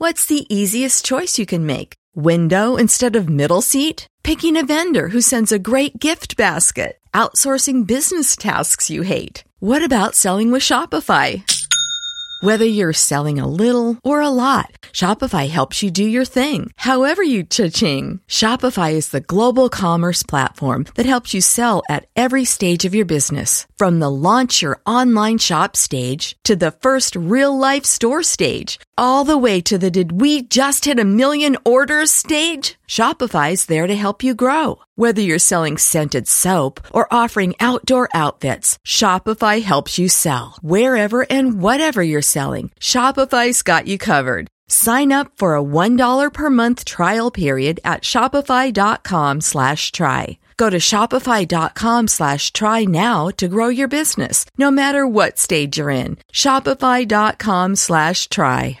What's the easiest choice you can make? Window instead of middle seat? Picking a vendor who sends a great gift basket? Outsourcing business tasks you hate? What about selling with Shopify? Whether you're selling a little or a lot, Shopify helps you do your thing, however you cha-ching. Shopify is the global commerce platform that helps you sell at every stage of your business. From the launch your online shop stage to the first real life store stage all the way to the did we just hit a million orders stage? Shopify's there to help you grow. Whether you're selling scented soap or offering outdoor outfits, Shopify helps you sell. Wherever and whatever you're selling, Shopify's got you covered. Sign up for a $1 per month trial period at shopify.com slash try. Go to shopify.com slash try now to grow your business, no matter what stage you're in. Shopify.com slash try.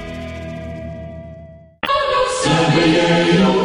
know.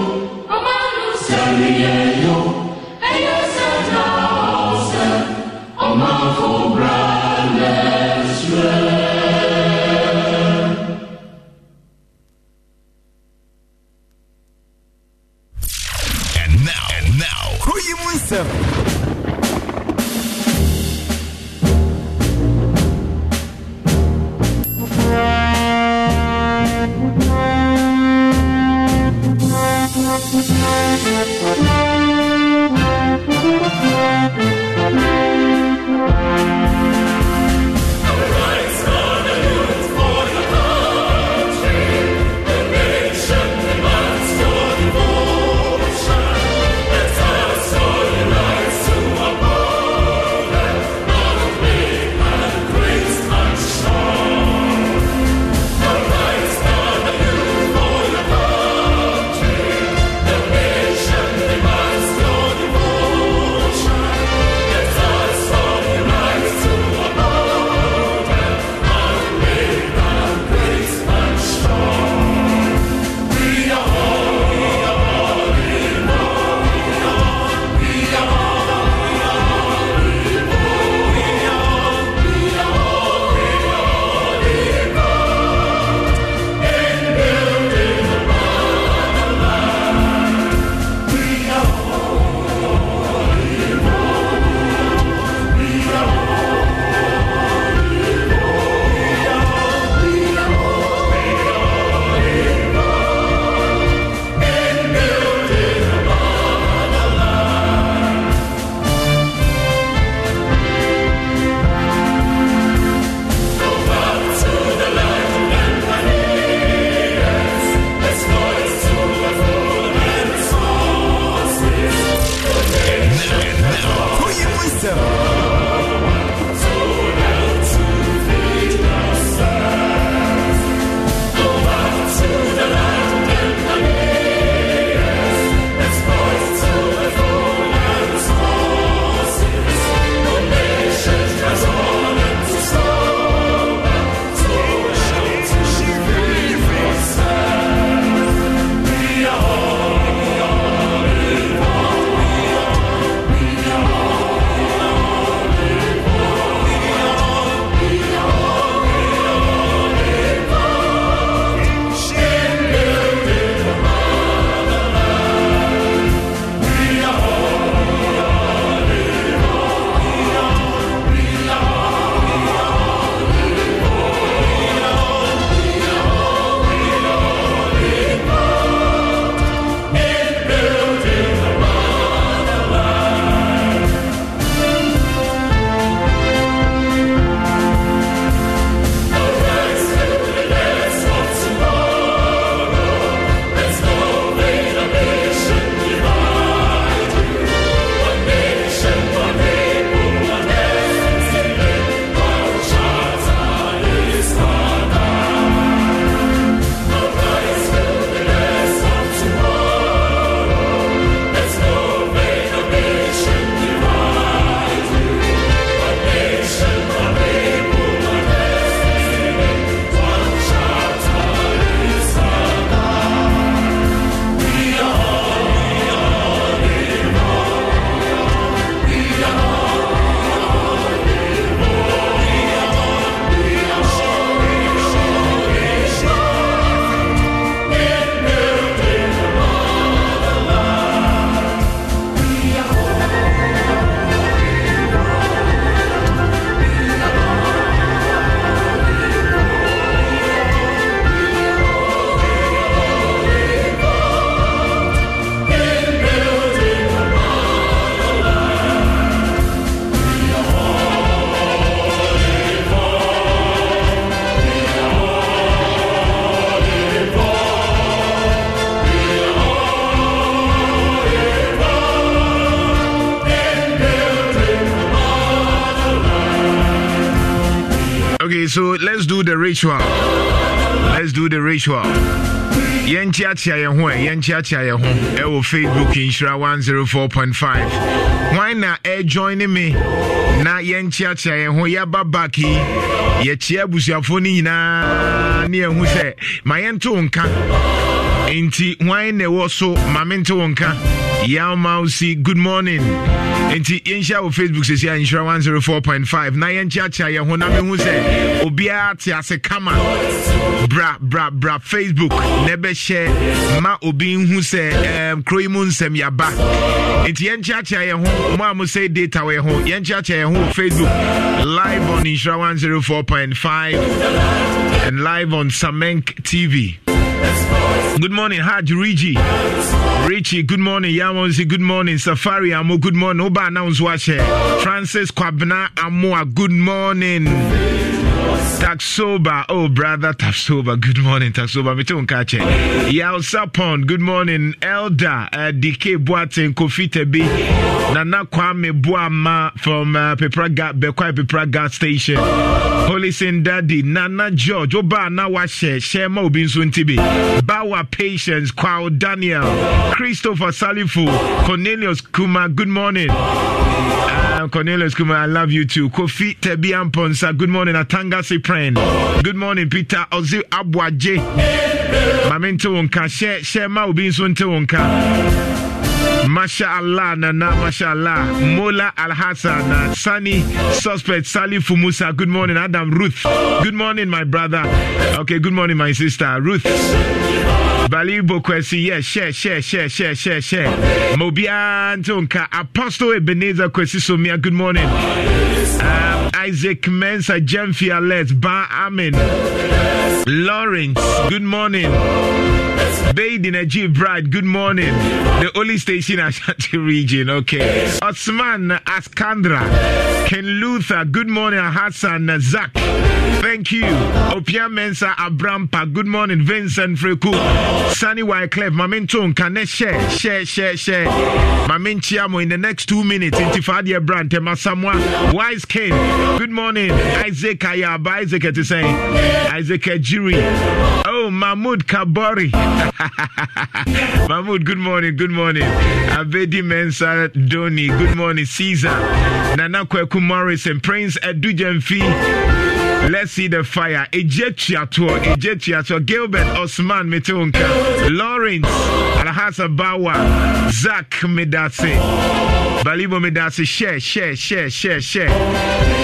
ritual. Let's do the ritual. yɛn kyeakyea yɛn ho yɛn kyeakyea yɛn ho ɛwɔ facebook nhyira 104.5 hwan na ɛjoin ne me na yɛn kyeakyea yɛn ho yɛaba back yi yɛkyea abusuafoɔ no nyinaa ne yɛn ho sɛ ma yɛnto wo nka nti hwan na ɛwɔ so ma mente wo nka yɛamausi good morning nti yɛnhyia wɔ facebook sɛsia nhyira 104.5 na yɛnkyeakyea yɛn ho na mehu sɛ obiara te ase kama bra bra bra facebook na ɛbɛhyɛ ma obi nhu sɛ ɛɛm kuro yi mu nsɛm yaba nti yɛn kyeakyea yɛn ho mo a mo sɛ data wɔ yɛn ho yɛn kyeakyea yɛn ho facebook live on Insura 104.5 and live on Samenk TV. Good morning, Haj Rigi. Richie, good morning. Yamonsi, good morning. Safari Amo, good morning. Oba announce watch Francis Kwabna Amoa, good morning. Taxoba, oh brother Taxoba, good morning Taxoba. Me too nkache. Yao Sapon, good morning Elder uh, DK Kofi Tebi. Nana Kwame Boama from uh, Pepraga Bekwai Pepraga station. Holy Saint Daddy, Nana George, Oba Nawashe, Shema Obinsun Tibi. Bawa Patience, Kwao Daniel, Christopher Salifu, Cornelius Kuma, good morning. Cornelius Kuma, I love you too. Kofi Tebian Ponsa, good morning. Atanga Sipren. Good morning, Peter Ozi Abwaje. Mamento Wonka, share, share, ma, ubi, nsunte Masha Allah, Nana, Masha Allah, Mola Al Hassan, Sunny, Suspect, Sally Fumusa. Good morning, Adam Ruth. Good morning, my brother. Okay, good morning, my sister, Ruth. valuable question yes share share share share share share mobia ntonka apostle ebenezer kwesi somia good morning um, isaac mensa jemfi alert ba amen lawrence good morning Bade in Najib good morning. The only station Ashanti region, okay. Osman Askandra, Ken Luther, good morning. Hassan Zak, thank you. Opia Mensa Abrampa, good morning. Vincent Freku, Sunny Wyclef, Mamintun, Kane share, share, share, share. Mamin Chiamo, in the next two minutes, Intifadia Brand, Samoa. Wise Ken, good morning. Isaac Ayaba, Isaac, to say, Isaac Ejiri. Oh, Mahmoud Kabori. Mahmoud, good morning, good morning. Abedi Mensa Doni, good morning. Caesar, Nana Kweku Morris, and Prince Adujemfi. Let's see the fire. Ejetiato, Ejetiato, Gilbert Osman Metunka, Lawrence Alhassa Bawa, Zach Medase, Balibo Medase, share, share, share, share, share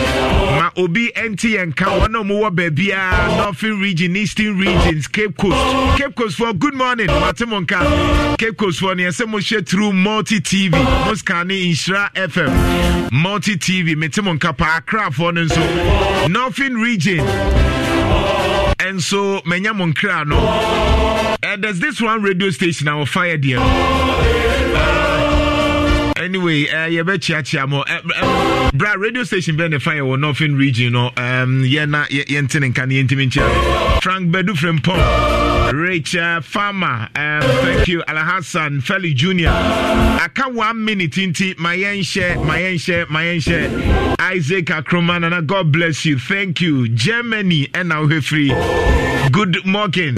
obi nti yɛn nka wɔn a wɔwɔ baabiara northern region eastern regions cape coast cape coast for good morning wɔate mo nka cape coast for neɛ sɛ mo hyɛ through multi tv mo scanne nhyira fm multi tv mete mo nka paa akrafoɔ no nso northern region ɛnso manya mo nkra no uh, there's this one radio station our fire deɛ no anyway uh, yɛbɛkyeakyea mɔ uh, eh, eh, bra radio station bɛn ne fa yɛwɔ northern region no um, yɛna yɛnte ne nka no yɛntimi nkyea frank badu frempɔn rich uh, farmer um, thank you alhassan feli junior aka one minute nti ma yɛnhyɛ ma yɛnhyɛ ma yɛnhyɛ isaac akroma nana god bless you thank you germany ɛna wohɛ firi good morning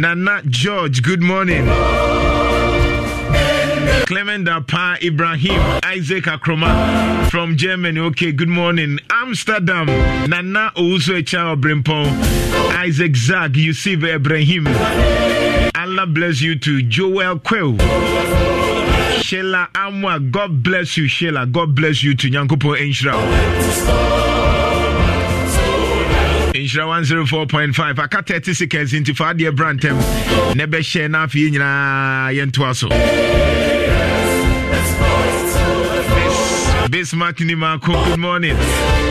nana george good morning Clement Dapa Ibrahim Isaac Akroma from Germany. Okay, good morning. Amsterdam, Nana Ousu Echa Obrimpon, Isaac Zag, Yusuf Ibrahim. Allah bless you too. Joel Quill. Sheila Amwa, God bless you, Sheila. God bless you too. Nyankopo Enshra. nhyira 104.5 aka 30 seconds nti fa adeɛ bra ntɛm na ɛbɛhyɛ no afei nyinaa yɛntoa so Bismarck Nimako, good morning.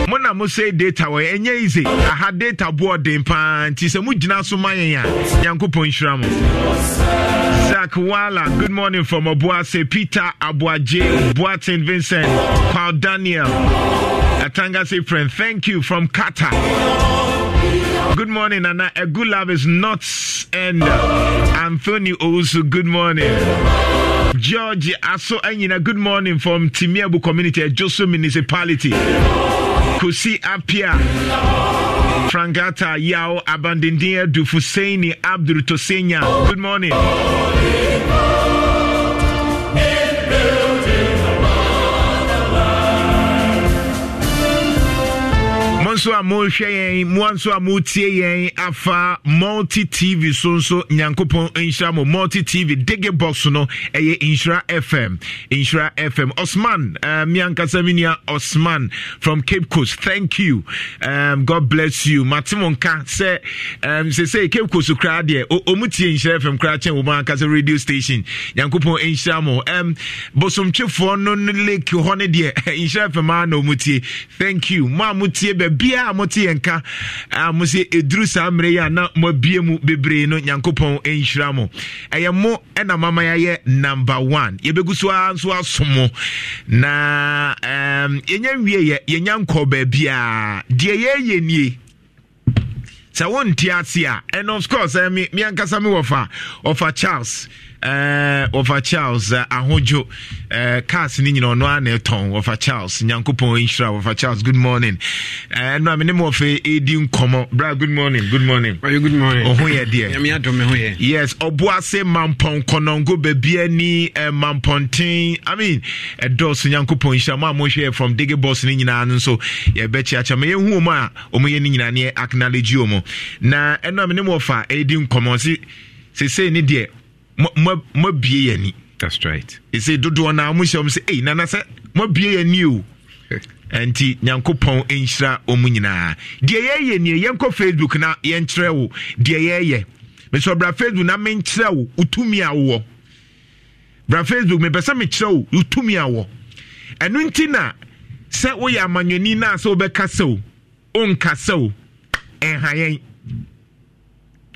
Mona mo say data wɔ ɛnyɛ easy aha data boɔ den paa nti sɛ mo gyina so ma yɛn a nyankopɔn nhyira mo. Isaac Wala, good morning from Obuase, Peter Abuaje, Boatin Vincent, Paul Daniel, Atanga Atangase friend, thank you from Qatar. Good morning, Anna. A good love is not and Anthony also good morning. George Aso Anyina, good morning from Timiabu Community, Joso Municipality. Kusi Apia. Frangata Yao Abandindia Dufuseini Abdul Tosenya. Good morning. nso a mohwɛ yɛn moa nso a motie yɛn afa multi tv so nso nyankopɔn nhyira mo multi tv digi box no ɛyɛ nhyira fm nhyira fm osman uh, me ankasa nua osman from cape coast thank you um, god bless you mate mo nka sɛ um, sɛsɛ cape coast koraa deɛ ɔmu tie nhyira fm koraa kyɛn wɔ mu radio station nyankopɔn nhyira mo um, bosomtwefoɔ no no lake hɔ no deɛ nhyira fm a na ɔmu thank you ma a motie baabi biara a mote yɛn ka a mo sɛ ɛduru saa mmerɛ yi a na moabie mu bebree no nyankopɔn ɛnhyira mo ɛyɛ mo ɛna mama yɛayɛ number one yɛbɛgu so ara nso asom mo na yɛnya nwieyɛ yɛnya nkɔ baabiaa deɛ yɛyɛ nie sɛ wonte ase a ɛno of course me ankasa me wɔfa ɔfa charles Eh, wɔfa charles eh, ahodwo eh, cars no nyina ɔno a na ɛtɔn wɔfa charles nyankopɔn nhyira wɔfa charles good morning ɛno a mene ma wɔfɛ ɛdi nkɔmmɔ bra good morning good morning ɔho yɛ deɛ yes ɔboa se mampɔn kɔnɔngo baabia ni mampɔnten i mean ɛdɔɔso nyankopɔn nhyira ma a mohwɛ from dege bos no nyinaa no nso yɛbɛkyeakyɛ ma yɛhu mu a ɔmyɛ no nyina neɛ acknowledge o mu na ɛno a mene ma wɔfa ɛdi nkɔmmɔ se sesei ne deɛ mabue yɛni that's right He ɛsɛ dodoɔ na a mohyɛ m sɛ ei nana sɛ mabue yɛni o ɛnti nyankopɔn nhyira ɔmu nyinaa ye yɛyɛ nie yɛnkɔ facebook na yɛnkyerɛ wo ye yɛyɛ mesɛ bra facebook na menkyerɛ wo wotumi a wowɔ bra facebook mepɛ sɛ mekyerɛ wo wotumi a wɔ ɛno nti na sɛ woyɛ amanwani na a sɛ wobɛka sɛ o wonka sɛ o ɛnha yɛn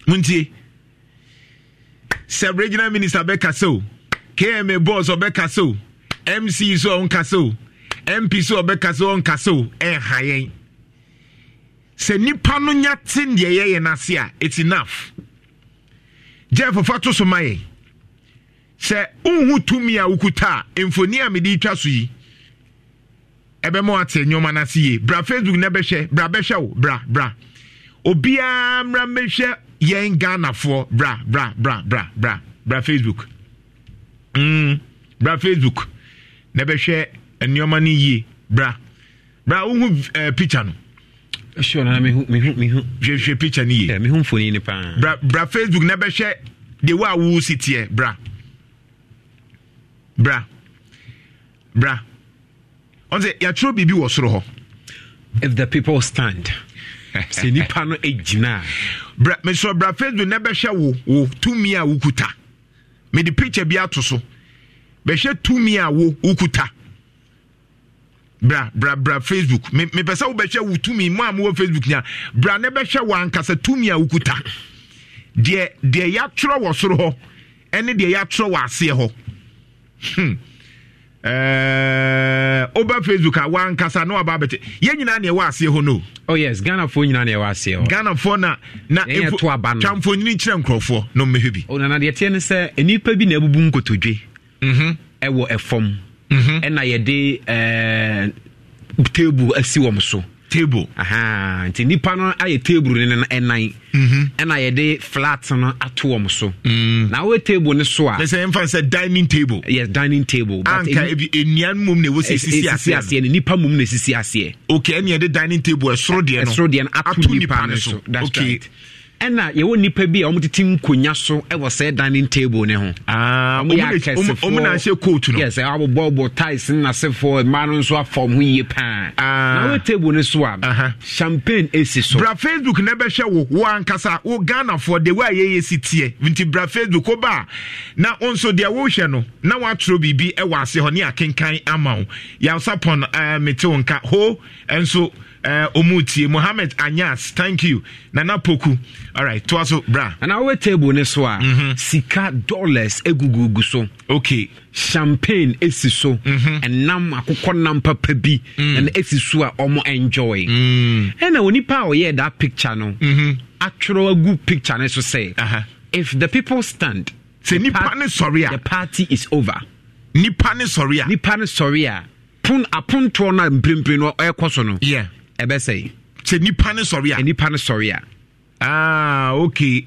montie sɛ regional minister bɛka so kma boss ɔbɛka so mc so ɔnka so mp so ɔbɛka so ɔnka so ɛnha yɛn sɛ nipa no nya te deɛ yɛyɛ n'ase a it's enough jeff fa to so ma yɛn sɛ nhu tumi a wokuta a mfoni a mede twa so yi ɛbɛma wate nneɔma no ase yie bra facebook na bɛhwɛ bra bɛhwɛ wo bra bra obiaa mmra mmɛhwɛ yɛn ghanafoɔ bra bra bra bra bra bra facebook mm, bra facebook na bɛhwɛ nneɛma no yie bra bra wohu uh, eh, picture no hwehwɛ picture no yie bra, bra facebook na bɛhwɛ de wo a wo si bra bra bra ɔn sɛ yɛatwerɛ biribi wɔ soro hɔ if the people stand sɛ nipa no gyinaa e bra mesɔ bra facebook na bɛhwɛ wo wo tumi a wokuta mede picture bi ato so bɛhwɛ tumi a wo wokuta bra bra bra facebook mepɛ sɛ wobɛhwɛ wo tumi mu a mowɔ facebook nya bra na bɛhwɛ wo ankasa tumi a wokuta deɛ deɛ yɛatwerɛ wɔ soro hɔ ɛne deɛ yɛatwerɛ wɔ aseɛ hɔ hmm. woba facebook a wankasa na waba bɛte yɛn nyinaa ne ɛwɔ aseɛ hɔ no oh yes ghanafoɔ nyinaa ne ɛwɔ aseɛ hɔ ghanafoɔ na na twa mfonini kyerɛ nkurɔfoɔ na mmɛhwɛ bi ɔnana oh, deɛ teɛ ne sɛ nnipa bi na abubu nkotodwe mhm. ɛwɔ ɛfam mhm. ɛna yɛde table asi wɔn so table aha nti nipa no ayɛ table no ɛnan mhm. ɛna yɛde flat no ato wɔn so mm. na awo table ne so a. lẹsẹ yẹn fa sɛ dining table. yes dining table. anka ebi enua mum na ewo sɛ esisi eh, eh, aseɛ. esisi aseɛ na nipa mum na esisi aseɛ. okay ɛni yɛde dining table ɛsoro deɛ no ɛsoro deɛ no ato nipa no so that's right ɛna yɛwɔ nnipa bi a ɔmotete nkonnwa so wɔ sɛ dining table ne ho ɔmyɛakɛsɛfyɛsɛ abobɔbɔ tis n nasefoɔ mma no nso afɔm ho yie paa na ah. wo table ne so a champagne ɛsi so bra facebook na ɛbɛhwɛ wo wo ankasa wo ghanafoɔ de wo yɛyɛ si teɛ nti bra facebook woba na wo nso deɛ wohwɛ no na woatoro biribi wɔ ase hɔ ne akenkan ama wo yɛwsapɔn eh, mete wo nka ho ɛnso ɔmutie eh, uh, anyas thank you nana poku alright toa so bra ana wowɛ table ne so a mm-hmm. sika dollars egugugu so okay champagne esi so ɛnam mhm. akokɔ nam papa bi ɛna mm. esi so a ɔmo enjoy ɛna mm. onipa a ɔyɛ that picture no mhm. atwerɛ agu picture ne so sɛ if the people stand sɛ nipa ne sɔre a the party is over nipa ne sɔre a nipa ne sɔre a pon apontoɔ no a mprempren no ɛkɔ so no yeah ɛbɛsɛe sɛ nipa ne sɔre a e nipa ne sɔre a ah okay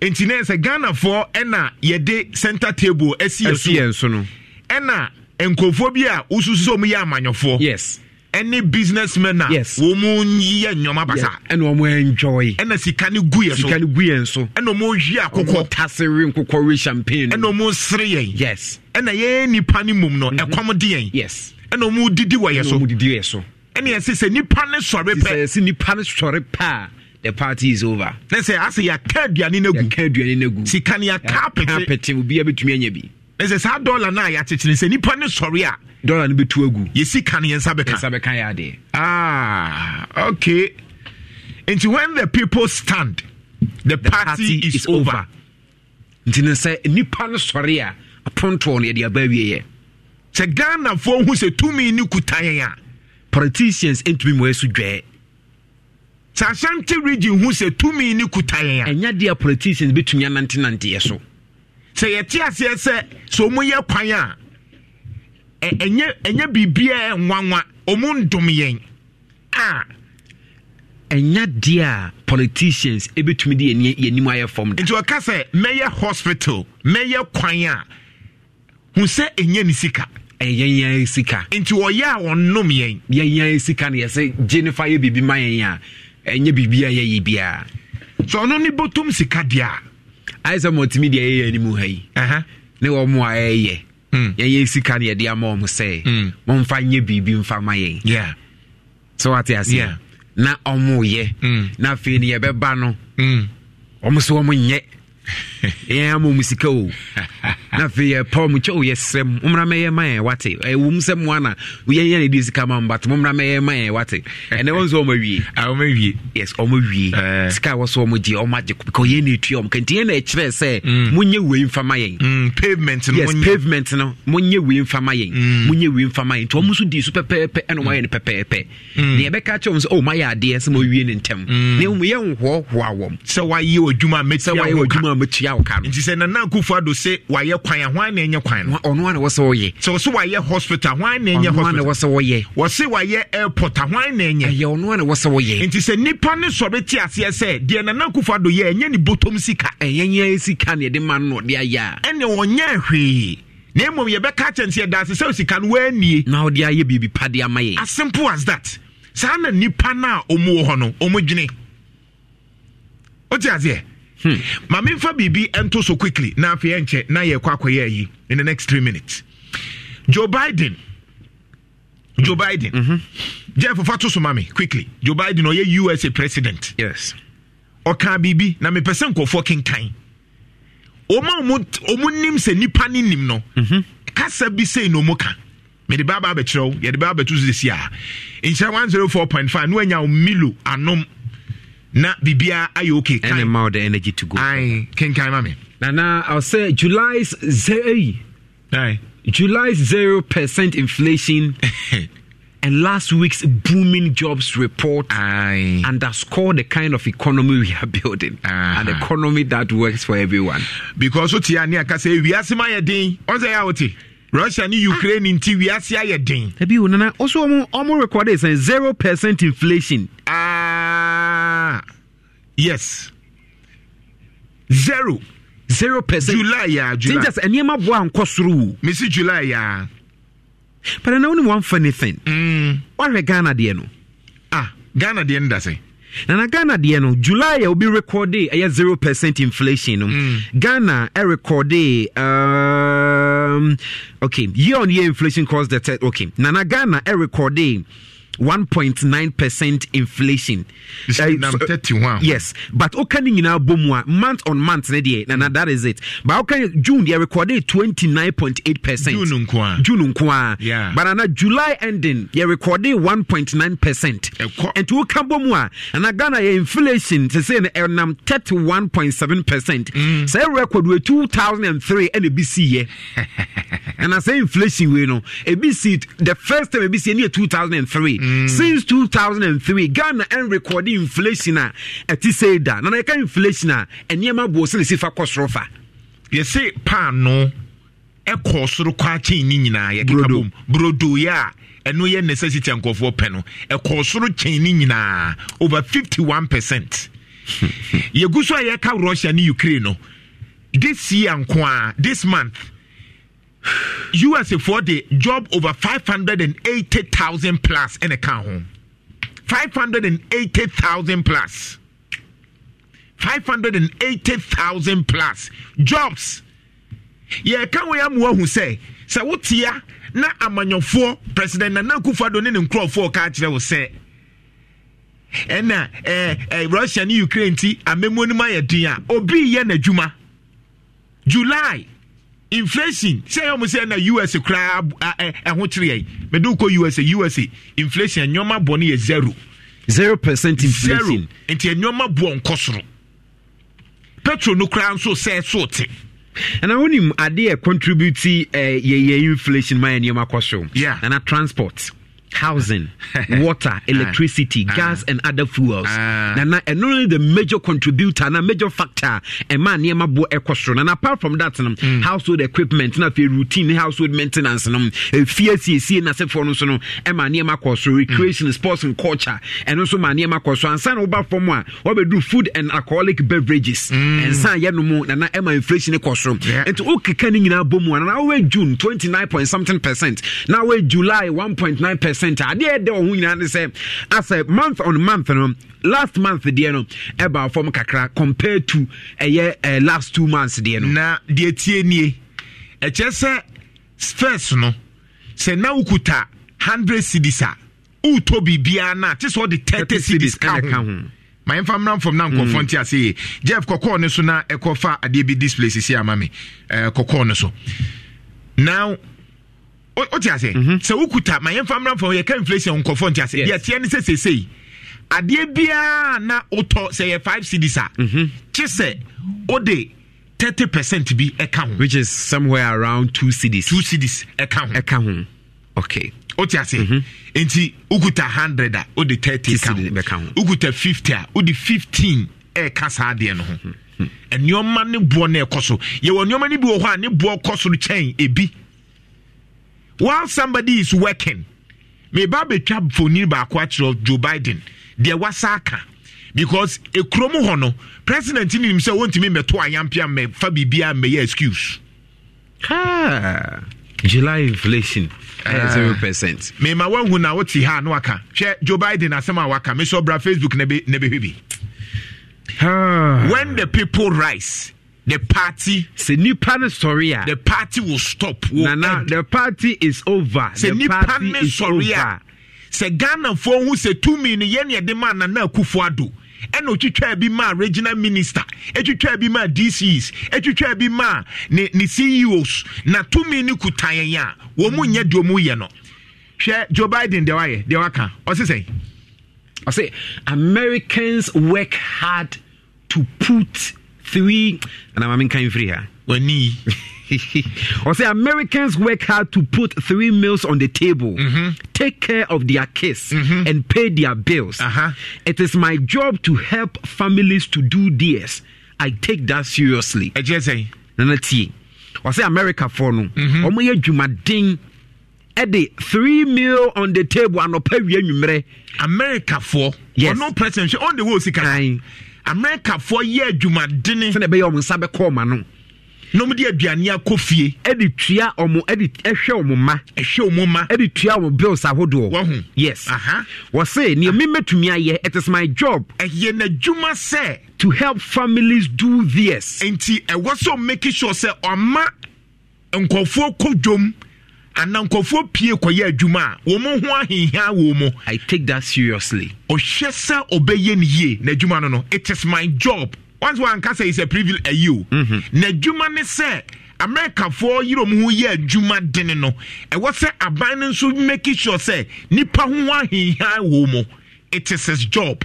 nti e na sɛ ghanafoɔ ɛna yɛde center table ɛsi e yɛn so no ɛna nkurɔfoɔ bi a wosusu sɛ yɛ amanyɔfoɔ yes ɛne businessmen na, yes wɔn yɛ nneɛma basa ɛna wɔn enjoy ɛna sika ne gu yɛn so sika ne gu yɛn so ɛna wɔn yi akokɔ tasiri nkokɔre champagne ɛna wɔn sere yɛn yes ɛna yɛn nipa ne mom no ɛkɔm di yɛn yes ɛna wɔn didi wɔ yɛn so ɛna wɔn didi yɛn so ɛne ɛsɛ sɛ nipa ne sɔre pɛ sɛ nipa ne sɔre pɛ the party is over ne sɛ asɛ yɛaka aduane no agu yɛaka aduane no agu sika ne yɛaka apete apete obiara bɛtumi anya bi ne sɛ saa dɔla no a yɛakyekyere sɛ nipa ne sɔre a dɔla no bɛtu agu yɛsi ka no yɛnsa bɛka yɛnsa bɛka yɛ adeɛ ah okay nti when the people stand the, the party, is, is over, over. nti ne sɛ nipa no sɔre a apontoɔ no yɛde aba awieɛ sɛ ghanafoɔ hu sɛ tumi ne kuta yɛn a politicians ntumi mu ɛso dwɛɛ sɛ asante region hu sɛ tumi ne kuta yɛn a ɛnyɛ deɛ politicians bɛtumi anantenanteɛ so sɛ yɛte aseɛ sɛ sɛ ɔmo yɛ kwan a ɛnyɛ ɛnyɛ biribiara nwanwa ɔmo ndom yɛn a ɛnyɛ deɛ a politicians ebɛtumi de yɛn yɛnim ayɛ fam da. nti wɔka sɛ mɛyɛ hospital mɛyɛ kwan a hu sɛ ɛnyɛ ne sika. ɛyɛyɛn sika nti ɔyɛ a ɔnom yɛn yɛyɛn sika no yɛsɛ gye ne fa yɛ biribi ma yɛn a ɛnyɛ biribi a yɛyɛ biara so ɔno ne bɔtɔm sika deɛ a ayɛ sɛ mɔtumi deɛ ɛyɛ anim ha yi ne wɔn mu a ɛyɛ hmm. yɛyɛ sika no yɛde ama wɔn sɛ wɔmfa hmm. nyɛ biribi mfa ma yɛn so wate aseɛ na ɔmo yɛ hmm. na afei no yɛbɛba no ɔmo so ɔmo nyɛ yɛn ama mu sika o na afei yɛpaw mu kyɛw yɛsrɛ mu mommra mɛyɛ ma yɛn wate ɛwɔ mu sɛ mmoa na yɛnyɛ ne de sika ma mbat mommra mɛyɛ ma yɛn wate ɛnɛ wɔn nso ɔma wie ah, ɔma wie yes ɔma wie sika a wɔsɔ ɔmo gye ɔmo agye because yɛn na etua ɔmo kɛntɛ yɛn na ɛkyerɛ sɛ mm. monyɛ wei mfa ma yɛn mm, pavement no yes pavement no monyɛ wei mfa ma yɛn mm. monyɛ wei mfa ma yɛn nti ɔmo nso di so pɛpɛɛpɛ ɛna ɔmo ayɛ no pɛpɛɛpɛ deɛ ɛbɛka kyerɛ ɔmo sɛ ɔmo oh, ayɛ adeɛ sɛ mo awie ne ntɛm na ɔmo yɛ nhoahoa wɔm sɛ wayɛ adwuma mɛtia wɔ ka a wo ka no nti sɛ nana akufo ado sɛ wayɛ kwan a na ɛnyɛ kwan no ɔno ana wɔsɛ wɔyɛ sɛ wɔsɛ wayɛ hospital hwan na ɛnyɛ hospital wɔsɛ wɔyɛ wɔsɛ wayɛ airport a na ɛnyɛ ɛyɛ ɔno ana wɔsɛ wɔyɛ nti sɛ nipa ne sɔre te aseɛ sɛ deɛ nana akufo ado yɛ ɛnyɛ ne bottom sika ɛyɛ sika na yɛde ma no ɔde ayɛ a ɛne wɔnyɛ hwee na mmom yɛbɛka kyɛn sɛ yɛda sika no woanie na wode ayɛ biribi pa de ama yɛ as simple as that saa na nipa no a ɔmu hɔ no ɔmu wote aseɛ Hmm. ma memfa biribi nto so quickly na afei ɛnkyɛ na yɛkɔ akɔyɛ ayi in the next three minutes joe biden joe biden mm-hmm. jeff so ma quickly joe biden ɔyɛ usa president yes ɔka biribi na mepɛ sɛ nkurɔfoɔ kenkan ɔma ɔmu nim sɛ nipa ne nim no mhm. kasa bi sei na ɔmu ka mede baa baa bɛkyerɛ wo yɛde baa bɛto so sesi a nhyɛ 104.5 na wanya wo milo anom na Are ayɛ okay ɛne ma the energy to go ae kenkan ma me nana i'll say july's zero july's zero percent inflation and last week's booming jobs report Aye. underscore the kind of economy we are building uh-huh. an economy that works for everyone. because what you are ní aka sẹ wiase ma yẹ den wọn sẹ russia and ukraine in wiase ayẹ den. ẹbí wo nana Also, ọmọ ọmọ record ẹ zero percent inflation. Ah. yes zero zero percent july ya july tintas nneɛma boa nkɔ soro o mesi july ya pɛrɛ na wone wamfa anything mm. woahwɛ ghana deɛ no ah ghana deɛ no da sɛ nana ghana deɛ no july a obi rekɔde ɛyɛ zero percent inflation no mm. ghana ɛrekɔde um, okay year on year inflation cause the te- okay nana ghana ɛrekɔde 1.9 percent inflation. Uh, so, yes, but okay, you know, boom, month on month, and that is it. But okay, June, they recorded 29.8 percent. June, unkwa. June, unkwa. yeah, but on a July ending, they recorded 1.9 percent. And to come boom, and Ghana inflation, they say, and eh, 31.7 percent. Mm. Say record with 2003 and BC, and I say inflation, we know, ABC, the first time ABC, near 2003. Mm. since 2003 ghana ɛn record inflation a ɛte sɛ da na yɛka inflation a ah, ɛnneɛma boɔ sɛ ne si fa kɔ soro fa yɛse paano ɛkɔ soro kɔ akyɛn ne nyinaa yɛkeka bom brodoeɛ a ɛno yɛ necessity a nkurɔfoɔ pɛ no ɛkɔ soro kyɛn ne nyinaa over 51 percent yɛgu so a yɛka russia ne ukraine no this year nko a this month usa for the job over 580000 plus ɛna ka ho 580000 plus 580000 plus jobs yɛka ho yɛ amoa hu sɛ sɛ wotea na amanyɔfoɔ president nana kufuado ne ne nkurɔfoɔ ka kyerɛ wo sɛ ɛna ɛɛ eh, eh, russia ne ukraine ti amemmuo no ma yɛ den a obi yɛ n'adwuma july inflation sɛ yɛ mo sɛ na us koraa ɛho kyerɛ yɛ mɛde wokɔ usa usa inflation nneɔma bɔ no yɛ zero zero percent inflation nti nneɔma boɔ nkɔ soro petrol no koraa nso sɛ so te ɛna wonim adeɛ contribute uh, yɛyɛ inflation ma yɛ nneɔma kɔ so yeah. ana transport housing, water, ah. electricity, ah. gas, and other fuels. Uh, ah. now, and only the major contributor, and a major factor, and man, near my boy, and apart from that, mm. household equipment, not a routine household maintenance, and FCC, and as a for no, and eh, my near my course, mm. recreation, sports, and culture, and also my near my course, and son over from one, what we do food and alcoholic beverages, mm. and eh, son, yeah, no more, and I'm inflation, and to okay, canning in our boom, and now we June 29 point something percent, now we July 1.9 percent. center adeɛ ɛda wɔ ho nyinaa ne sɛ asɛ month on month no last month deɛ no ɛba fam kakra compared to ɛyɛ eh, last two months deɛ no na deɛ tie nie ɛkyɛ sɛ stress no sɛ na wokuta 100 cedis a wotɔ biribiara no a te sɛ ɔde 30 cedis ka ho ma yɛmfa mmra mfam na nkɔfoɔ mm. nte ase ye jeff kɔkɔɔ no so na ɛkɔfa adeɛ bi display sisi ama me kɔkɔɔ no so now wote ase mhm. sɛ wokuta ma yɛmfa mmra mfa yɛka inflation nkɔfɔ nte ase deɛteɛ ne sɛ sesei adeɛ biara na wotɔ sɛ yɛ 5 cds a mhm. kye sɛ wode 30 percent bi ɛka ho which is somewhere around 2 cds 2 cds ɛka ho okay wote ase mhm. nti wokuta 100 a wode 30 ka ho wokuta 50 a wode 15 ɛka saa adeɛ no ho nneɔma ne boɔ no ɛkɔ so yɛwɔ nneɔma no bi wɔ hɔ a ne boɔ kɔ so kyɛn ebi while somebody is working meba betwa mfoni baako akyerɛ joe biden deɛ wasa aka because ekurom hɔ no president nim sɛ wɔntumi mmɛto ayampia mmɛfa biribiara mmɛyɛ excuse. Ah. july inflation ɛyɛ ah. zero percent. mema wahu na wote ha na waka hwɛ joe biden asɛm a waka mesɛ ɔbra facebook na bɛhwɛ bi. Ah. when the people rise the party. sɛ nipa no sɔre a. the party will stop. will nana end. the party is over. sɛ nipa no sɔre a sɛ ghanafoɔ ho sɛ tumi no yɛn yɛde ma nana akufo ado ɛna otwitwa bi ma regional minister etwitwa bi ma dcs etwitwa bi ma ne ne ceos na tumi no kuta yɛn a wɔn mu nyɛ deɛ wɔn yɛ no hwɛ joe biden deɛ wayɛ deɛ waka ɔsi sɛ. ɔsi americans work hard to put three and I'm in kind free here. When he or say Americans work hard to put three meals on the table, mm-hmm. take care of their kids, mm-hmm. and pay their bills. Uh-huh. It is my job to help families to do this. I take that seriously. I just say, or say America for no, mm-hmm. Eddie three meal on the table anɔpa wie anwummerɛ americafoɔ yes. no president on the wall sika amerikafoɔ yɛ adwumadene sɛdeɛ ɛbɛyɛ ɔmo nsa bɛkɔ ɔma no na de aduane akɔ fie ɛde tua ɔmo ɛde ɛhwɛ ɔmo ma ɛhwɛ ɔmo ma ɛde tua ɔmo bills ahodoɔ wɔho yes wɔse nea mi ayɛ it is my job ɛyɛ n'adwuma sɛ to help families do this nti ɛwɔ sɛ ɔmo make sure sɛ ɔma nkɔfoɔ kɔ dwom ana pie kɔyɛ adwuma a wɔn ho ahihia wɔ mu. i take that seriously. ɔhyɛ sɛ ɔbɛyɛ ne yie n'adwuma no no it is my job once wɔn ankasa is a privilege ayi o. Mm-hmm. n'adwuma ne sɛ. amerikafoɔ yiri ɔmo ho yɛ adwuma den no ɛwɔ sɛ aban no nso make sure sɛ nipa ho ahihia wɔ mu it is his job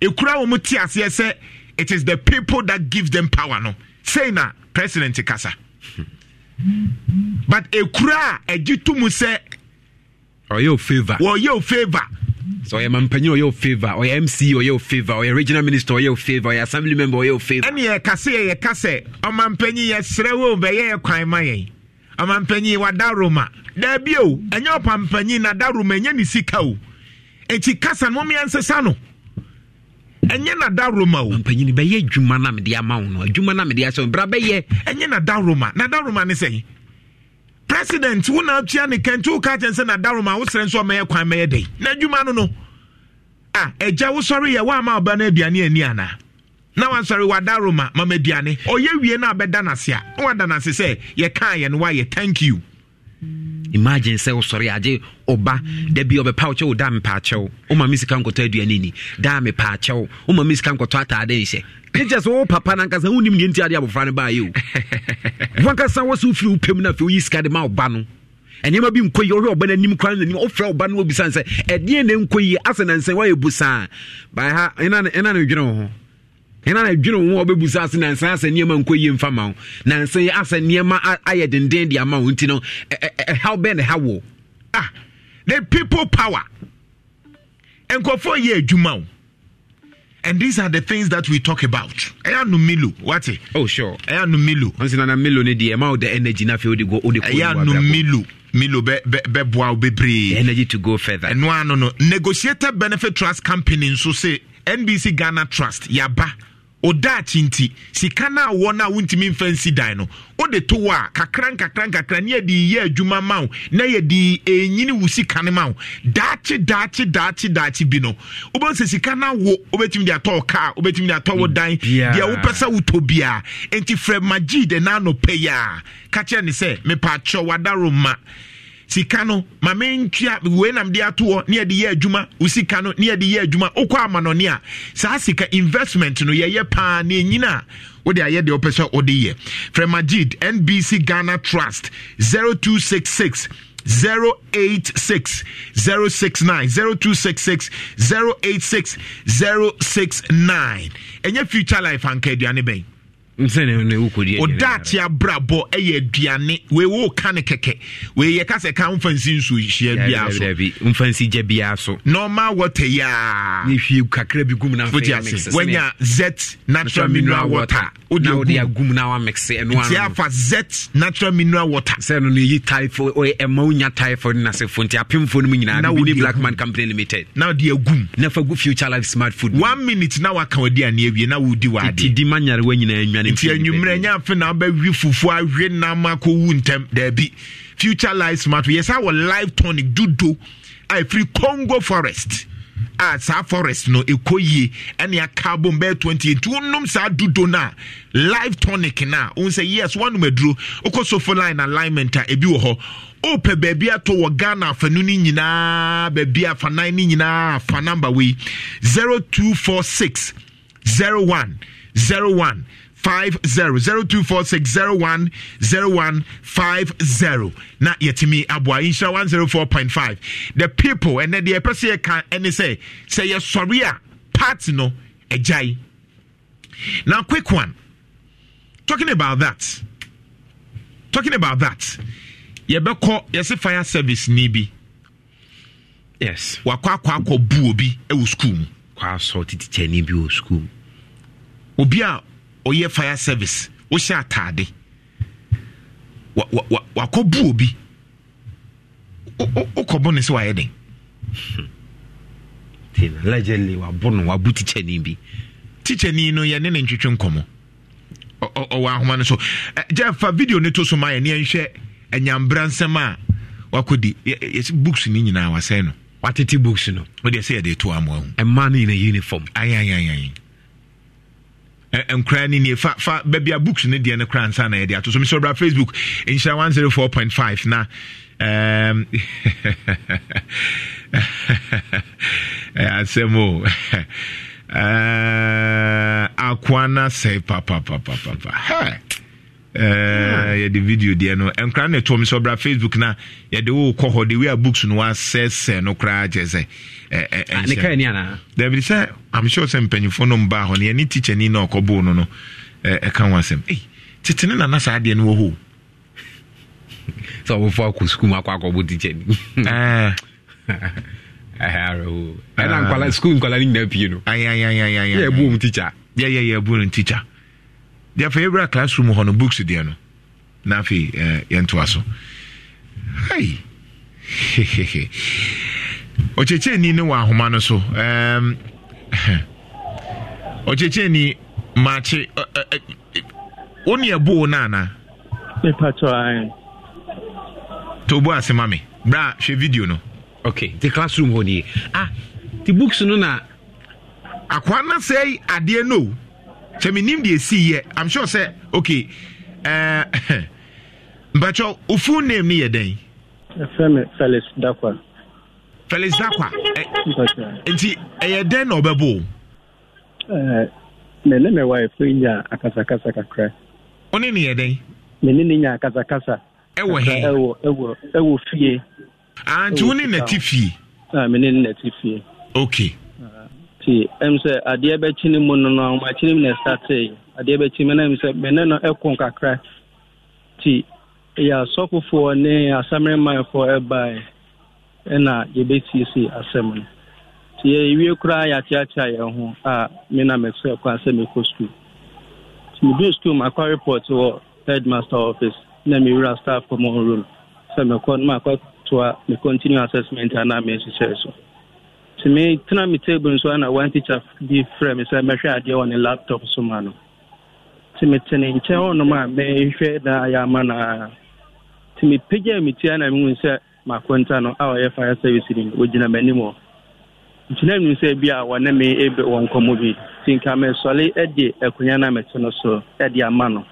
ekura wɔn ti aseɛ sɛ it is the people that give them power no sɛn na president kasa. Hmm but ekura a ɛgye to mu sɛ ɔyɛ o favour wɔyɛ o favour sɛ ɔyɛ mampanyin ɔyɛ o favour ɔyɛ mc ɔyɛ o favour ɔyɛ regional minister ɔyɛ o favour ɔyɛ assembly member ɔyɛ o favour ɛne yɛ kase yɛ yɛ kase ɔmampanyin yɛ srɛ wo bɛyɛ yɛ kwan ma yɛn ɔmampanyin wada roma daabi o ɛnyɛ ɔpampanyin na da roma ɛnyɛ ne sika o ekyi kasa no mo yɛn nsesa no ɛnyɛ nadaroma o mpanyini bɛyɛ adwuma no mede ama wo no adwuma no mede ahyɛ bra bɛyɛ ɛnyɛ nadaroma nadaroma ne sɛn president wo na atua ne kɛnti wo ka kyɛn sɛ nadaroma wo serɛ nso ɔmɛyɛ kwan mɛyɛ dɛn na adwuma no no a agya wo sɔre yɛ woama ɔba no aduane ani anaa na wansɔre wadaroma mama aduane ɔyɛ wie no abɛda nase a na wada nase sɛ yɛkaa yɛ no woayɛ thank you imagine sɛ wosɔre agye ɔba da bi ɔbɛpa wokyɛ wo daa mepaakyɛw woma me sika nkɔtɔ aduane ni daa mepaakyɛw woma me sika nkɔtɔ ataade nhyɛ pictures wo papa no ankasa wonim deɛ nti ade abɔfra no baayɛ o wankasa wɔ sɛ wofiri wopam no afei woyi sika de ma woba no ɛnneɛma bi nkɔ yi ɔhwɛ ɔba no anim kora no anim ɔfrɛ ɔba no wɔbisane sɛ ɛdeɛ na nkɔ yi asɛ nansɛn woayɛ bu saa baɛ ha ɛna ne dwene wo ho ɛna na adwene wo wobɛbu sa ase nansa asɛ nneɛma nkɔ yie mfa ma wo nansa asɛ nneɛma ayɛ denden de ama wo nti no ɛhaw bɛn ne hawo ah the people power nkurɔfoɔ yɛ adwuma wo And these are the things that we talk about. Eya no Milo, what? Oh sure. Eya no Milo. Once na Milo ne di amount the energy na fe o go o de Eya no Milo. Milo be be be boa bebree. Energy to go further. Eno ano no. Negotiated benefit trust company nso say NBC Ghana Trust yaba. Yeah, odaakye nti sika no a wɔ no a wontumi mfa nsi dan no wode to wɔ a kakra nkakra nkakra ne yɛde yɛ adwuma ma wo na yɛde ɛnyini wo sika no ma wo daakye daakye daakye daakye bi no wobɛhu sɛ sika mm, no awo wobɛtumi de atɔ wo kaa wobɛtumi de atɔ wo dan deɛ wopɛ sɛ wotɔ biaa enti frɛ magid ɛna anɔpɛ yi a ka kyerɛ ne sɛ mepaakyɛ wada roma sika no ma mentwea wei nam de atoɔ ne yɛde yɛ adwuma wo sika no ne yɛde yɛ adwuma wokɔ amanɔne a saa sika investment no yɛyɛ paa na ɛnyina a wode ayɛ deɛ wopɛ sɛ wode yɛ frɛ magid nbc ghana trust six 086 069 0266 086 069 future life anka aduane bɛn ɔdaate abrabɔ ɛyɛ aduane wei wo ka no kɛkɛ wei yɛka sɛ ka mfa nsi nsu hyia biaa so normal water yi kakra bi gum wanya z natural mineral water nti afa z natural mineral water sɛ no no ɛyi typhoid ɛma wonya typhoid no nasefo nti apemfoɔ no mu nyinaa bini black company limited na agum na fa gu future life smart food one minute na waka wadi aneɛ awie na wodi wadeɛ ɛtidi ma nyarewa nyinaa nwane nti anwummerɛ nyɛ afe na wobɛwe fufu awe nam akɔwu ntɛm daabi future life smart yɛ saa wɔ live tonic dodo a ɛfiri congo forest a ah, saa forest no ɛkɔ yie ɛne aka bom bɛyɛ 20 nti wonom saa dodo no a live tonic no a wohu sɛ yes woanom aduro wokɔ sofo line alignment a eh, ebi wɔ hɔ wopɛ baabi ato wɔ ghana afanu no nyinaa baabi afanan no nyinaa fa number wei 0246 01 01 five zero zero two four six zero one zero one five zero. Na yetimi abwa insha one zero four point five. The people and then the person can and say say yes sorry ah, part no ejai. Now quick one. Talking about that. Talking about that. Yebeko yesi fire service nibi. Yes. Wakwa kwa kwa buobi ewu school. Kwa so titi cheni bi o school. Obi a ɔyɛ fire service wohyɛ ataade wakɔ bu obi wokɔbɔ ne sɛ wayɛ den allegedly wabɔ no wabu tikyɛni bi tikyɛni no yɛne ne ntwitwe nkɔmmɔ ɔwɔ ahoma no so gya fa video no to so ma yɛne yɛnhwɛ anyambra nsɛm a wakɔdi yɛsɛ books no nyinaa wasɛe no watete books no wode sɛ yɛde to amoa hu ɛma no nyina uniform ayayayay nkora eh, eh, ne nie fa fa baabi books ne deɛ no kora nsa na yɛde ato so mesɛ bra facebook nhyira 104.5 na ehm, um, eh, asɛm o uh, akoa no sɛe papapapapa Eh, ah. yɛde video deɛ no nkra ne tom sɛ ɔbra facebook na yɛde wo hɔ de wia books no wasɛsɛ no koraa kyɛ sɛ ah, david sɛ am sɛ mpanyimfoɔ no mbaa hɔ no yɛne tikyani na ɔkɔboo no no ɛka ho asɛm tetene nana saa deɛ no sɛ akɔ sukuu mu akɔ akɔbɔ eh. ah. ɛna nkwala sukuu nkwala nyinaa no tikya ebu tikya de afei ɛwura classroom hɔ no books deɛ no na afei yɛntoa so hai ɔkyekyɛni no wɔ ahoma no so ɔkyekyɛni maakye wo ne ɛboo no anaa to bo ase ma me berɛ a hwɛ video no okay nti classroom hɔ nie ah nti books no na akoa na sɛi adeɛ no sɛ menim deɛ ɛsii am sure sɛ okay uh, mpakyɛ wo full name no yɛ dɛn ɛfrɛ me felix dakwa felix dakwa nti ɛyɛ dɛn na ɔbɛbo me ne me wife nya akasakasa kakra wone ne yɛ dɛn me ne ne nya akasakasa ɛwɔ he ɛwɔ ɛwɔ fie ah, nti wo ne nati fie ah, me okay nti m sɛ adeɛ bɛkyi ne mu no no ahomakyene mu na ɛsatee adeɛ bɛkyi me na m sɛ mene no ɛko e kakra nti ɛyɛ asɔfofoɔ ne asameremanfoɔ e ɛbaeɛ e ɛna yɛbɛsiesie asɛm no nti yɛwie koraa yɛn a me na mesrɛ kwan sɛ mekɔ skul nti meduu skul makɔ report wɔ headmaster office na mewura staff common room sɛ mekɔ no makɔtoa me assessment anaa so tumi tena me table nso ana one teacher bi frɛ me sɛ mɛhwɛ adeɛ wɔ ne laptop so ma no nti metene nkyɛn hɔnom a mɛhwɛ na ayɛ ama no a nti mepagyaa me tia na mehu sɛ makonta no a ɔyɛ fire service ni ɔgyina m'anim hɔ nti na mehu sɛ bi a wɔne me ɛbɛ wɔ nkɔmmɔ bi nti nka mesɔre de akonnwa no a mete no so de ama no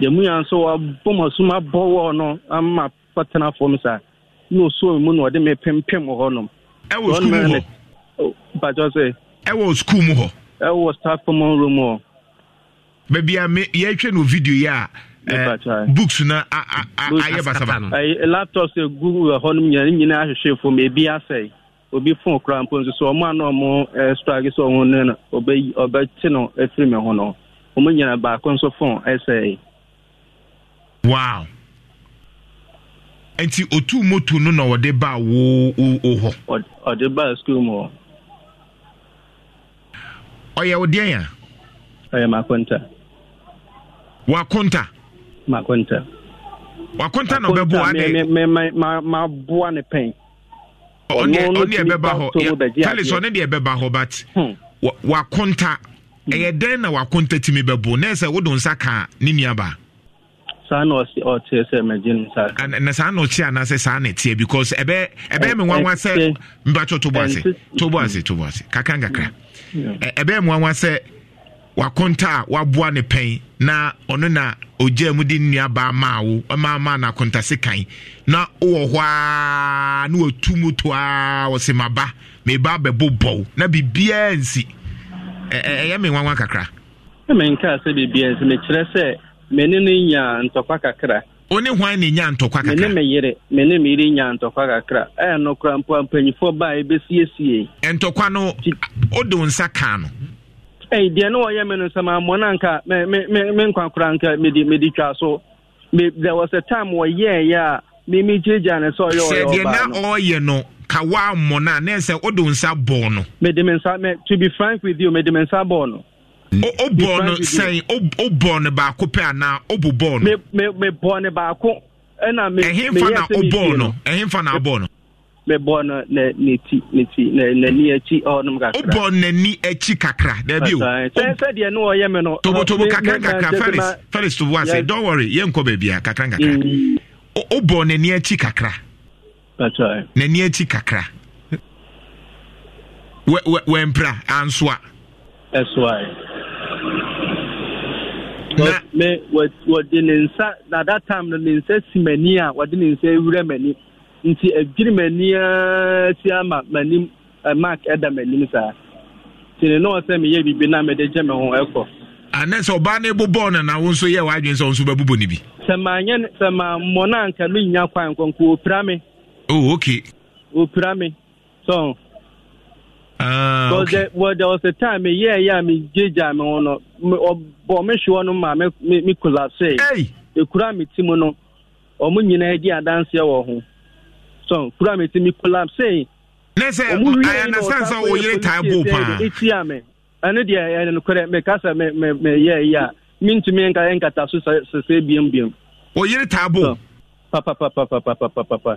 deɛ mu nyaa nso wɔabɔ ma so mabɔ wɔ no ama patena fam saa na ɔsuo me mu na ɔde me pempem wɔ hɔnom ɛwɔ sukuu hɔ bàtjọ sẹ. ẹ wọ sukuu mu hɔ. ẹ wọ staff common room hɔ. baabi a me yɛtwa no video yi a. Uh, books na ayɛ basaba no. laptop google wɔ hɔ nom nyinaa ne nyinaa ahwehwɛ fam ebi asɛe obi fon kora mpo nso so ɔmo a na ɔmo eh, strage sɛ ɔmo ne no ɔbɛte no afiri me ho no ɔmo nyinaa baako nso fon ɛsɛe. wow nti otu moto no na ɔde ba wo wo hɔ. ɔde ba sukuu mu hɔ. ɔyɛ wo deɛn a ɔyɛ makonta wakonta makonta wakonta na ɔbɛboa ne maboa ne pɛn ɔne ɛbɛba hɔ talis ɔne deɛ ɛbɛba hɔ but hmm. wakonta hmm. ɛyɛ dɛn na wakonta tumi bɛbo na ɛsɛ wodo nsa ka ne nuaba saa na ɔteɛ sɛ nsa na saa na ɔkye anaasɛ saa na ɛteɛ because ɛbɛyɛ me nwanwa sɛ mba to tobo ase tobo ase tobo ase kakra nkakra mm. ɛbɛyɛ mmoawa sɛ wakonta a waboa ne pɛn na ɔno na ogya mu de nnuabaa maa wo ɔmaa maa no akontase kan na wowɔ hɔ aa na watu mu to aa wɔse maba meba bɛbobɔw na biribiaa nsi ɛyɛ me nwanwa kakra na menkaa sɛ biribiaa nsi mekyerɛ sɛ m'ani no nya ntɔkwa kakra Oni hwan na nya ntɔkwa kakra mene meyere mene meyere nya ntɔkwa kakra ɛyɛ eh, no kora mpo ampanyinfoɔ baa ebesiesie ntɔkwa no ode wo nsa kaa no ɛyi eh, deɛ ne wɔyɛ me no nsɛm ammɔ no anka me nkwa kora anka mede mede twa so there was a time wɔyɛɛyɛ a mimi gyirigya ne sɛ ɔyɛ ɔyɛ ɔbaa no sɛ deɛ na oye no kawa ammɔ no na ɛsɛ odo wo nsa bɔɔ no mede me nsa to be frank with you mede me nsa bɔɔ no wobɔɔ mm. no sɛn wobɔɔ no baako pɛ anaa wobu bɔɔ no mebɔɔ no baako ɛna ɛhemfa na wobɔɔ no na abɔɔ no na no n'ani akyi hɔnom kakra wobɔɔ n'ani akyi kakra daabi o sɛdeɛ ne ɔyɛ me no tobotobo kakra kakra. felis felis tobo ase don't worry yɛnkɔ baabia kakra nkakra wobɔɔ n'ani kakra kakra ansoa na me wɔde ne nsa na that time no ne nsa si m'ani a wɔde ne nsa ewura m'ani nti adwiri m'ani aa si ama m'anim eh, mark ɛda m'anim saa nti ne na ɔsɛ meyɛ biribi na mede gye me ho ɛkɔ anɛ ah, sɛ ɔbaa no bo no na wo nso yɛ w'adwene sɛ wo nso bɛbobɔ no bi sɛ maanyɛ sɛ mammɔ no anka no nnya kwan nkɔnkɔ ɔpira me oh okay ɔpira me so Ah, okay. there, well, there was a time, a year, yeah, me jija me ono, oh, me oh, me shi ono ma me me, me collapse. Hey, e kura me timu no, ọmụ nyina edi adansi wọ ho. So kura me timu collapse. Ne se, I understand so wo yire tai bo pa. Iti ame. Ani de e no me kasa uh, me me me yeah yeah. Mi nka enkata so se se biem biem. Wo yire pa pa pa pa pa pa pa.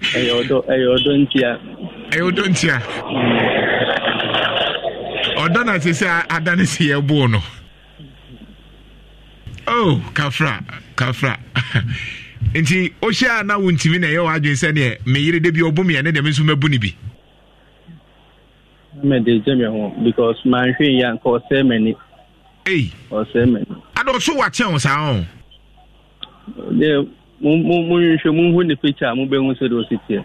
ɛyɛ ɔdɔ ɛyɛ ɔdɔ ntia. ɛyɛ ɔdɔ ntia. ɔdɔ na sɛ sɛ adane si yɛ boo no. oh kafra kafra nti ohyia na wo ntumi na ɛyɛ wadwin sɛ neɛ meyere de bi ɔbɔ mi ɛne deɛ me nso mɛbu ne bi. mɛde gye mi ho because manhwe yi anka ɔsɛɛ m'ani. ei ɔsɛɛ m'ani. wa so wakyɛn saa ɔn. monhwɛ monhu ne pikya a mobɛhu sɛde ɔseteɛ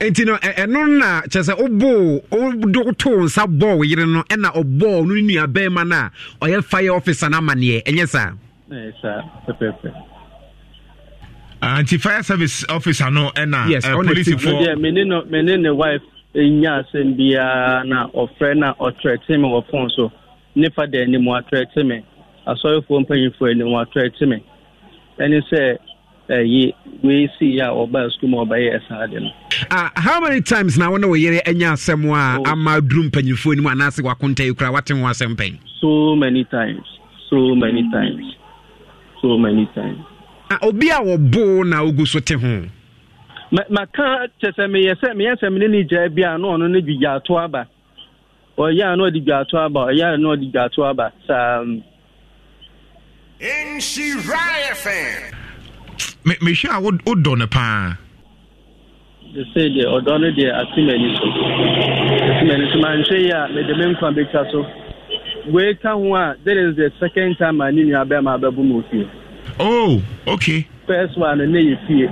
nti no ɛno e, na kyerɛ sɛ woboo wode too nsa bɔɔ wo yere no ɛna e ɔbɔɔ no ne nuabɛrima no a ɔyɛ fire office no amanneɛ ɛnyɛ saa e, saa pɛpɛpɛ nti fire service officer no ɛna polisifoɔ mene ne wife ɛnya asɛm biara na ɔfrɛ na ɔtrɛte me wɔ fon so ne fa da anim atrɛte me asɔrefoɔ mpanyimfoɔ anim atrɛte me ɛne sɛ ɛyi wei si a ɔbaa sukuu ma ɔbɛyɛ saa ade no. ah how many times na wɔn na wɔyere anya asɛm a oh. ama duru mpanyinfoɔ anim anaasɛ wakonta yi kura wate ho asɛm pɛn. so many times so many times so many times. Na obi a wɔbo na ogu so te ho. maka kyɛ sɛ meyɛ sɛ meyɛ sɛ mene ne gyaa bi a na ɔno ne dwigya ato aba ɔyɛ a na ɔde dwa ato aba ɔyɛ a na ɔde dwa ato aba saa. Mm, nhyira fm. mehwɛ a wodɔ no paa de sɛ deɛ ɔdɔ no deɛ ate m'ani so ate m'ani so manhwɛ yi a mede me nkwa bɛtwa so wei ka ho a that is the second time a ne nua bɛma abɛbo ma ofie oh okay first one ne yɛ fie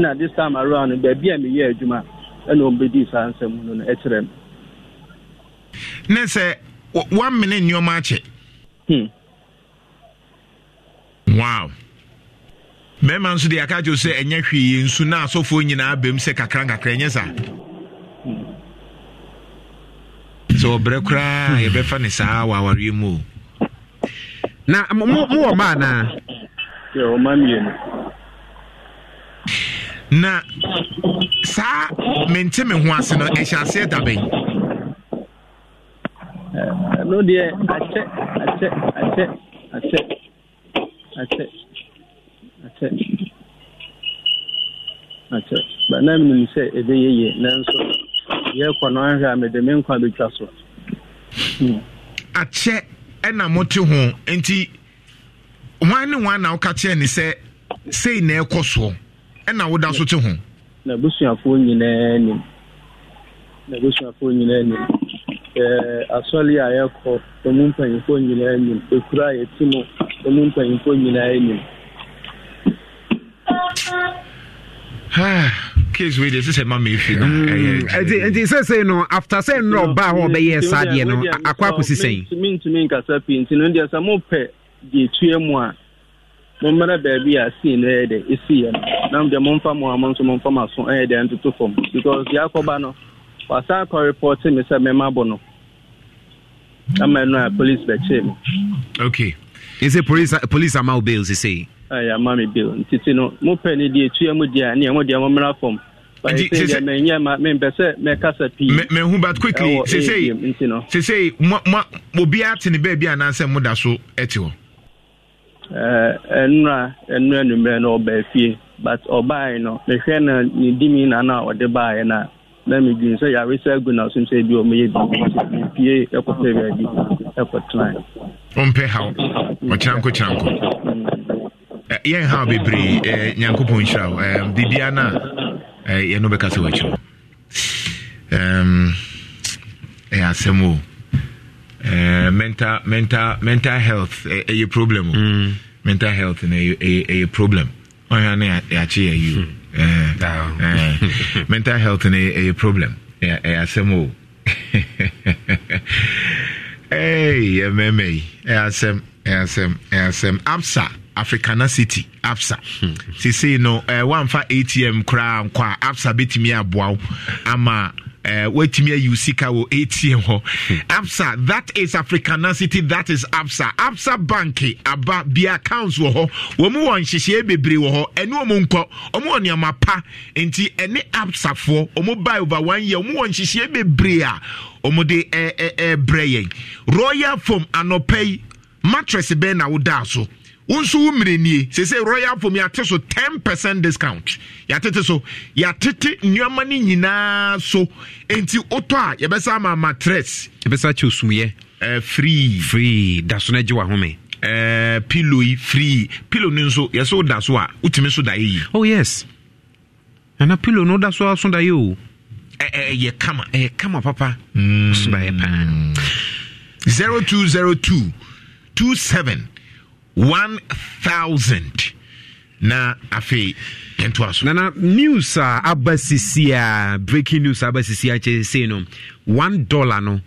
na this time around no baabi a meyɛ adwuma ɛna ɔmbɛdii saa nsɛm no no ɛkyerɛ no ne sɛ woamene nneɔma akyɛ wow mmarima nso deɛ aka kyerɛ sɛ ɛnyɛ hwee nsu na asɔfoɔ nyinaa bɛm sɛ kakra nkakra ɛnyɛ saa sɛ ɔbrɛ koraa yɛbɛfa ne saa wɔ awareɛ mu o na mowɔ ma anaa na saa mente me ho ase no ɛhyɛ aseɛ da bɛn no deɛ akyɛ akyɛ akyɛ akyɛ That's it. That's it. That's it. But now I'm say it's a ye nanso ye kwa no ahwe a me de me nkwa betwa so. Hmm. Akyɛ ɛna mote ho nti wan ne wan na woka kyerɛ ne sɛ sei na ɛkɔ soɔ ɛna woda so te ho. N'abusuafoɔ nyinaa nim. N'abusuafoɔ nyinaa nim. Eh, asɔre a yɛkɔ ɔmu mpanyinfoɔ nyinaa anim ekura a yɛte mu ɔmu mpanyinfoɔ nyinaa anim. Ah, case wey dey sɛ mm, sɛ mama efi no. nti nti sɛsɛ no after sɛ nnọọ baa hɔ ɔbɛyɛ saa no akɔ akɔsi sɛn. ntumi ntumi nkasa pii nti no deɛ sɛ mo pɛ deɛ etua mu a mo mmara baabi a sii no ɛyɛ dɛ esi yɛ no na mo deɛ mo nfa mo a mo nso mo nfa mo aso ɛyɛ dɛ ntoto fam because yɛ akɔba no. ɔsan kɔrepɔte mi sɛ mema bo no ama ɛno a police bɛkyee me okay ɛsɛ police polisi ama wo bail sesei ɛyɛ ama me bail ntiti no mopɛ ne deɛ ɛtua mu deɛ a ne ɛmo deɛ mommra fam mahu but quickly sesei obiaa te ne baabi anaasɛ moda so ɛte hɔ ɛnura ɛnura nummerɛ no fie but ɔbaeɛ no mehwɛ no ne dimi na na ɔde baeɛ no a na medwin sɛ yaresɛ agu na som sɛ bi ɔmɛyɛ bipie ɛkɔsɛ baabi ɛkɔtena ɔmpɛ haw ɔkyeranko kyeranko yɛn haw bebree nyankopɔn nhyira wo biribia no a yɛno bɛka sɛ wakyerɛ ɛyɛ asɛm o mental mental mental health ɛyɛ eh, eh, problem o mm. mental health no eh, ɛyɛ problem ɔhwɛ no yɛakye yɛ yi o Eh, eh. mental health no ɛyɛ problem ɛyɛ asɛm o yɛ mɛma yi ɛyɛ asɛm ɛyɛ asɛm ɛyɛ asɛm absa africana city absa sesei no eh, woamfa atm koraa nkɔ a absa bɛtumi aboa wo ama Eh, wɔatumi ayi wo sika wɔ atm hɔ absa that is africanacity that is absa absa bank aba bia accounts wɔ hɔ wɔn mu wɔ nhyehyɛe bebree wɔ hɔ ɛne wɔn nkɔ wɔn wɔ nneɛma pa nti ɛne absafoɔ wɔn buy over one year wɔn wɔ nhyehyɛe bebree a wɔde ɛɛ ɛɛ brɛ yɛn royal foam anɔpɛ yi mattress bɛn na wodaa so wo nso wo mmirenie sɛsɛ royal pom yɛate so 10 percent discount yɛatete so yɛatete nneɔma no nyinaa so enti wotɔ a yɛbɛsa ama matress yɛbɛsa kyɛ osumyɛ free free da so no agye wahome pilo yi free pilo no nso yɛsɛ woda so a wotumi so daeɛ yi oh yes ana pilo no woda so aso daeɛ o ɛyɛ kama ɛyɛ kama papa mm. so daeɛ paa 0202 27 one thousand na afei yɛntoa so nana news a aba sisi breaking news aba sisi a kyerɛ no one dollar no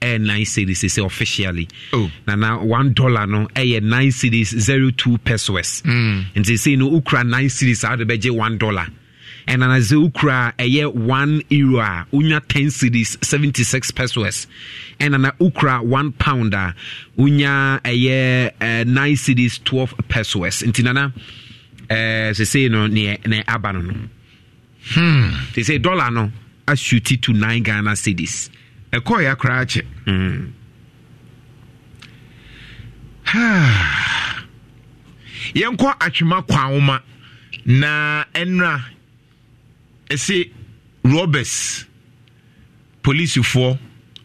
ɛyɛ nine series sɛ officially oh. nana one dollar no ɛyɛ nine series zero two pesos mm. nti sei no wokura nine series a wode bɛgye one dollar ɛnana sɛ wokura ɛyɛ one euro a wonya 10 cities 76 pesos ɛnana wokura one pound a wonya ɛyɛ uh, cities 12 pesos nti nana uh, sesei no neɛ ne aba no no hmm. sesei dollar no asuti to nine ghana cities ɛkɔɔyɛ e koraa kye mm. yɛnkɔ atwema kwa nwoma na ɛnra ɛsɛ robbers polisifoɔ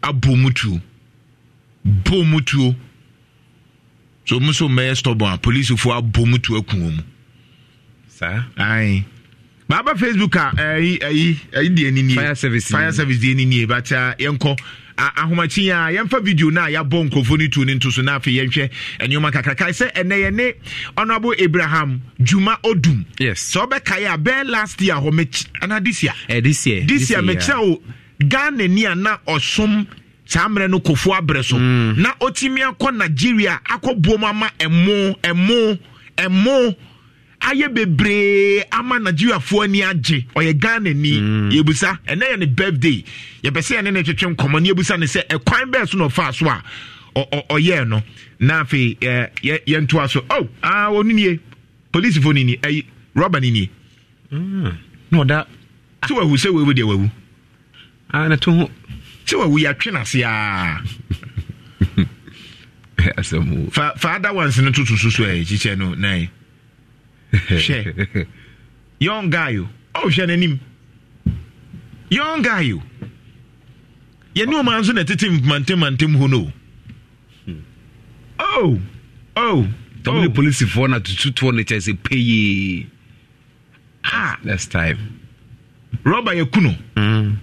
abɔ mu tuo bɔ mu tuo so mu nso mmɛyɛ stubborn a polisifoɔ abɔ mu tuo aku wɔn mu saa ayi baaba facebook a ɛyi ɛyi ɛyi deɛ ni nie fire service fire service deɛ ni nie bata uh, yɛn kɔ ahomakyi a yɛmfa video no a yɛabɔ nkurɔfoɔ no tu no nto so na afei yɛnhwɛ nneɔma kakrakae sɛ ɛnɛ yɛ ɔnoabo abraham dwuma odum yes sɛ wobɛkaeɛ a bɛɛ last year hɔ anaa eh, this year this year this year mekyerɛ wo ghana ni a na ɔsom saa mmerɛ no kɔfoɔ abrɛ so mm. na ɔtumi akɔ nigeria akɔ buom ama ɛmo ɛmo ɛmo ayɛ bebree ama nigeriafoɔ ani agye ɔyɛ ghana ni mm. yɛbusa ɛnɛ yɛ ne birthday yɛpɛ sɛ yɛne ne twetwe nkɔmmɔ ne yɛbusa ne sɛ ɛkwan bɛɛ so na ɔfaa so a ɔyɛɛ no na afei yɛntoa so o oh, ɔno nie polisifoɔ no ni ɛyi no nie mm. sɛ wawu sɛ wawu deɛ wawu sɛ wawu yɛatwe no aa fa ada wanse no to sususu ɛ kyikyɛ no nae hwɛ young guy o ɔhwɛ n'anim young guy o yɛne ɔma nso na ɛtete mantemmantem Oh, oh. o o tɔmne oh. polisifoɔ na tututoɔ no kyɛ sɛ pɛyee ah next time rɔba yɛku no mm.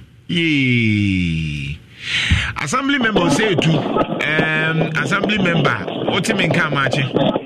assembly member ɔsɛ ɛtu um, assembly member wote me nka amaakye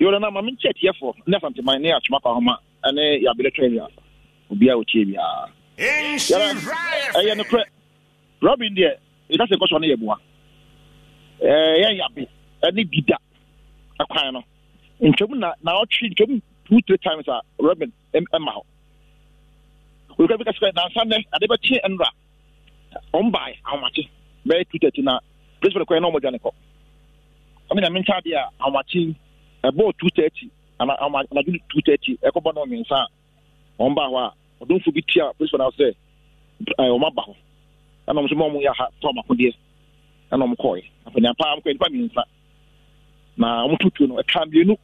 yɛwɔ no ma menkyɛ atiefoɔ ne asanteman ne atwoma kwa homa ne yɛaberetɔ awia obiaa ɔtie biaa ɛyɛ nokorɛ robin deɛ ɛda sɛ nkɔsɔ no yɛ boa ɛyɛ yabe ɛne dida kwan no ntwam na na ɔtwe ntwam two three times a robin ma hɔ ɔyɛkura bi kasɛ nansa nnɛ ade bɛkye nnora ɔmbae ahomakye bɛyɛ two thirty na principal kɔɛ na ɔmɔdwane kɔ ɔmena menkyɛ adeɛ a ahomakye ɛbɔɔ two thirty two thirty a ɔmbaa hɔ a ɔdomfo bi tia principal no sɛ ɔma ba hɔ ɛna ɔmo nso ma ɔmo yɛ aha tɔ akodeɛ ɛna nipa na ɔmo tutuo no ɛka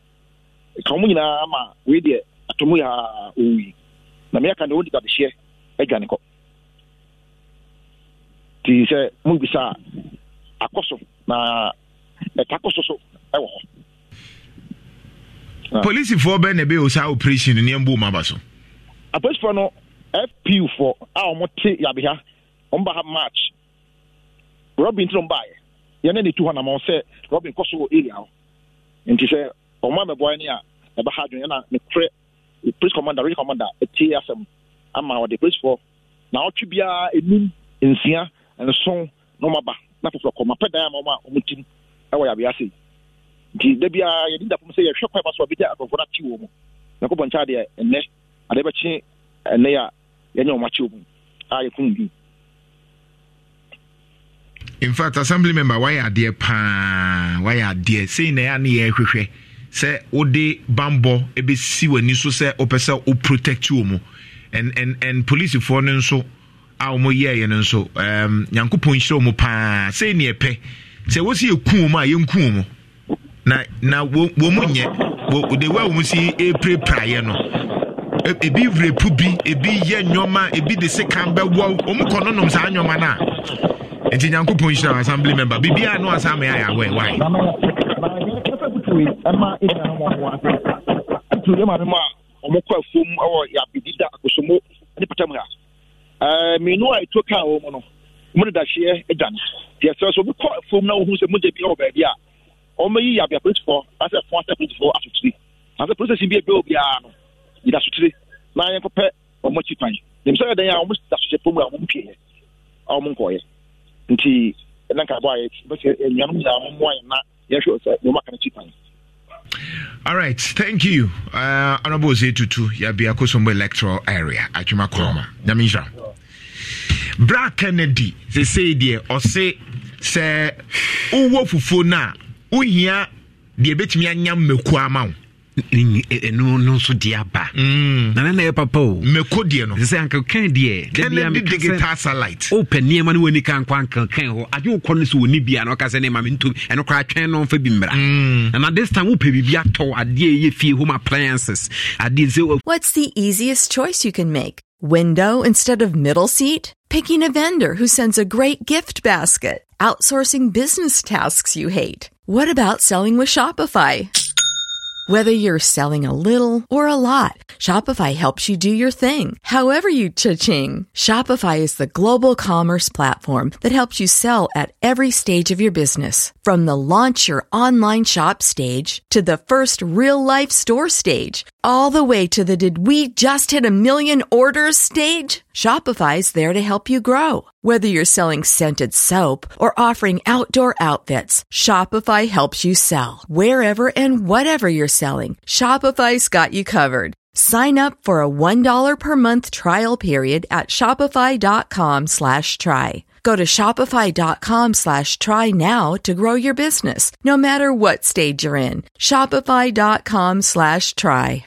ka nyinaa ama wei deɛ ato mu yɛ na ka di ɛdwa ne kɔ ti sɛ na ɛta so ɛwɔ polisifoɔ bɛn na ɛbɛyɛ saa operation ne ɛmbu mu aba so apolisifoɔ no fpu foɔ a wɔte yabeha wɔn ba ha march robin tí wọn bá yẹ yẹn ní tu hɔ nam sɛ robin kɔ so wɔ area hɔ nti sɛ ɔmo amɛbɔɛ ni a ɛbɛ ha adwene na mekorɛ police commander region commander eti asɛm ama ɔde police fɔ na ɔtwe biara enum nsia nson na ɔmo aba na foforɔ kɔ ɔmo apɛ dan ama ɔmo a ɔmo ti mu ɛwɔ yabe ase yi nti da biara yɛde dapom sɛ yɛhwɛ kwan ma so a bɛgya no wɔ mu nyankopɔn kyɛ adeɛ ɛnɛ ade bɛkye ɛnɛ a yɛnyɛ wɔn akye wɔ mu a yɛkum bi in fact assembly member wayɛ adeɛ paa wayɛ adeɛ sei na ɛa ne yɛhwehwɛ eh, sɛ wode bambɔ bɛsi w'ani so sɛ wopɛ sɛ wo protect wɔ mu and, and, and polisifoɔ no nso a wɔn yɛɛyɛ no nso um, nyankopɔn nhyira wɔn paa sei ne ɛpɛ sɛ wɔsi yɛ kum wɔn a yɛnkum wɔn na na wɔn mu nyɛ wɔ de wa wɔn si eprepraeɛ no e, ebi repu bi ebi yɛ nneɛma ebi de sekan bɛwɔ wɔn kɔ nonom saa nneɛma na nti nyankopɔn nhyira assembly member bibi biribiara no asan mɛ ayɛ awɛ wae. ɔmo kɔ afuom ɛwɔ yabedi da akosomo ne patam ha ɛɛ mmienu a etuo kaa wɔn mu no wɔn deda hyeɛ edwane deɛ sɛ so wɔn kɔ afuom na wɔn ho sɛ mo de bi ɛwɔ baabi a ɔmɛyi yɛ abiapiretifoɔ asɛ fɔn asɛ abiapiretifoɔ asotire asɛ polisi bi ebe obiara no yɛda asotire na yɛn kɔpɛ ɔmo akyi kwan nim sɛ ɛdan yɛ a ɔmo da sohyɛ pɔmu a ɔmo pie yɛ a ɔmo nkɔɔyɛ nti ɛna nka bɔ a yɛ bɛsɛ enuanom nyinaa ɔmo mmoa yɛn na yɛhwɛ sɛ nneɛma kan akyi kwan. All right, thank you. Uh, Honorable Zetutu, Yabia Kosombo electoral area, Achuma Kroma. Namisha. Bra Kennedy, they say, dear, or say, sɛ wowɔ fufuo no a wohia deɛ mmɛku ama wo ɛno no nso aba nana mm. na o deɛ no sɛ anka kan wopɛ nneɛma no ka nkɔ anka kan hɔ wokɔ no sɛ wɔni bia na ɔka sɛ ne ma mentom twɛn no mfa bi mmra mm. this time wopɛ biribi atɔ adeɛ ɛyɛ fie home appliances adeɛ sɛ What's the easiest choice you can make? Window instead of middle seat? Picking a vendor who sends a great gift basket? Outsourcing business tasks you hate? What about selling with Shopify? Whether you're selling a little or a lot, Shopify helps you do your thing, however you cha-ching. Shopify is the global commerce platform that helps you sell at every stage of your business. From the launch your online shop stage to the first real life store stage all the way to the did we just hit a million orders stage? Shopify's there to help you grow. Whether you're selling scented soap or offering outdoor outfits, Shopify helps you sell. Wherever and whatever you're selling, Shopify's got you covered. Sign up for a $1 per month trial period at shopify.com slash try. Go to shopify.com slash try now to grow your business, no matter what stage you're in. Shopify.com slash try.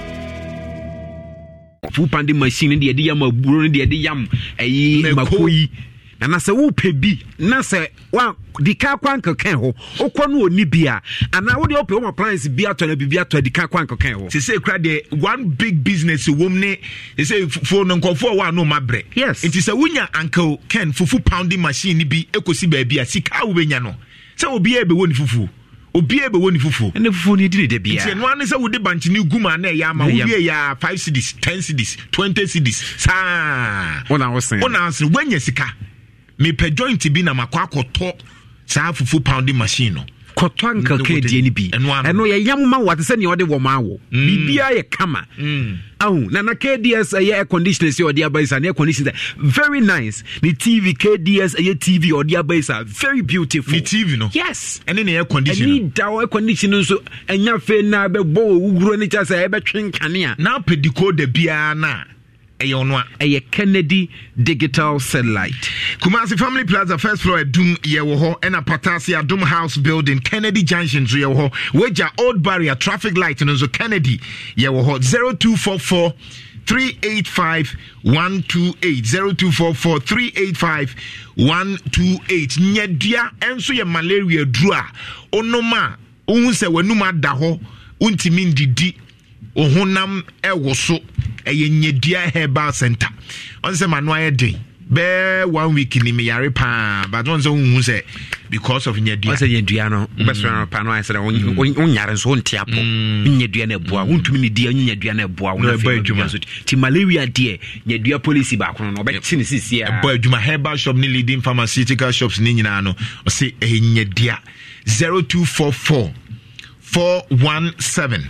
full pounding machine deɛ ɛde yam aburo no deɛ ɛde yam ɛyi mako yi nana sɛ wopɛ bi na sɛ wa dika kɔ ankɛkɛn hɔ wokɔ no ɔni bi a anaa wode wopɛ woma plans bi atɔ na biribi atɔ dika kɔ ankɛkɛn hɔ sɛ sɛ kura deɛ one big business wɔm ne sɛ fo no nkɔfoɔ wɔ a no ma brɛ yes nti sɛ Uncle Ken. fufu pounding machine bi ɛkɔsi baabi a sika wobɛnya no sɛ obiaa bɛwɔ ne fufuo obiara bɛwɔ ne fufuo ɛne fufuo no ɛdine da bianti ɛnoa ne sɛ wode bankyene gu ma na ya ama wowie ya five cities ten cities twenty cities saa wonawosene woanya sika mepɛ joint bi na makɔ akɔtɔ saa fufu pounding machine no kɔtɔ ankalka die no bi ɛno yɛyam ma wate sɛnea ɔde wɔ ma awɔ mm. biribiaa yɛ kama mm. ahu nana kds ɛyɛ air conditioner sɛ ɔde aba ne air conditioner very nice ne tv kds ɛyɛ tv ɔde aba isa very beautiful ne tv no yes ɛne ni air conditioner ɛne da air conditioner nso ɛnya na bɛbɔ wɔ wuguro ne kyɛ sɛ ɛbɛtwe nkanea na apɛ decoder biara no ɛyɛ ɔno a ɛyɛ kennedy digital satellite kumasi family plaza first floor adum yɛwɔ hɔ ɛna patase adum house building kennedy junction nso yɛwɔ hɔ wagya old barrier traffic light no nso kennedy yɛwɔ hɔ 0244 385 128 0244 385 128 nyadua nso yɛ malaria duro a onom a wohu sɛ w'anum ada hɔ wontumi ndidi ohunam ɛwɔ so ɛyɛ nyedia herbal center ɔn sɛ manoa yɛ den bɛɛ one week ni mi yare paa but ɔn sɛ ohun sɛ because of nyedia. ɔn sɛ nyedia no mm. wobɛsɛn no paa no ayɛ sɛ dɛ wonyare nso wonte apɔ nyedia no mm. ɛboa wontumi ne di ɛnye nyedia no ɛboa wo nafɛ adwuma so ti malaria deɛ nyedia policy baako no ɔbɛte ne sisi a. ɛbɔ adwuma herbal shop ne leading pharmaceutical shops ne nyinaa no ɔsɛ ɛyɛ nyedia zero two four four four one seven.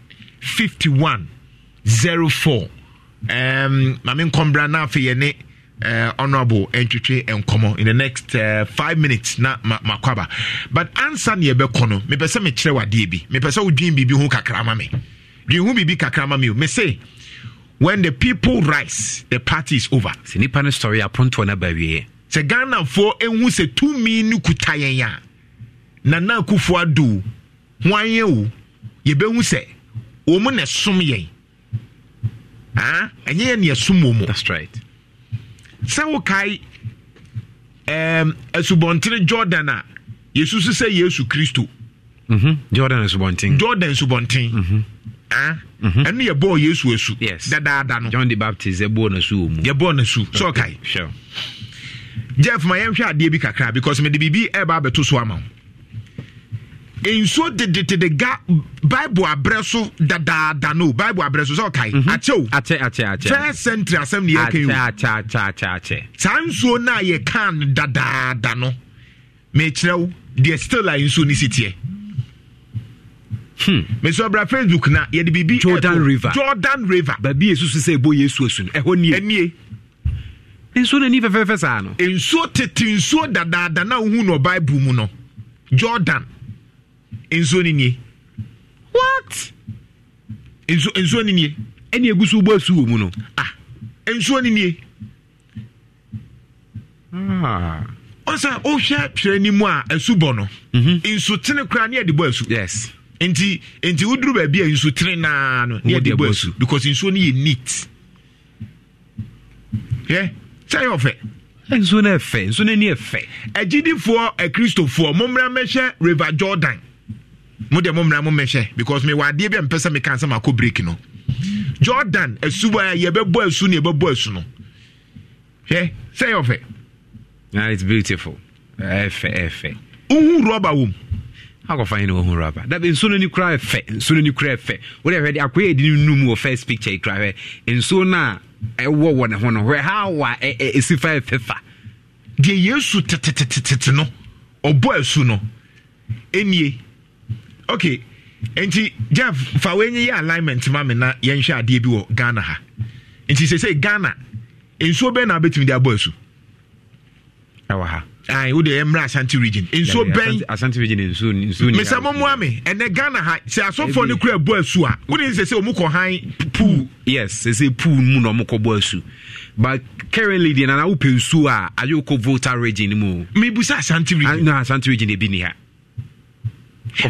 51 04 um, maame nkɔmbra na afei yɛ ne uh, honourable ntwitwe nkɔmɔ in the next uh, five minutes na ma aba but ansa ne yɛbɛkɔ no mepɛ sɛ mekyerɛ wadeɛ bi mepɛ sɛ wodwin biribi ho kakra me dwen ho biribi kakra me o mese when the people rise the party is over sɛ nnipa no sɔre apontoɔ no bawieɛ sɛ ghanafoɔ ɛhu sɛ tumi no kuta yɛn a nana akufoɔ ado ho anyɛ o yɛbɛhu sɛ wɔn mu na ɛsom yɛn ɛnyɛ yɛn na ɛsom wɔn mu that's right sɛ wokae um, asubɔntene jordan a yɛsusu sɛ yesu kristo mm-hmm. jordan asubɔnten jordan asubɔnten mm-hmm. Ah. mm-hmm. yɛbɔɔ yesu asu yes. dadaada no john the baptist yɛbɔɔ n'asu wɔ mu yɛbɔɔ n'asu sɛ so, ɔkae okay. sure. jeff ma yɛnhwɛ adeɛ bi kakra because mede biribi ɛba abɛto so ama wo nsuo dededede ga bible abrɛ so dadaada no bible abrɛ so sɛ ɔkae akyɛw fɛ sentry asɛm ne yɛka saa nsuo no a yɛkaa no dadaada no mekyerɛ wo deɛ still a nsuo no si teɛ hmm. mesu abra facebook na yɛde biribi jordan river jordan river baabi yɛsusu sɛ ɛbɔ yesu asu no ɛhɔ nie nie nsuo no ani fɛfɛɛfɛ saa no nsuo tete nsuo dadaada na wohu no bible mu no jordan nsuo no nie what nsuo nsuo ni nie ɛne egu so bɔ wɔ mu no ah nsuo ni nie ah ɔsa ɔhwɛ twerɛ ni mu a asu bɔ no mhm. nsutene koraa ne yɛde bɔ asu yes nti nti woduru baabi a nsutene naa no ne yɛde bɔ asu because nsuo ni yɛ neat yɛ sɛ yɛ ɔfɛ nsuo no yɛ fɛ nsuo no ani yɛ fɛ agyidifoɔ akristofoɔ mommra mɛhyɛ river jordan mo deɛ mo mmra mo mɛhwɛ because mewɔ adeɛ bi a mpɛ sɛ meka nsɛm akɔ break no jordan asuwa a yɛbɛbɔ asu ne yɛbɛbɔ asu no hwɛ sɛ yɛ ɔfɛ na it's beautiful ɛfɛ ɛfɛ wohu rɔba wom akɔfa ne wɔhu rɔba dabi nsuo no ni kura ɛfɛ nsuo no ni kura ɛfɛ wɔde hwɛ de akɔyɛ edi no mu wɔ first picture kura hwɛ nsuo no a ɛwɔ wɔ ne ho no hwɛ ha wa ɛsi fa ɛfɛ fa deɛ yesu tetetetete no ɔbɔ asu no ɛnie okay nti jeff fa w'enyi yɛ alignment ma mi na yɛnhwɛ adeɛ bi wɔ ghana ha nti sese ghana nsuo bɛn na abɛtumi de abɔ esu ɛwɔ ha ayi o de yɛ mmerɛ asante region nsuo bɛn asante region nsuo nsuo ni mesa mo mu ɛnɛ ghana ha sɛ asɔfoɔ ne kura bɔ esu a o de sese omu kɔ han pool yes sese pool mu na ɔmo kɔ bɔ esu but currently deɛ nana wopɛ nsuo a ayi o kɔ volta region mu. mi busa asante region. Ah, na asante region ebi ni ha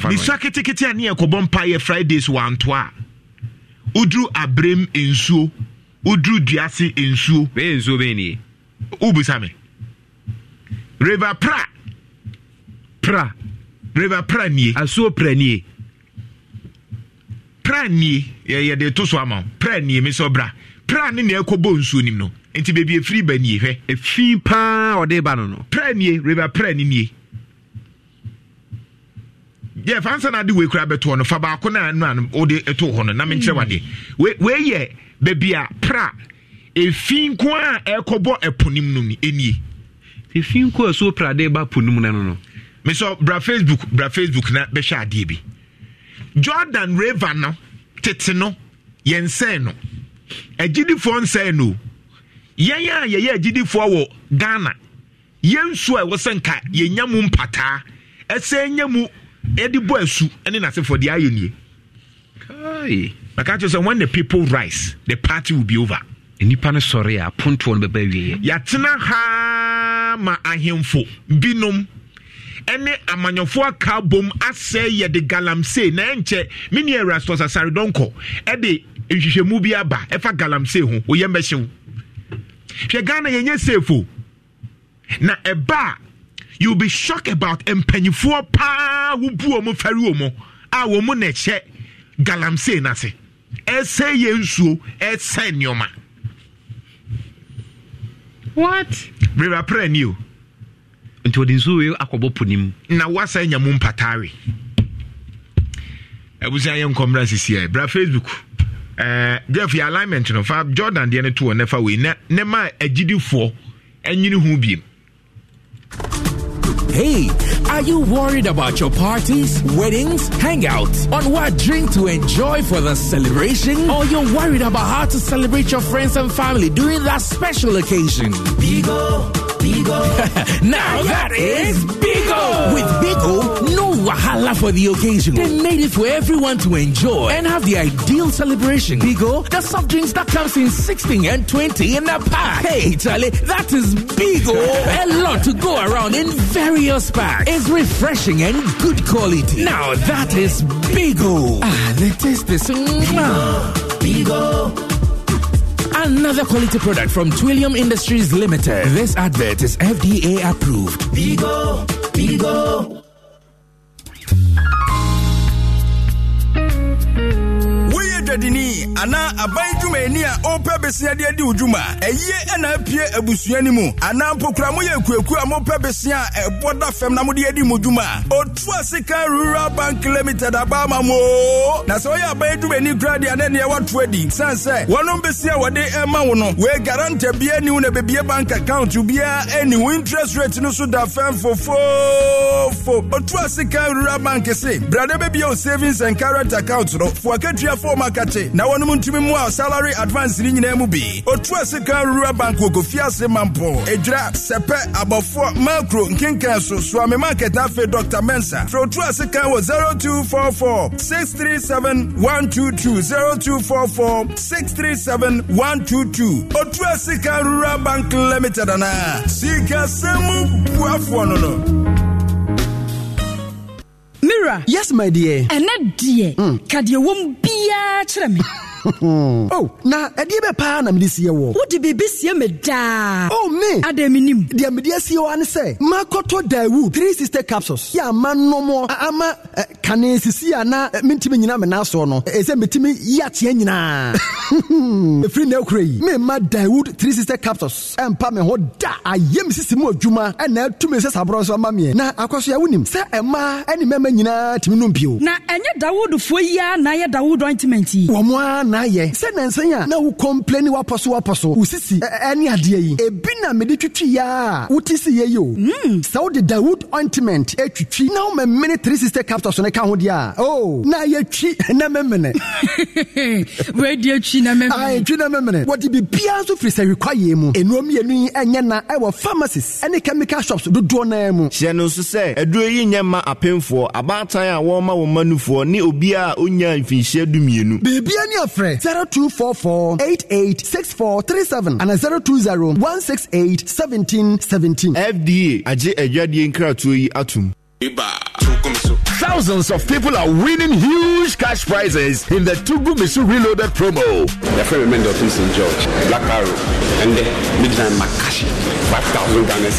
nisa ketekete a ne yɛkɔbɔ mpa yɛ fridays wanto a woduru abrem nsuo woduru duase nsuo bɛyɛ nsuo bɛyɛ nie me river pra pra river pra nie asuo pra nie pra nie yɛde to so ama pra nie me sɛ bra pra ne na ɛkɔbɔ nsuo nim no nti baabi efiri ba nie hwɛ efi paa ɔde ba no no pra nie river pra nie yɛ fansa na ade wei kura no fa baako na ano a wode to hɔ no na menkyerɛ wade wei baabi a pra ɛfi nko a ɛkɔbɔ ɛpo nim no ɛnie ɛfi nko a so prade ba po nim no no no me sɛ bra facebook bra facebook na bɛhwɛ adeɛ bi jordan raver no tete no yɛnsɛn no agyidifoɔ nsɛn no yɛn a yɛyɛ agyidifoɔ wɔ ghana yɛn nsuo a ɛwɔ sɛ nka yɛnya mu mpataa ɛsɛ nya mu ɛde bɔ asu ɛne n'asefoɔ deɛ ayɛ nie maka kyerɛ sɛ when the people rise the party will be over nnipa no sɔre a pontoɔ no bɛba awieɛ yɛatena haa ma ahemfo binom ɛne amanyɔfoɔ aka bom asɛe yɛde galamsey na ɛnkyɛ mene awurastos asaredɔnkɔ ɛde nhwehwɛmu bi aba ɛfa galamsey ho woyɛ mmɛhye wo hwɛ ghana yɛnyɛ safo na ɛba You be shocked about mpanyifoɔ paa wobu wɔn fari wɔn a wɔn na ɛhyɛ galamsey n'ase ɛsɛ yɛ nsuo ɛsɛ nneɛma. what. rira pray ni o. nti o de nsuo yi akɔbɔ po ne mu. na wasa nya mu mpataare. abusua yɛ nkɔmra sisi ɛ bra facebook. Uh, jeff yɛ alignment no fa jordan deɛ no to wɔ ne fa wei na ne ma agyidifoɔ anyini ho biem Hey are you worried about your parties, weddings, hangouts, on what drink to enjoy for the celebration? Or you're worried about how to celebrate your friends and family during that special occasion? Bigo, Bigo. now that is Bigo! With Bigo, no wahala for the occasion. They made it for everyone to enjoy and have the ideal celebration. Bigo, the soft drinks that comes in 16 and 20 in a pack. Hey, Charlie, that is Bigo. a lot to go around in various packs refreshing and good quality. Now that is Bigo. Ah, the taste is. Bigo. Bigo. Another quality product from Twillium Industries Limited. This advert is FDA approved. Bigo. Bigo. dwadini anaa aban dwumani a ɔrepɛ besia de adi wo dwuma ɛyie ɛna apue abusua no mu anaa mpokura moyɛ akuaku a mopɛ besea a ɛbɔ da fam na mode adi mu dwuma ɔtu asika rural bank limited abaa ma mo na sɛ woyɛ aban dwumani kora deɛ ne neɛ woato adi siane sɛ wɔnom besia wɔde ɛma wo no wei garanta bia ni wo na bɛbie bank account biara ɛni wo interest rate no so da fam fofoofo ɔtu sika rural bank se brade bɛbia wo savings and current account no foakatua fo maka akate na wɔnom ntumi mu a salary advance ne nyinaa mu bi otua sika rural bank wɔ kofi ase mampo edwira sɛpɛ abɔfoɔ makro nkenkan so suame market na afei dr mensa fɛ otua sika wɔ six three seven one two two. otua sika rural bank limited anaa sikasɛmu buafoɔ no no mira yes my dear ɛnɛ deɛ mm. ka deɛ wɔm biara kyerɛ me oh, na ɛdeɛ bɛ paa na mede siɛ wɔ. Wode biribi sie me daa. Oh, me. Adan minim. nim. Deɛ mede asie wɔ ne sɛ, makɔtɔ Daewoo three sister capsules. Yɛ ama nnɔmɔ ama kane sisi a na mentimi nyina me nasoɔ no. Ɛsɛ metimi yi ateɛ nyinaa. Ɛfiri na akura yi, memma Daewoo three sister capsules ɛmpa me ho da. Ayɛ me sisi mu adwuma ɛna atumi sɛ saborɔ nso ama meɛ. Na akɔ so yɛ wonim sɛ ɛma ɛne mɛma nyinaa tumi nom bio. Na ɛnyɛ Daewoo foɔ yi a na ayɛ Daewoo ointment yi. Wɔn na ayɛ sɛ nansan a na wo complain wapɔ so wapɔ so wo sisi ɛne adeɛ yi ebi na mede twitwi yɛ a wote si yɛ yi o hmm. sɛ wode dawood ointment atwitwi na woma mene 360 capsules ne ka ho deɛ a o na yɛtwi na memene wadi atwi na memene atwi na memene wɔde biribiara nso firi sɛ hwekwayeɛ mu ɛnuo mmienu yi ɛnyɛ na ɛwɔ pharmacies ɛne chemical shops dodoɔ naa mu hyɛ no nso sɛ aduro yi nyɛ ma apemfoɔ abaatan a wɔma wɔn manufoɔ ne obiara a onyaa mfinhyia dumienu biribia ne afei frɛ two zero one six eight seventeen seventeen. FDA agye adwadeɛ nkratoɔ yi atom. Thousands of people are winning huge cash prizes in the Tugumisu Reloaded promo. The friend of St. George, Black Arrow, and the Midland Makashi. 5,000 Ghana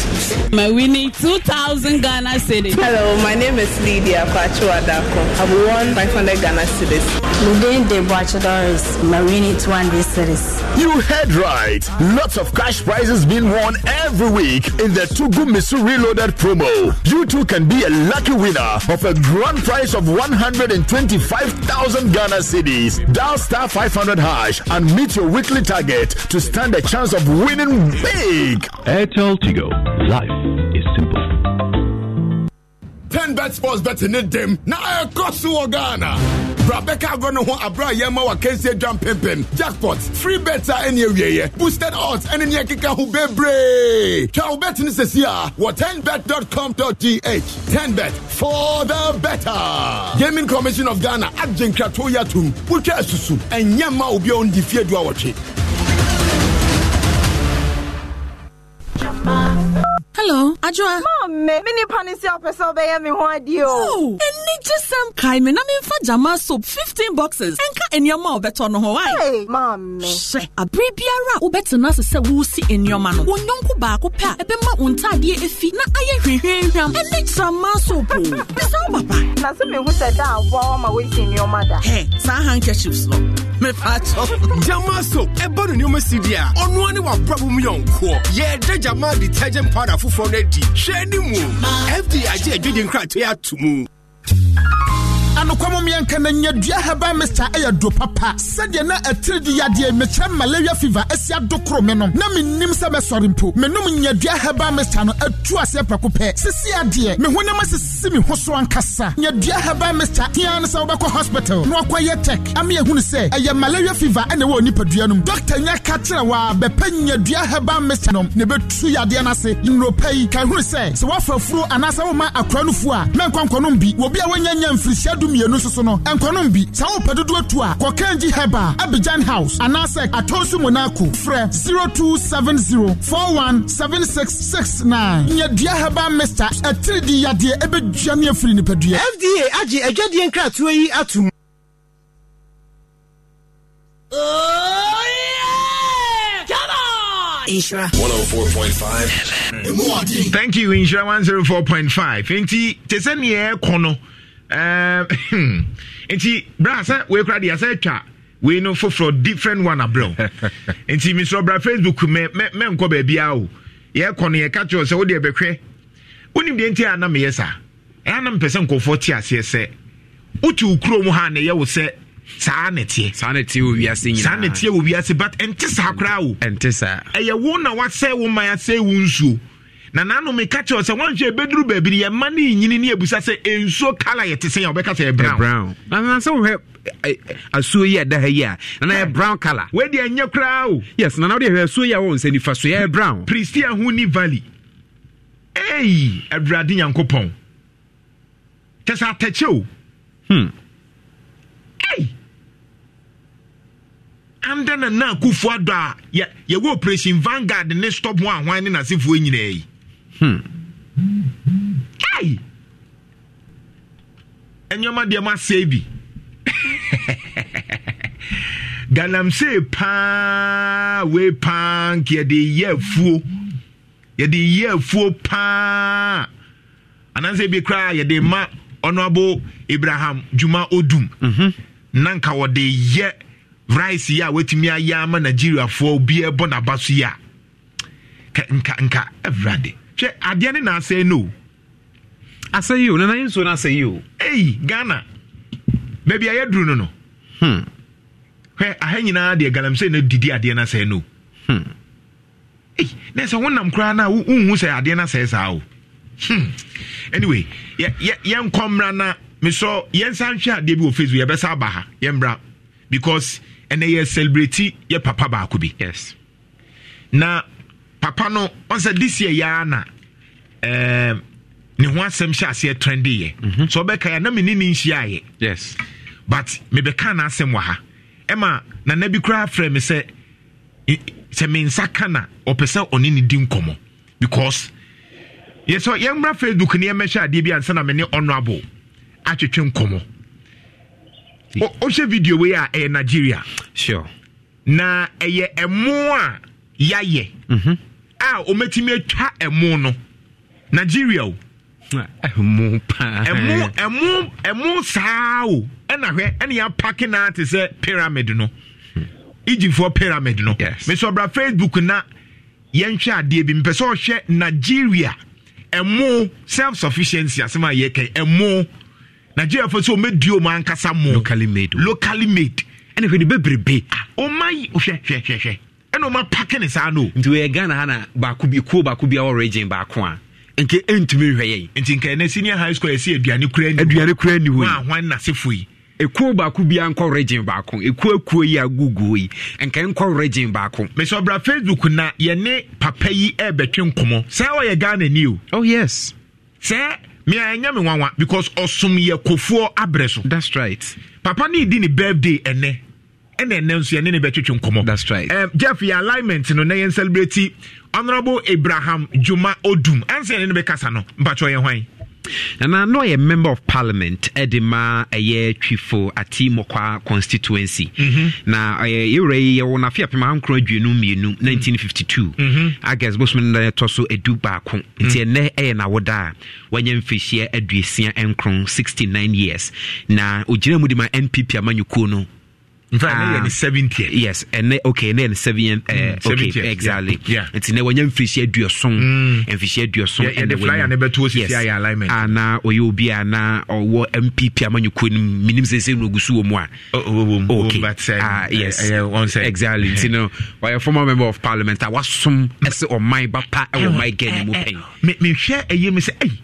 My winning 2,000 Ghana cedis. Hello, my name is Lydia Pacho Adako. I've won 500 Ghana cedis. Ludin De Boachodoris, Marini 200 cedis. You heard right. Lots of cash prizes being won every week in the Tugu Misu Reloaded promo. You too can be a lucky winner of a grand prize of 125,000 Ghana cedis. Dial star 500 hash and meet your weekly target to stand a chance of winning big. Airtel Tigo. Life is simple. 10 bet sports betting in them. Now I cross Ghana. Brabeka agono a abra yama wa kɛnsie dwan pimpin jackpot free bets a ɛne awieɛ boosted odds ɛne ne ɛkeka ho bebree twa wo bet ne sɛsi a What 10 gh. 10bet for the better gaming commission of ghana agye kato ya tum. asusu ɛnyɛ ma obi a ɔndi fie du awɔtwe Jamaica. Hello, Ajua. Mom, me mini panisi opeso ya mi ho adi o. Oh, eni jesam kai me na mi fa jama soap 15 boxes. Enka enyama obeto no ho ai. Hey, mom. She, abre biara obeto na se wo si enyama no. Wo nyonko ba ko pa ebe ma untade efi na aye hwehwehwam. Eni jama soap. Besa baba. Na se me hu se da awo ma we si enyama da. Hey, sa handkerchiefs no. Me fa cho. jama soap. Eba no nyoma si dia. Ono ani wa problem yonko. Ye de jama detergent powder foforɔ no adi hyɛ ne mu fd agye adwegye nkratoe ato mu anokwamom yɛnka na nyɛ dua haba mista ɛyɛ do papa sɛdeɛ na atiridi yadeɛ mekyerɛ malaria fever asi ado koro menom na mennim sɛ mɛsɔre mpo menom nyadua haba mista no atu aseɛ pɛko pɛ sisi adeɛ me honam asisi me ho so ankasa nyadua haba mista tia ne sɛ wobɛkɔ hospital na wakɔyɛ tek ama yɛhunu sɛ ɛyɛ malaria fever ɛna ɛwɔ nipadua no mu dɔkta nya ka kyerɛ wɔ a bɛpɛ nyadua haba mista nom na ɛbɛtu yadeɛ no ase nnurɔpa yi ka hunu sɛ sɛ woafa furo anaasɛ woma akora no fuo a mɛnkɔnkɔnom bi wɔbi a wɔnyanya mfirihyia du soso no nkɔnom bi saa wopɛ dodoɔ tu a kɔkangi heba abidjan house anaasɛ atonso monaco frɛ 0270 417669 nyadua heba mista ɛtiri di yadeɛ ɛbɛdua ne afiri nipadua fda agye adwadeɛ nkratoɔ yi atom Oh, yeah! 104.5. Thank you, Ishra 104.5. Inti, tesani e kono. Ehm, hmm. nti bra sɛ wei kora deɛ sɛ atwa wei no foforɔ different one abrɛ nti mesrɛ bra facebook mɛnkɔ baabiaa o yɛkɔ no yɛka kyerɛ sɛ wode bɛhwɛ wonim deɛ nti a na meyɛ saa ɛa na mpɛ sɛ nkɔfoɔ te aseɛ sɛ wote wo kurom ha ne yɛwo sɛ saa ne saa ne teɛ wɔ saa ne teɛ but ɛnte saa koraa o ɛnte saa ɛyɛ wo na wasɛ wo ma yɛasɛ wo nsuo na nanom ka kyerɛ sɛ wɔnhwɛ ɛbɛduru baabi no yɛma no nyini ne yɛbusa sɛ ɛnsuo kala yɛte sɛ yɛ wobɛka sɛ ɛbrown sɛ wohwɛ asuo yi ɛda ha yi a nana yɛ brown color wadi ɛnyɛ koraa o yes nana wode hwɛ asuo yi a wɔwɔ nsa nifa so yɛ brown pristia ho ni valley ei awurade nyankopɔn kyɛ sɛ atɛkyɛ o hmm. ei anda na na akufoɔ adɔ a yɛwɔ operation vanguard ne stop ho ahwan ne n'asefoɔ nyinaa yi Hmm. ei ɛnyɛma deɛ masɛe bi ganamsey paa wei paa nka yɛde yɛ afuo yɛde yɛ afuo paa anansɛ bi koraa yɛde ma ɔnoabo ibrahim Juma odum mm-hmm. Nanka nka wɔde yɛ rice yi a watumi ayɛ ama nigeriafoɔ e biara bɔ n'aba so yi a nka nka ɛvrade hwɛ adeɛ ne na no asɛe yi o nana yi nsuo no asɛe yi o eyi ghana baabi a yɛduru no no hmm. hwɛ aha nyinaa deɛ galamsey na didi adeɛ no asɛe no hmm. eyi na sɛ wonam koraa no a wonhu sɛ adeɛ no asɛe saa o hmm. anyway yɛnkɔ mmra na mesɔ yɛnsa nhwɛ adeɛ bi wɔ facebook yɛbɛsa aba ha yɛmmra because ɛnɛ yɛ celebrate yɛ papa baako bi yes na papa no ɔsɛ this year yɛa na um, ne ho asɛm hyɛ aseɛ trendyɛ mm-hmm. so ɔbɛka yɛ na mene ne nhyiaayɛ yes. but mebɛka no asɛm wɔ ha ɛma nana bi koraa frɛ me sɛ sɛ me nsa ka na ɔpɛ sɛ ɔne ne di nkɔmmɔ because yɛsɛ yɛmmra facebook ne yɛmmɛhyɛ adeɛ bi ansa na mene honorable atwetwe nkɔmmɔ wohwɛ video wei a ɛyɛ nigeria sure. na ɛyɛ ɛmo a yɛayɛ mm-hmm. a ɔmatumi atwa ɛmo no nigeria o ɛmo paa ɛmo ɛmo ɛmo saa o ɛna hwɛ ɛna yɛ apaki naa te sɛ pyramid no egyptfoɔ pyramid no mesɔ bra facebook na yɛnhwɛ adeɛ bi mpɛ sɛ ɔhwɛ nigeria ɛmo self sufficiency asɛm a yɛkɛ ɛmo nigeria fo sɛ ɔmɛdua ɔmo ankasa mo locally made locally made ɛna hwɛ ne bebrebe ɔma yi hwɛ hwɛ hwɛ hwɛ. ɛna ɔma pake ne saa no nti wɔyɛ ghana ha na baako bi kuo baako bi a wɔ regin baako a nke ɛntumi nhwɛ yɛn nti nka ɛnɛ senior high school yɛsi aduane kura ni aduane kura ni wɔyi ahwan na se foyi ekuo baako bi ankɔ regin baako ekuo ekuo yi agugu yi nka nkɔ regin baako. mesɔbra facebook na yɛne papa yi ɛɛbɛtwe nkɔmɔ sɛ ɔyɛ ghana ni o. oh yes. sɛ mea ɛnyɛ me nwanwa because ɔsom yɛ kofoɔ abrɛ so. that's right. papa ni di ne birthday ɛnɛ ɛna ɛnɛ nso yɛne ne bɛtwetwe nkɔmmɔ that's right um, jeff yɛ alignment no na yɛn celebrate honourable abraham juma odum ansa yɛne ne bɛkasa no mpatwɛ yɛn hwan nana na ɔyɛ member of parliament ɛde ma ɛyɛ twifo ati mɔkwa constituency mm-hmm. na ɛyɛ yɛwura yi yɛwɔ n'afe apem ahankoro aduonu mmienu mm-hmm. nineteen fifty two august mm-hmm. bosom no ɛtɔ so edu baako mm-hmm. nti ɛnɛ ɛyɛ n'awoda a wɔnyɛ mfirihyia aduosia nkron sixty years na ogyina mu de ma npp amanyɔkuo no Ah. yes ɛnɛ okay ɛnɛ yɛ ne seven ɛɛ eh, mm, okay exactly nti nɛ wɔnyɛ nfirisi aduoson nfirisi aduoson ɛnɛ wɔnyɛ yes ana ah, oyɛ obi ana ɔwɔ npp amanyɔkuo no mu minim sese na ogu so wɔ mu a oh, oh, oh, okay um, ah yes eh, eh, exactly nti no ɔyɛ former member of parliament a wasom ɛsɛ ɔman ba pa ɛwɔ ɔman gɛn ne mu pɛn. mehwɛ ɛyɛ mi sɛ ɛyi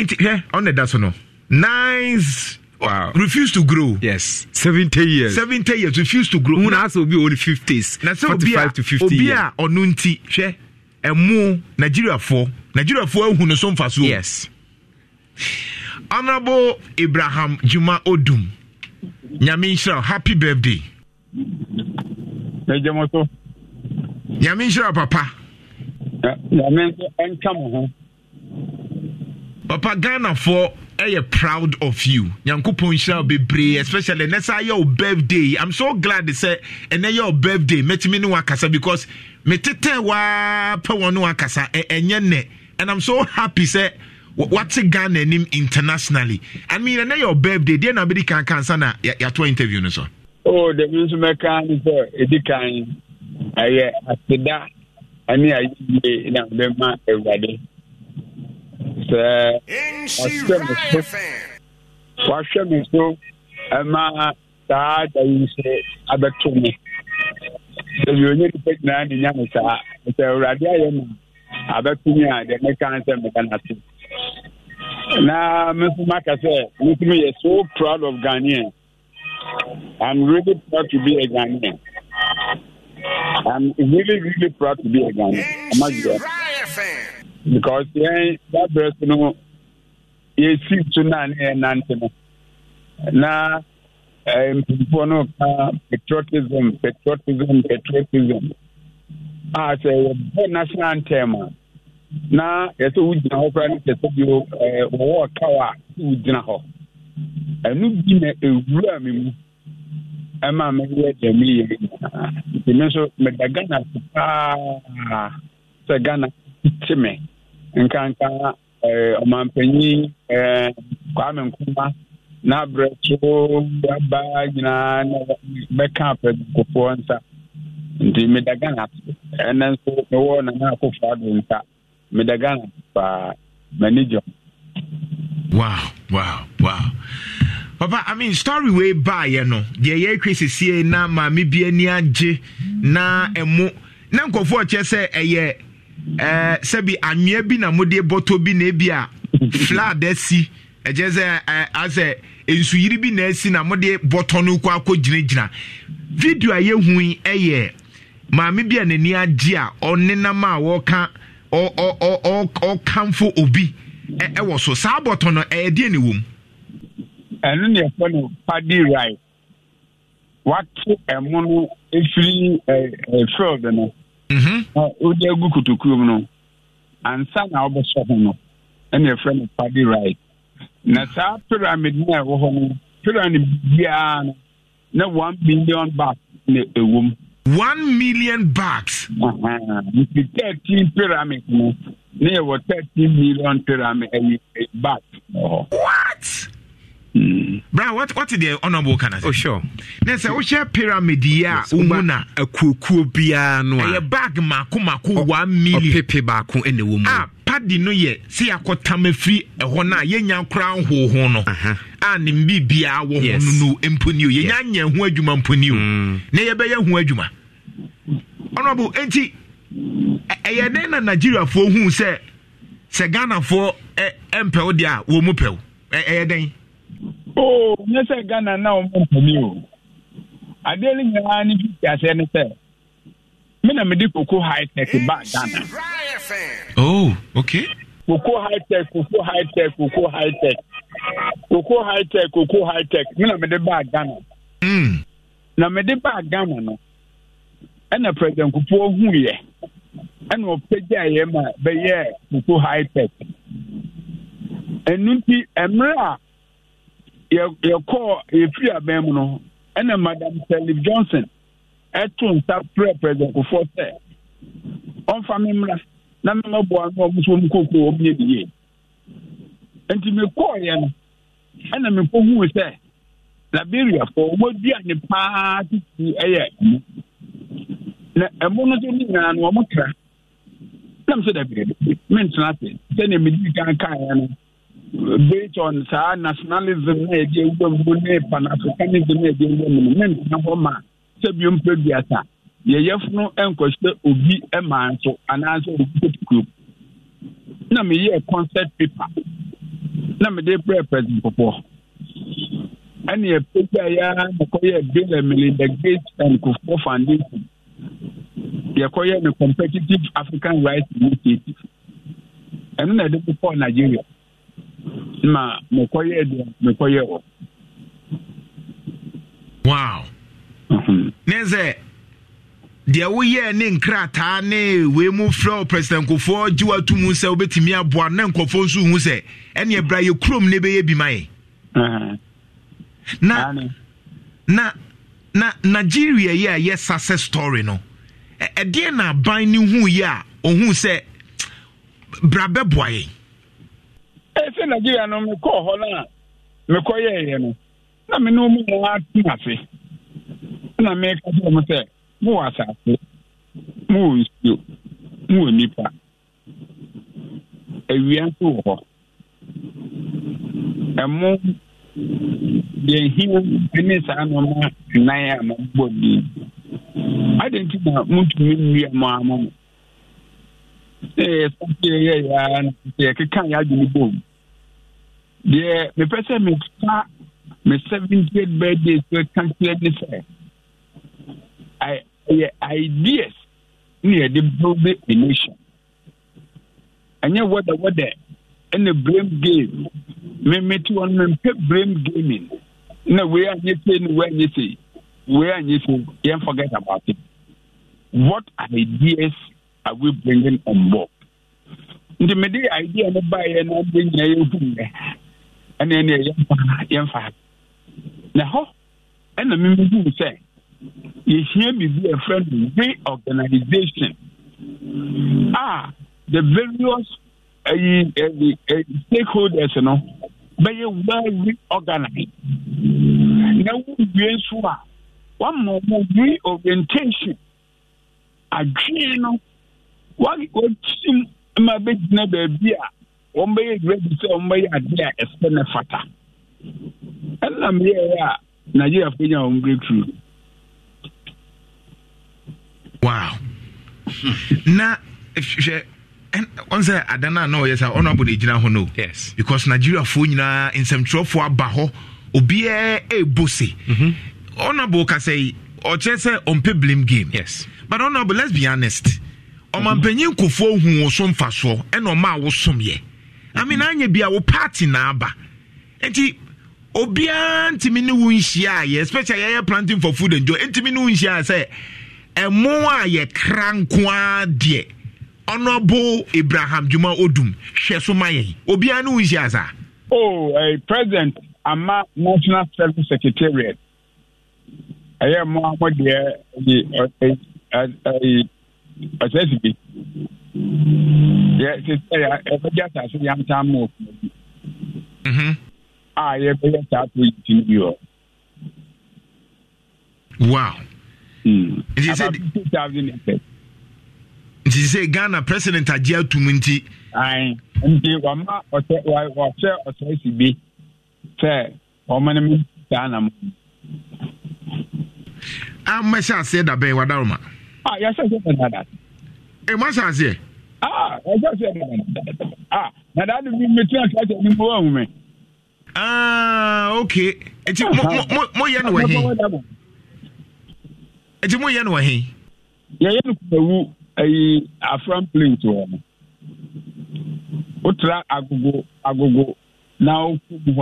nti hwɛ ɔn na ɛda so wow. refused to grow. Yes, seventy years. Seventy years Refuse to grow. Wọ́n náà sọ obi only fifties. Na sẹ́ obi a obi a ọ̀nù Nigeria four. Nigeria four who ehun some sọ́nfàsó. Yes. Honourable Ibrahim Juma Odum, Nyame happy birthday. Ẹ jẹ́ mọ́ papa. Nyame ẹ̀ ń kà Papa Ghana fọ́ ɛyɛ proud of you nyankopɔn nhyira wo bebree especially ɛnɛ saa yɛ wo birthday i'm so glad sɛ ɛnɛ yɛ wo birthday mɛtumi ne wakasa because metetɛ waa pɛ wɔn ne wakasa ɛnyɛ nɛ and i'm so happy sɛ wate ghana anim internationally i mean ɛnɛ yɛ wo birthday deɛ na bɛdi kan kansa na yɛatoa interview no so oh dɛbi nso mɛka ne sɛ ɛdi kan ɛyɛ I mean, ayie na bɛma awurade sɛ ɔhyɛ me so ɛma saa da yi sɛ abɛto me ɛbi onye nipa nyinaa ne nya saa sɛ awurade ayɛ ma abɛto me a deɛ meka sɛ meka nase na me nso sɛ yɛ so proud of ghanaian i'm really proud to be a ghanaian i'm really really proud to be a ghanaian i'm a ghanaian because yɛn dabrɛ so no yɛsi si no a ne yɛnante no na eh, mpanyinfoɔ no ka patriotism patriotism patriotism a sɛ yɛbɔ national anthem a na yɛsɛ wogyina hɔ koraa no kyɛ sɛ bio eh, wɔwɔ kaw a sɛ wogyina hɔ ɛno bi na ɛwura me mu ɛma meyɛ deɛ meyɛ nyinaa nti me nso meda ghana paa sɛ ghana te me nkanka ọmampanyin eh, eh, kwame nkrumah n'abrɛ so aba nyinaa na bɛka apɛnkofoɔ nsa nti meda ghana ɛnɛ nso mewɔ nana akofo ado nsa meda ghana paa m'ani gye wow wow wow papa i mean story wei baayɛ no deɛ yɛretwe sesie na maame bi ani agye na na sɛ ɛyɛ eh, Eh, sɛbi anwea bi na mode bɔtɔ bi na ebi a flood si ɛkyɛ sɛ eh, asɛ nsuyiri bi na esi na mode bɔtɔ no kɔ akɔ gyinagyina video a hu yi yɛ maame bi a n'ani agye a ɔnenam a wɔka ɔkamfo obi ɛwɔ so saa bɔtɔ no ɛyɛ deɛ ne wɔm ɛno ne yɛfrɛ no padi right wate ɛmo no ɛfiri eh, field no Mm-hmm. na wode no ansa na wobɛhyɛ ho no ɛne ɛfrɛ no padi right na saa pyramid no ɛwɔ hɔ no pyramid biara no na one million baht na ɛwɔ one million baht. nti thirteen pyramid no ne yɛ thirteen million pyramid ɛyɛ eh, eh, baht. what. bra what what the honorable can say oh sure na say wo share a ya umu na akuokuo biara no a ye bag maako mako 1 million pepe baako ɛna wo mu ah padi no yɛ se akotam afiri ɛhɔ no a yɛnya ah, kora nhoho no a ne mbi biaa wɔ ho no no mponi o yɛnya nyɛ ho adwuma mponi o mm. na yɛbɛyɛ ho adwuma ɔnɔbo enti ɛyɛ e, e e, den na nigeriafoɔ huu sɛ sɛ ghanafoɔ ɛmpɛw deɛ a wɔ mu pɛw ɛyɛ den. oo oh, nye sɛ ghana na ɔmo mpami o adeɛ no nyinaa ne fiti aseɛ ne sɛ me na koko high ba ghana koko oh, high koko high koko high koko high koko high me na mede ba ghana mm. na mede ba ghana no ɛna president kufuo huiɛ ɛna ma bɛyɛ koko high ɛnu yɛkɔɔ yɛfiri abɛn mu no ɛna madam salif johnson ɛto nsa prɛ president kofoɔ sɛ ɔmfa me mmra na mɛmɛboa no ɔmo nso ɔmo kooko ɔmo yɛ bi yie nti mekɔɔyɛ no ɛna mekɔhuu sɛ liberiafoɔ ɔmo aduane paa titi ɛyɛ e ɛmo na ɛmo no nso ne nyinaa no ɔmo tra na mo sɛ dabi dabi mentena ase sɛnea medi kan kaeɛ no based on saa nationalism na eh, yɛde ewura mu ne pan africanism na eh, yɛde ewura mu no ne ntena hɔ e, ma sɛbi mpɛ duasa yɛyɛfunu nkɔhyɛ obi mmaa e, nso anaasɛ obi kukuo na meyɛ concert paper na mede brɛ president pɔpɔ ɛne yɛpɛgya yɛa na kɔyɛ bill and melinda gates and kufuor foundation yɛkɔyɛ no competitive african rights initiative ɛno na ɛde bepɔɔ nigeria ma mekɔyɛ deɛ mekɔyɛ wɔ wow mhm. ne sɛ deɛ woyɛɛ ne nkrataa ne wei mu frɛ president nkofoɔ gye wato mu sɛ wobɛtumi aboa na nkɔfoɔ nso hu sɛ ɛneɛ bra yɛ kurom ne bɛyɛ bi ma mhm. na na na nigeria yi a yɛ success story no ɛdeɛ na aban ne hu yi a ɔhu sɛ bra bɛboa yɛn efe naijiria no mekɔɔ hɔ no a mekɔyɛeɛ no na me ne mu wɔ atena ase na meka kyerɛ mo sɛ mowɔ asase mowɔ nsuo mowɔ nnipa awia nso wɔ hɔ ɛmo deɛ hia saa nnan a mabɔ nti na montumi mo sɛ eh, yɛyɛ yɛa no sɛ yɛkeka yɛ adwene bom deɛ mepɛ sɛ meka me seventieth birthday so ka kyerɛ ne sɛ ideas ne yɛde build a nation ɛnyɛ wɛdɛ wɛdɛ ɛna blame game me mete hɔ no mempɛ blame gaming na wei anyɛ sei ne wei anyɛ sei wei anyɛ sei yɛn forget about it what ideas are we bringing on board? nti mede idea no baeɛ na de nyina yɛhu nnɛ ɛne ɛne yɛmfa na hɔ ɛna memehu sɛ yɛhia biribi a ɛfrɛ no reorganization a the various ayi eh, ayi eh, eh, stakeholders no bɛyɛ well reorganized na wowie nso a wama ɔmo reorientation adwene no wɔtim ma bɛgyina baabi a wɔmbɛyɛ ready sɛ wɔmbɛyɛ ade a ɛsɛ ne fata ɛnam yɛɛ a nigeriafoɔ nya wɔn breakthrough wow na hwɛ ɔn sɛ adan a na ɔyɛ sɛ ɔno abɔ ne gyina no yes because fo nyinaa nsɛmtwerɛfoɔ aba hɔ obiara ɛɛbɔ se ɔno abɔ kasa yi ɔkyerɛ sɛ ɔmpɛ blame game yes but ɔno abɔ let's be honest ɔmampanyin nkofoɔ hu wo so mfasoɔ ɛna ɔma a wosomyɛ ame na mm-hmm. anyɛ bia wo party na aba nti obiara ntumi ne wo nhyia a especially yɛyɛ planting for food and joy ntumi ne wo nhyia a sɛ ɛmo a yɛkra nko ara deɛ honourable abraham juma odum hwɛ so ma yɛn obiara ne wo nhyia saa. o oh, eh, president ama national service secretariat ɛyɛ mo a mo ɛyi ɛyi ɔkyerɛ si bi yɛ sɛ yɛ ɛbɛgye asase yɛ ametan mu ofuo bi a yɛbɛyɛ saa project no bi wɔ. wow. Mm. about two thousand acres. nti sɛ ghana president agye atum nti. ayi nti wama ɔsɛ ɔsɛ ɔsɛ si bi sɛ ɔmo ne mi ghana mu. a mmɛhyɛ aseɛ dabɛn wadaroma. Ah, yes, yes, yes, yes. Ẹ má ṣe àṣẹ. Ah, ẹ ṣe àṣẹ nana. Ah, nana ni mi mi tí a ṣe ni mo wà wù mí. Ah, okay. Eti mo mo mo yẹ ni wọ̀ hin. Eti mo yẹ ni wọ̀ hin. Yẹ̀yẹ́ ni kò wú ẹyí Afran plate wọ̀ mu. agogo agogo na o kú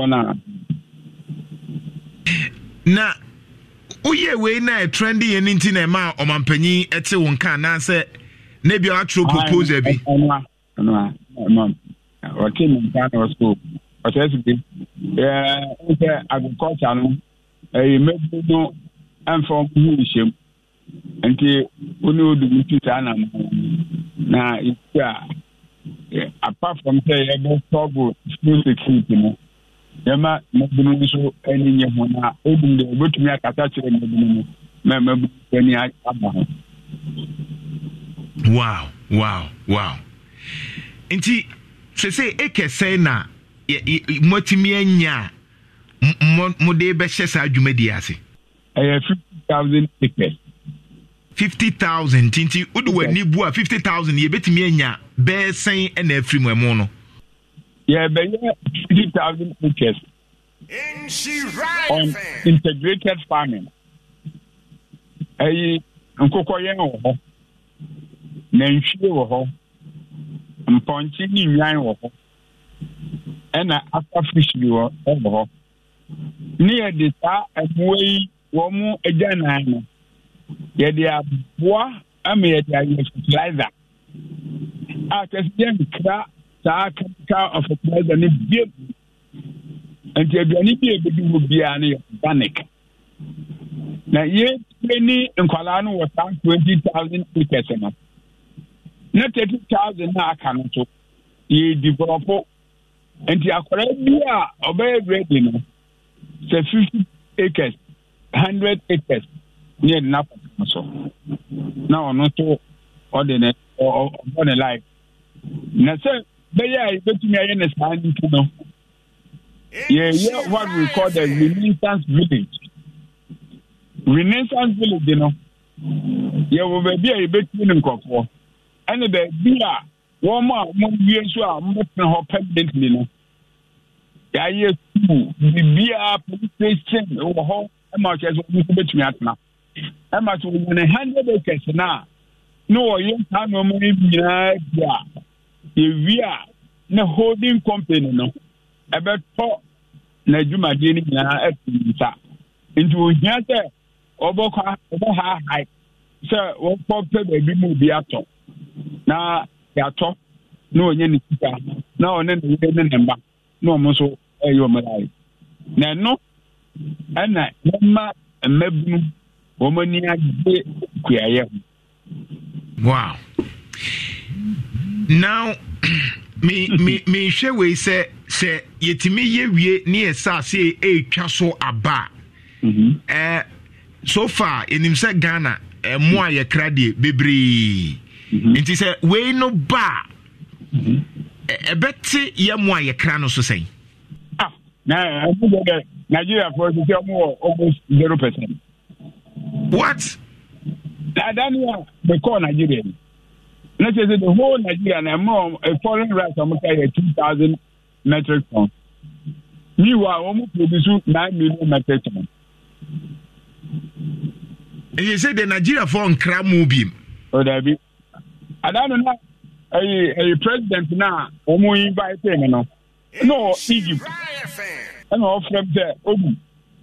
Na woyɛ wei na ɛtrɛnde e yɛ no nti na ɛma e a ɔmampanyin ɛte e wo nka anaasɛ na bia woatwerɛ proposal bi ɔte ne nka na ɔso ɔsɛ si bi sɛ agriculture no ɛyɛ eh, mɛbu no ɛmfa ɔmohu nhyɛm nti wo ne ti saa na na ɛsi a eh, apart from sɛ yɛbɛ sɔgo school security no yɛma mmabumu no so ani nyɛ ho na ɔdum deɛ ɔbɛtumi akasa kyerɛ mmabumu no ma mmabumu ani aba ho wow wow wow nti sese ekɛsɛe na mmatumi anya a mode bɛhyɛ saa dwumadie ase ɛyɛ e, fifty thousand acres fifty thousand nti nti wode w'ani bu a fifty thousand yɛbɛtumi anya bɛɛsɛn ɛna afiri mu no yɛbɛyɛ fifty thousand acres on integrated farming ɛyi nkokɔyɛn wɔ hɔ nantwie wɔ hɔ mpɔnkye ni nwan wɔ hɔ ɛna afa fish bi wɔ ɛwɔ hɔ ne yɛde saa ɛmoa yi wɔn mu agya nan no yɛde aboa ama yɛde ayɛ fertilizer a kɛse yɛ nkira saa chemical of poison bie nti aduane bi a ebedi wɔ biara no yɛ organic na yɛpɛ ni nkwadaa no wɔ saa twenty thousand acres no na thirty thousand na aka no so yɛdi borɔfo nti akwadaa bi a ɔbɛyɛ ready no sɛ fifty acres hundred acres ne yɛde n'akɔtɔ no so na ɔno nso ɔde ne ɔbɔ ne life na sɛ bẹ́yà ìbẹ́tùmí ayé ní sáà nìkan náà yẹ̀yẹ́ what we call the renaissance village renaissance village no yẹ̀wò bẹ̀bí a ìbẹ́tùmí ní nkọ̀fọ́ ẹni bẹ̀bí a wọ́n mu a wọ́n wie nso a wọ́n tẹ̀ hɔ permanently no yɛayɛ sukuu biribiara police station wɔ hɔ ɛma ɔkyerɛ sɛ wɔn nso bɛtumi atena ɛma sɛ wɔn yɛn hundred acres na na wɔyɛ saa nneɛma yi nyinaa bi a. yɛwie a na holding company no ɛbɛtɔ n'adwumadeɛ no nyinaa afi nsa nti ohia sɛ ɔbɛkɔ ɔbɛhaahae sɛ wɔkɔ pɛ baabi mu bi atɔ na yɛatɔ na ɔnyɛ ne sika na ɔne ne yere ne mba na ɔmo nso ɛyɛ ɔmo na ɛno ɛna wɔn ani agye kuayɛ ho. now mehwɛ wei sɛ sɛ yɛtumi yɛ wie ne yɛ saase ɛretwa so aba a mm-hmm. eh, so far yɛnim sɛ ghana ɛmo eh, a yɛkra deɛ bebree mm-hmm. nti sɛ wei no ba a mm-hmm. ɛbɛte yɛmo a yɛkra no so sɛn ah, nigeriafoɔ sɛ sɛ almost zero percent what dada no a mekɔɔ na kyerɛ the whole nigeria na a foreign rice I'm wɔka yɛ uh, two thousand metric tons meanwhile wɔn producing nine million metric tons. ɛyɛ sɛ deɛ nigeriafoɔ nkra Oh bi. o I don't know. ɛyɛ ɛyɛ president na wɔn invite me no na ɔ egypt ɛna ɔfrɛ m sɛ ogu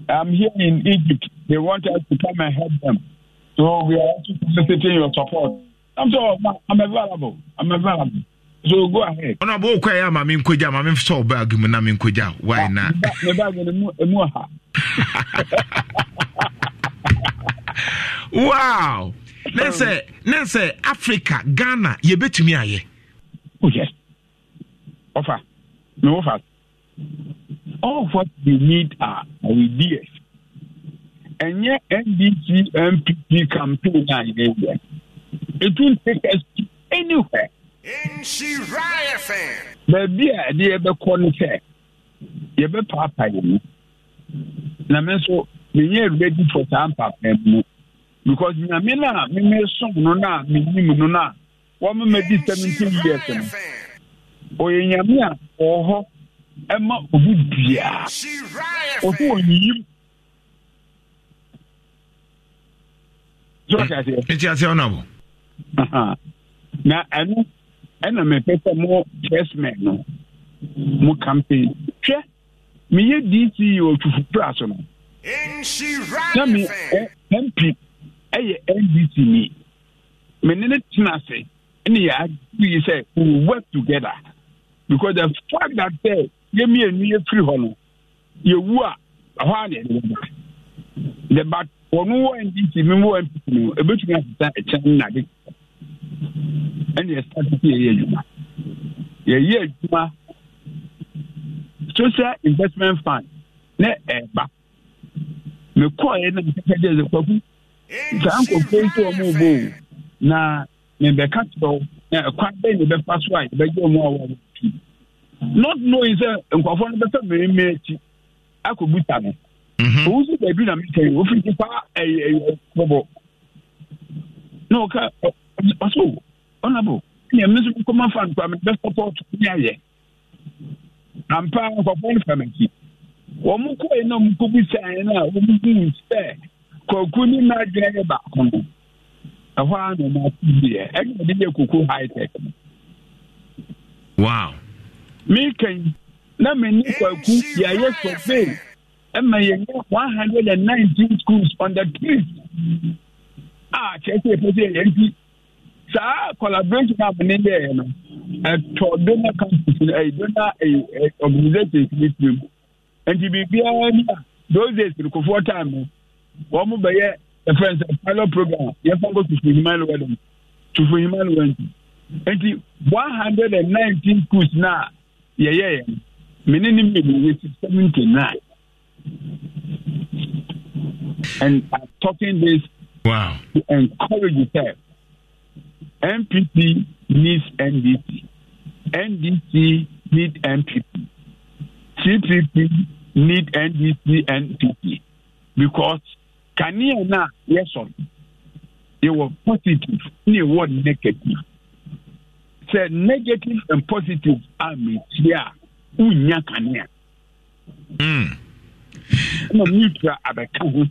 i'm here in egypt they want us to come and help them so we are also soliciting your support. I'm sure I'm available. I'm available. So go ahead. Ọ̀nà bó kọ́ ẹ̀yà màmí nkójà màmí sọ báàgì mu náà mi nkójà wáyé náà. Ní báàgì ni mu ọ̀hà. Wow! Nẹ́sẹ̀ Nẹ́sẹ̀ Africa Ghana yẹ bẹ́tùmí ayẹ. Oh yes. Ọfà mi wọ́n fà. All of what we need are ideas. Ẹ̀yẹ NDC MPP campaign náà yẹ yẹ a dream takes us anywhere. baabi a ɛde yɛbɛkɔ no sɛ yɛbɛpaapa yɛ mu na me nso menyɛ e ready for saa mpaapa mu because nyame no a meme som no no a menim no no a seventeen years no ɔyɛ nyame a ɔwɔ ɛma e obi biaa ɔsɛ ɔnyiyim nti aseɛ ɔnabo na ɛno ɛna mepɛ sɛ mo no mo campaign hwɛ meyɛ dc so no na me mp ɛyɛ ndc ni me ne tena ase ne yɛ agreyi sɛ we work together because the fact that sɛ eh, yɛmmienu yɛfiri hɔ no yɛwu a ɛhɔ a ne the wɔn wɔ ndc mi wɔ npp no na asesa ɛkyɛn nnade ɛna yɛsa tete yɛyɛ social investment fund ne ɛɛba mekɔɔɛ na nkɛkɛ gye ɛdze kwaku saa nkɔfoɔ na mbɛka kyerɛw na ɛkwan bɛyɛ na ɛbɛfa so a yɛbɛgye wɔn a wɔn ti not knowing sɛ Mhm. owó sí bẹẹbi na mi kẹyìn òfin ti pa ẹyẹ ẹyẹ bọbọ náà ọkà ọsọ ọnàbọ ẹni ẹmi nso kọ́ máa fa nípa mi bẹ́ sọpọ́ọ̀tù ní ayẹ àmpa nkọ̀fọ́ nípa mi kì wọ́n mu kọ́ yẹn náà mu kọ́ bí sẹ́yìn náà wọ́n mu bí wọ́n sẹ́ kọ̀ọ̀kú ní náà jẹ́ ẹyẹ baako nù ẹ̀họ́ àná máa ti di yẹ ẹni ẹ̀dí yẹ kókó high tech. wow. mi kẹ́yìn náà mi ní kọ̀ọ̀kú yà yẹ sọ̀fẹ́ẹ̀ ɛma yɛnyɛ one hundred and nineteen schools on the street ah, a kyerɛ sɛ yɛpɛ sɛ yɛyɛ nti saa collaboration a mo ne yɛɛ no ɛtɔ donor countries no ɛyɛ donor ɛyɛ organisations ne tiri mu nti biribiara ni a those days nkofoɔ time no wɔn mo bɛyɛ ɛfɛn sɛ pilot program yɛfa nkɔ tufu nyima lewɛ dɛm tufu nyima lewɛ nti nti one hundred and nineteen schools na yɛyɛ yɛn mene ne mmiri yɛ seventy nine. And I'm talking this wow. to encourage yourself. MPP needs NDC. NDC needs MPP. CPP need NDC and PP because you na yes or they were positive, they were negative. So negative and positive are media. Unya Kanye. Hmm. na mewura abɛka ho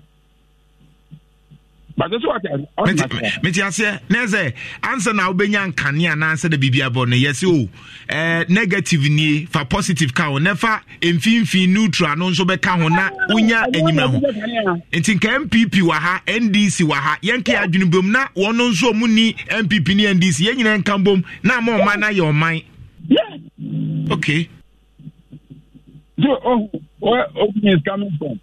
mete aseɛ ne sɛ ansa na wobɛnya nkanea naansa na biribi abɔ no yɛse o eh, negative nie fa positive ka ho nɛfa mfimfin neutral no nso bɛka ah, ho na wonya anyima ho nti nka mpp wɔ ha ndc wɔ ha yɛnka yɛ adwene bom na wɔno nso mu ni mpp ne ndc yɛn nyina nka bom na ama ɔman no ayɛ ɔman okay do where open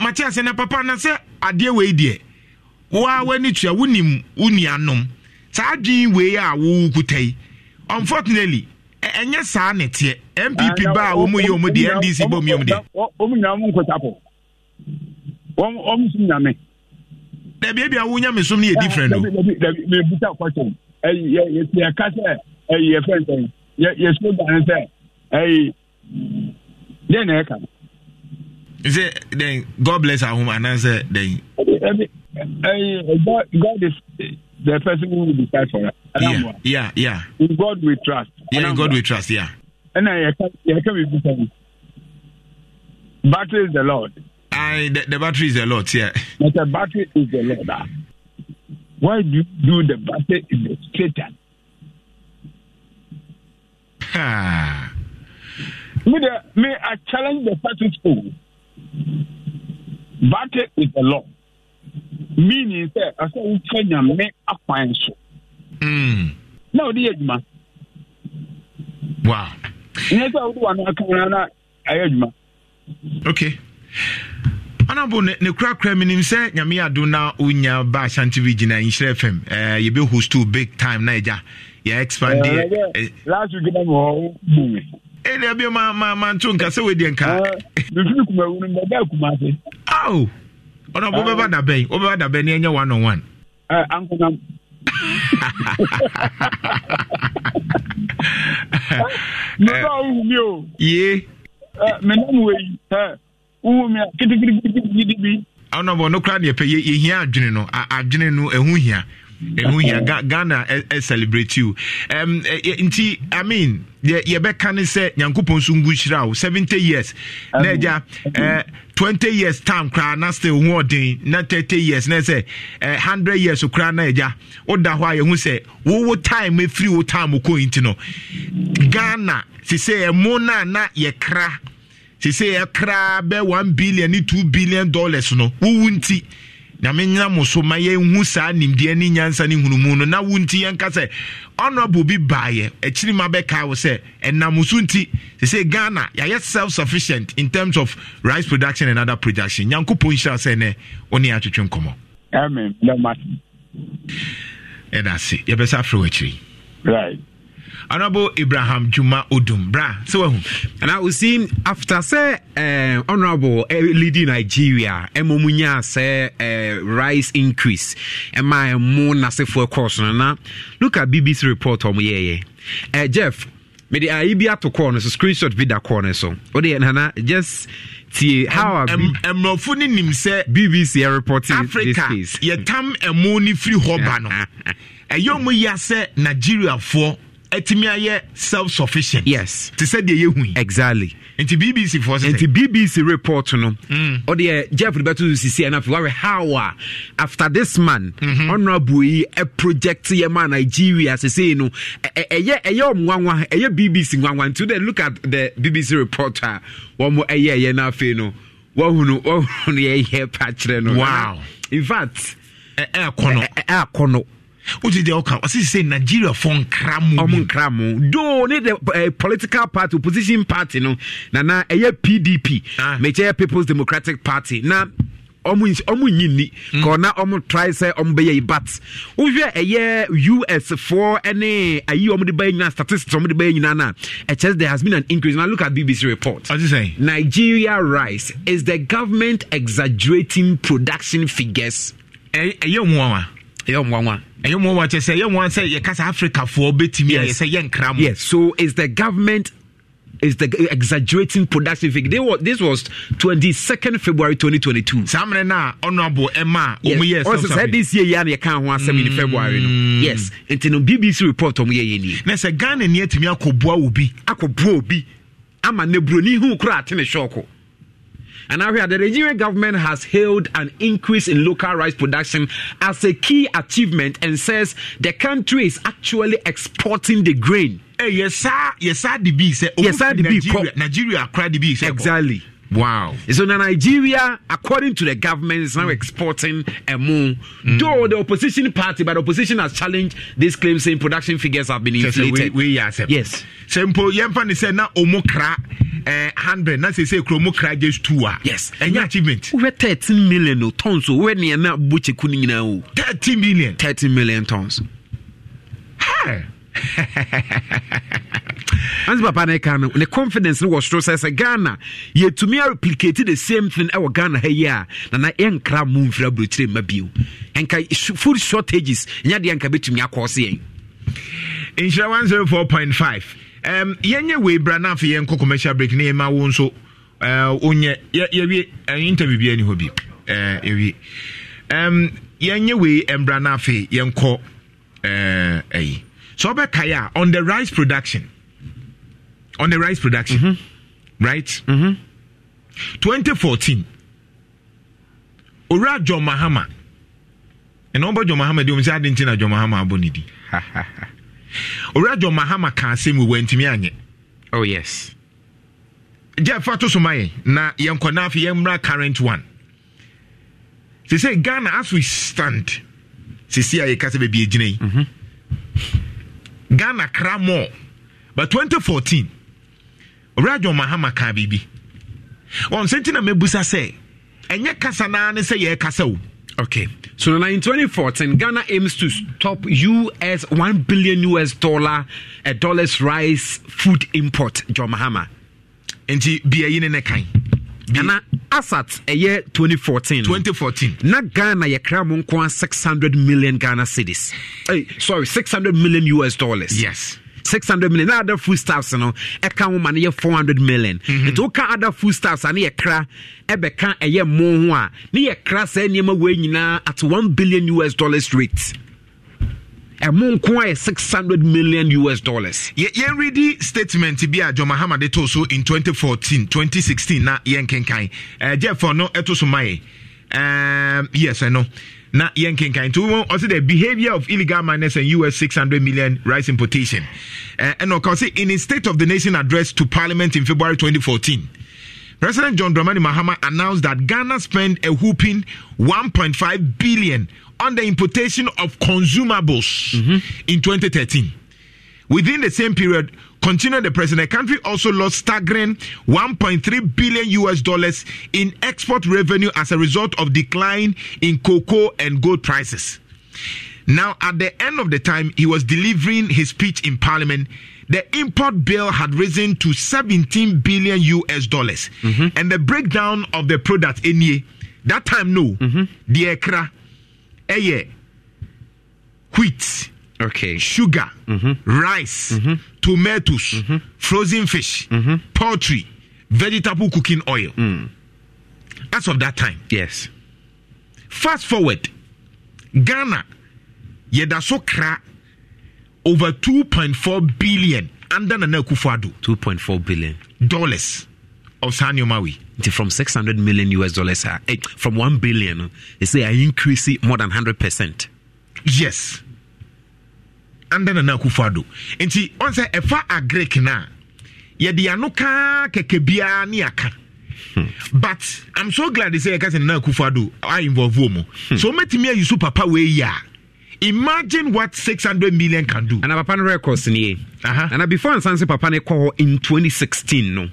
Matias na papa na sɛ adeɛ wei deɛ woa w'ani tua wonim wo nuanom saa adwene wei a wowo kuta yi unfortunately ɛnyɛ saa ne teɛ mpp ba a wɔmu yɛ ɔmu deɛ ndc bɔ mu deɛ. wɔn nyinaa nyame. som no different o. sɛ Then dɛn na ɛka sɛ then? god bless our and ahom anaasɛ dɛn god is the person who will decide for us yeah, yeah, yeah. in god we trust yeah, in god we trust yeah ɛna yɛka biribi sɛ battery is the lord I, the, the battery is a lot. yeah but the battery is a lord ah. why do you do the battery in the satan Me, the, me, I challenge the status quo. That is the law. Meaning, sir, I said, we change and make a fine so. Hmm. Now, the man. Wow. Yes, I would want to come out. Edma. Okay. anabo ne korakora menim sɛ nyame ado na wonya ba ahyante bi gyina nhyerɛ fam eh, yɛbɛhosto big time na agya yɛ expande eh, eh, last week na mɔ ɛnna eh, bi ma ma ma nto nka sɛ wɔdi nka. bifin kumawu ni mbɛda kumase. awo ɔnà bó bɛba dabɛn bó bɛba dabɛn ni ɛnyɛ one on one. ɛ awo o. ye. ɛ mɛ ɛ mi a bi. bɔ hiɛ adwene no adwene ɛho hia ghana eh, eh, celebrate you um, eh, nti i mean yɛbɛka ne sɛ nyankopɔn so ngu hyira wo 70 years na agya uh, years time koraa na still ho ɔden na thirty years na sɛ e uh, years koraa na agya woda hɔ a yɛhu sɛ wowo time ɛfiri wo time e kɔi nti no ghana te sɛ ɛmo no a na yɛkra te sɛ yɛkra bɛ one billion ne two billion dollars no wowu nti nyame nyina mo so ma yɛnhu saa nimdeɛ ne nyansa ne hunumu no na wonti yɛnka sɛ ɔnɔbo bi baayɛ akyiri ma bɛkaa wo sɛ ɛnam so nti sɛ sɛ ghana yɛayɛ self sufficient in terms of rice production and other production nyankopɔn nhyira sɛ nɛ wo ne atwetwe nkɔmmɔ ɛda se yɛbɛsa afrɛ wɔ akyiri right honorable ibrahim juma odum bra so wahu and i will see after say uh, eh, honorable uh, eh, leading nigeria ɛmɔ say uh, rice increase ɛma eh, ɛmo nasefoɔ kɔɔ so no Now look at bbc report ɔmo yɛɛyɛ uh, jeff mede ayi ah, bi ato kɔɔ no so screenshot bi da kɔɔ no so wode nana just tie how mmorɔfo no nim sɛ bbc reporting africa yɛtam ɛmo no firi hɔ ba no ɛyɛ mu yia sɛ nigeriafoɔ ɛtumi ayɛ self sufficient. yes te sɛ deɛ yɛ hu yi. exactly. nti bbc fɔ sɛ. nti bbc report no. ɔde yɛ jeff de bɛtɔ sisi ɛna fi wɔre how a uh, after this man. Mm-hmm. honourable yi ɛ project yɛ ma nigeria sese yi no ɛyɛ e, e, e ɛyɛ ɔmo nwanwa ɛyɛ bbc nwanwa nti de look at the bbc report a wɔn ɛyɛ ɛyɛ n'afɛ no wɔhunu wɔhunu yɛ yɛ pa kyerɛ no. wow in fact. ɛ ɛɛ kɔnɔ. ɛɛ ɛɛ kɔnɔ wotu deɛ ɔka ɔsi sɛ nigeria fɔ nkra mu. ɔmo nkra mu doo ne de uh, political party opposition party no nana ɛyɛ eh, pdp ah. mɛkyɛ people's democratic party na. ɔmo nyi ni hmm. kɔ na ɔmo try sɛ ɔmo bɛyɛ yi but wohwɛ eh, ɛyɛ us foɔ ɛne ayi eh, ɔmo de bɛyɛ nyinaa statistics ɔmo de bɛyɛ nyinaa na ɛkyɛ there has been an increase now look at bbc report saying? nigeria rice is the government exaggerating production figures ɛyɛ e, e, mu ama ɛyɛ nwanwa ɛyɛ nwanwa kyɛ sɛ ɛyɛ nwanwa sɛ yɛkasa africafoɔ bɛtumi ayɛ sɛ yɛ nkra mu yes so is the government is the exaggerating production figure. They were, this was 22nd February 2022. Samre Emma yes. yes. this year yan ye kan ho asem in mm. February no. Yes. and no BBC report omu ye ni. Na se Ghana ni atimi akoboa obi. Akoboa obi. Ama ne broni hu kura ate ne shock. And now here, the Nigerian government has hailed an increase in local rice production as a key achievement and says the country is actually exporting the grain. Hey, eh, yes, sir. Yes, sir. The B. Yes, sir. The B. Nigeria, Nigeria, cry the B. Exactly. Wow. So now Nigeria, according to the government, is now exporting a moon. Mm. Though the opposition party, but opposition has challenged this claim saying production figures have been inflated. So, so we, we are, sir. Yes. Simple. Yempani said now omokra eh, hundred. Now say say kromokra just two. Yes. Any achievement? We're thirteen million tons. Oh, we're near now buche o. Oh. Thirty million. Thirty million tons. Hey. ansi papa na ɛka no ne confidence no wɔ soro sɛ sɛ ghana yɛtumi areplicate the same thing ɛwɔ ghana ha yi a nana yɛnkra mu mfira burokyire mma bio ɛnka food shortages ɛnyɛ deɛ nka bɛtumi akɔɔse yɛn nhyira 104.5 um, yɛnyɛ wei bra afei yɛnkɔ commercial break ne yɛma wo nso wonyɛ yɛwie interview bia hɔ bi yɛwie yɛnyɛ wei mbra na afei yɛnkɔ ɛyi so ɔbɛkae a on the rice production on the rice production mm-hmm. right mm-hmm. 2014 owura john mahama ɛna ɔbɔ john mahama di omi sɛ adi nti na john mahama abɔ ne di john mahama ka asɛm wɔ ntumi anyɛ oh yes gya fa to so ma na yɛn kɔ n'afe yɛn mmra current one sɛ sɛ ghana as we stand sisi a yɛ kasa baabi egyina yi. Mm-hmm ghana kra more but 2014 owura john mahama kaa biribi wɔn sɛ nti na mɛbusa sɛ ɛnyɛ kasa naa ne sɛ yɛ kasa o Okay. So now in 2014, Ghana aims to stop US one billion US dollar, a eh, dollar's rice food import, John Mahama. And be a in a kind ɛna asat ɛyɛ 2014 2014 na ghana yɛkra mo nko a 600 million ghana cities hey, sorry 600 million us dollars yes 600 million na other foodstuffs no ɛka ho ma no yɛ 400 million mhm. nti woka other foodstuffs a ne yɛkra ɛbɛka ɛyɛ mo ho a ne yɛkra saa nneɛma wei nyinaa at 1 billion us dollars rate ɛmo nko ayɛ 600 million us dollars yɛnredi statement bi a john mahama de too so in 2014 2016 na yɛnkenkan uh, jeffo no ɛto so ma yɛ um, yes ɛno na yɛnkenkan nti wɔn ɔsi the behaviour of illegal miners and us 600 million rice importation ɛna uh, ɔka ɔsi in his state of the nation address to parliament in february 2014 President John Dramani Mahama announced that Ghana spent a whooping 1.5 billion on the importation of consumables mm-hmm. in 2013. Within the same period, continued the president, the country also lost staggering 1.3 billion US dollars in export revenue as a result of decline in cocoa and gold prices. Now, at the end of the time he was delivering his speech in parliament, the import bill had risen to 17 billion US dollars. Mm-hmm. And the breakdown of the product, here. that time, no, mm-hmm. the ekra, eye, wheat, okay, sugar, mm-hmm. rice, mm-hmm. tomatoes, mm-hmm. frozen fish, poultry, vegetable cooking oil. Mm. As of that time, yes. Fast forward, Ghana yɛda so kra over 2.4 billion under nana akufo ado 2.4 billion dollars of saa nneɛma wei nti from 600 million us dollars a uh, eh, from 1 billion uh, they say i increase it more than 100 percent yes under nana akufo ado nti ɔn sɛ ɛfa agric no a yɛde ano kaa kɛkɛ biara ne aka Hmm. but i'm so glad they say ɛka sɛ nana akufo ado a involve wɔ mu hmm. so wɔmɛtumi ayi so papa wei yɛ imagine what 600 million can do. And papa no records in uh-huh. And before Ansansi Papa ne call in 2016 no.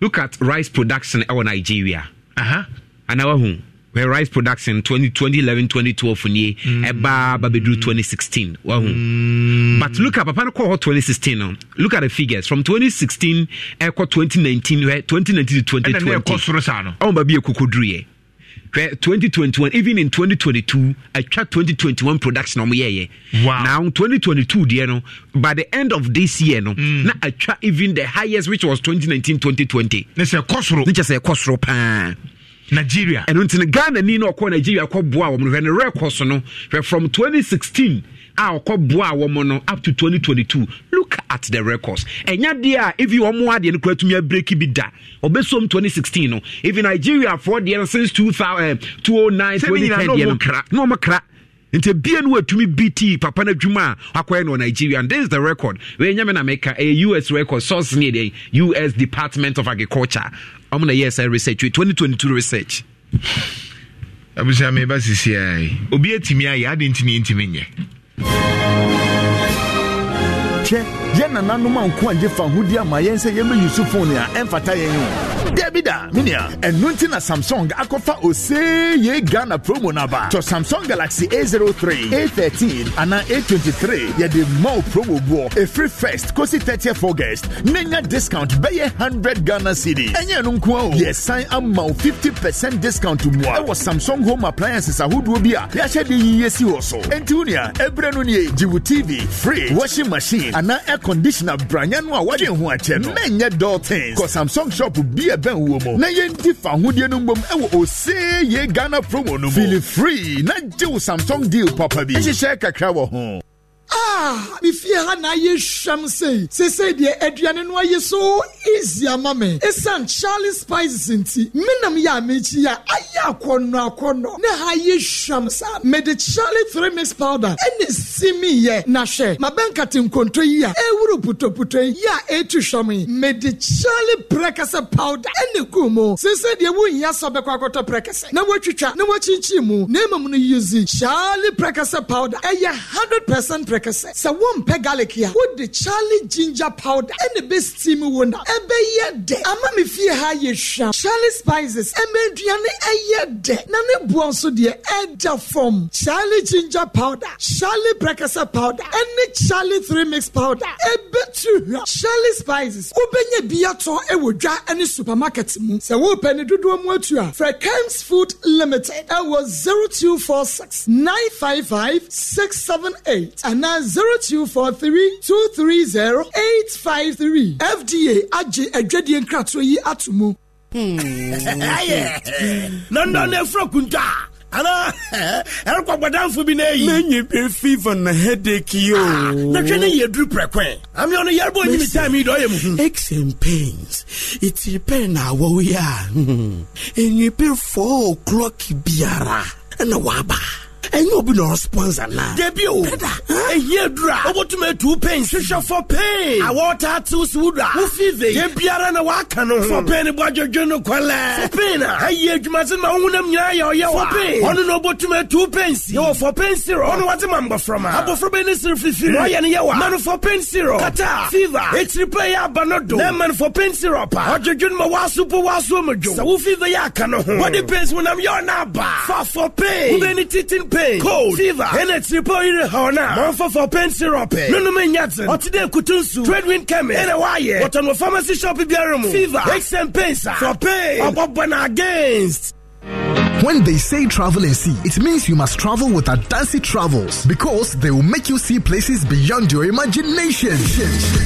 Look at rice production in Nigeria. Uh-huh. And our home where rice production 20, 2011 2012 ni eba mm. babedu mm. 2016 mm. but look at papa no 2016 no look at the figures from 2016 ekɔ 2019 where 2019 to 2020 ɛna ne no 2021 even in 2022 I tried 2021 production yeah, yeah. wow now 2022 deɛ no by the end of this year no mm. I atwa even the highest which was 2019 2020 ne sɛ ɛkɔ soro ne kyɛ sɛ nigeria and until no ghana ni na ɔkɔ nigeria kɔboa wɔn hwɛ record no from 2016 a ɔkɔboa wɔn no up to 2022 look at the records ɛnya deɛ a if wɔn adeɛ no kura tumi abiriki bi da ɔbɛsom 2016 no if nigeria fɔ deɛ no since 2000 2009 2010 deɛ no na wɔn kra nti bia no watumi bt papa no adwuma a akɔyɛ no wɔ nigeria and this is the record wɔanya me na meka ɛyɛ us record source ne deɛ us department of agriculture ɔmo na yɛɛ sɛ research 2022 research abusua meba sisiae obi atumi ayɛ ade nti ntimi nyɛ 天。yɛn nananom a nko agye fa ho di ama yɛn sɛ yɛbɛyi so phone a ɛmfata yɛn o dabi da menea ɛno nti na samsung akɔfa ose ye ghana promo naba. aba tɔ samsung galaxy a03 a13 ana a23 yɛde ma wo promo boɔ ɛfiri first kosi 30th august na nya discount bɛyɛ 100 ghana cedis ɛnyɛ no nko a o yɛsan ama wo 50 percent discount mmoa ɛwɔ samsung home appliances ahodoɔ bi a yɛahyɛ de yiyɛ si hɔ so enti wo nea ɛberɛ no nie tv free washing machine ana anaa air conditioner branya no a wɔde ho akyɛ no mɛnyɛ dɔɔten kɔ samsung shop be a bɛn wɔ mu na yɛnti fa ahodeɛ no mbom ɛwɔ osee yɛ ghana promo no mu free na gye wo samsung deal papa bi ɛhyehyɛ kakra wɔ ho ah mefie ha na ayɛ hwam Se say deɛ aduane no ayɛ so easy ama me ɛsiane charlie spices nti menam yɛ a mekyi a na ha ayɛ hwam saa mede charlie three mix powder Eni simiyɛ na hwɛ mabɛnkate nkonto yi ya. E wuru yi a ya hwam yi mede charlie prɛkɛsɛ powder Eni gu mu seesei ya wonhia sɛ bɛkɔ akɔtɔ prɛkɛsɛ na woatwitwa na woakyinkyin mu na mmom no yusi charlie prɛkɛsɛ powder ɛyɛ 100 percent prɛkɛsɛ mmerɛkɛ sɛ sɛ wompɛ garlic a wode charlie ginger powder ɛne bɛsteam wo na ɛbɛyɛ dɛ ama me fie ha yɛ hwam charlie spices ɛmɛduane ɛyɛ dɛ na ne boɔ nso deɛ ɛda fam charlie ginger powder charlie brɛkɛsɛ powder ɛne charlie three mix powder ɛbɛtu hwa charlie spices wobɛnya bi atɔ ɛwɔ dwa ne supermarket mu sɛ wopɛ ne dodoɔ mu atu a frɛ cams food limited ɛwɔ 0246 955 678 ana na zero two four three two three zero eight five three fda agye adwadie nkratoɔ yi ato mu. Hmm. london efura kunta ana ɛrekɔ gbɔdanfo bi n'eyi. n'enyi bɛ fever na headache ah, yi o. n'atwa ne yɛ duru pɛrɛkɔɛ ami ɔno yɛrɛ b'o ɲimi time yi dɔ yɛ mu. aches and pains Iti pɛn na awɔw a hmm. enyi bɛ four o'clock biara ɛna waba ɛnyɛ obi na ɔsponsor na. debi o ehi edura obotuma etu pain hwehwɛ fɔ pain awɔ taa tiw si wudura wofi ve de biara na waka no ho fɔ pain ni bɔ adwodwo no kɔlɛ pain na ayi edwuma si ma ohun nam nyinaa yɛ ɔyɛ wa fɔ pain ɔno na obotuma etu pain si yɛ wɔ fɔ pain sirɔ ɔno wate ma mbɔfrɔma abɔfrɔba ni siri fifi na ɔyɛ ni yɛ wa mɛnu fɔ pain sirɔ kata fever etiri pa yɛ aba no do na mɛnu fɔ pain sirɔ pa ɔdwodwo no ma waasu po waasu omo dwo sɛ wofi ve yɛ aka no ho body pains pain wubɛ pain cold fever ɛna tiripɔ yiri e hɔn na mɔnfɔfɔ pain syrup ɛ e. minnu mi nya ten ɔtide kutu nsu trade wind kɛmɛ ɛna wayɛ wɔtɔnɔ pharmacy shop biara mu fever aches and pains for pain ɔbɔ bɔ against. When they say travel and see, it means you must travel with Adansi Travels because they will make you see places beyond your imagination.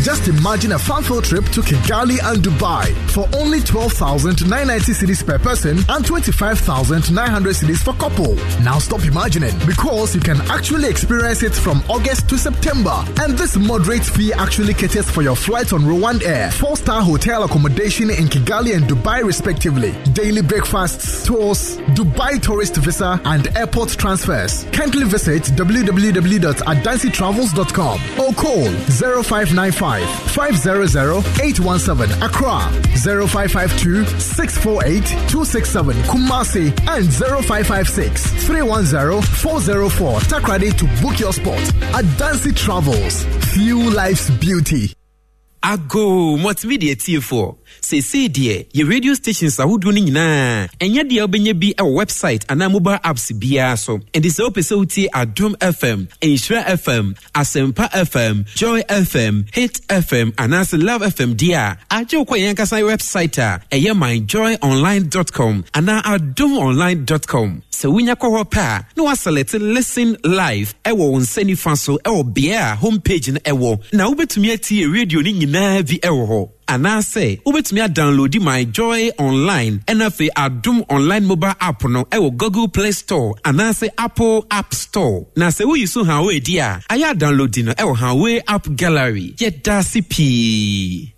Just imagine a fun filled trip to Kigali and Dubai for only 12,990 cities per person and 25,900 cities for couple. Now stop imagining because you can actually experience it from August to September. And this moderate fee actually caters for your flight on Rwand Air, four-star hotel accommodation in Kigali and Dubai respectively, daily breakfasts, tours, Dubai tourist visa, and airport transfers. Kindly visit www.adancytravels.com or call 0595 500 817 Accra, 0552 648 267 Kumasi, and 0556 310 404 to book your spot. Adancy Travels. Fuel life's beauty. Ago, what's media for? seesei deɛ yɛ radio stations ahodoɔ no nyinaa ɛnyɛ deɛ wobɛnya bi wɔ website anaa mobile apps biara so ɛnti sɛ wopɛ sɛ wotie adom fm nhyira fm asɛmpa fm joy fm hit fm anaasɛ love fm deɛ a agye wokɔ yɛn ankasa website a ɛyɛ myjoyonline.com anaa adomonline.com sɛ wonya kɔ hɔ pɛ a na woasɛlɛte listen live ɛwɔ wo nsa nifa so ɛwɔ beae a home page no ɛwɔ na wobɛtumi atie radio no nyinaa bi ɛwɔ hɔ anaasɛ wobɛtumi adownloadi my joy online ɛna afei adom online mobile app no ɛwɔ google play store anaasɛ apple app store na sɛ woyi so hawway di a ayɛ adownloadi no ɛwɔ hawway app gallery yɛda ase pii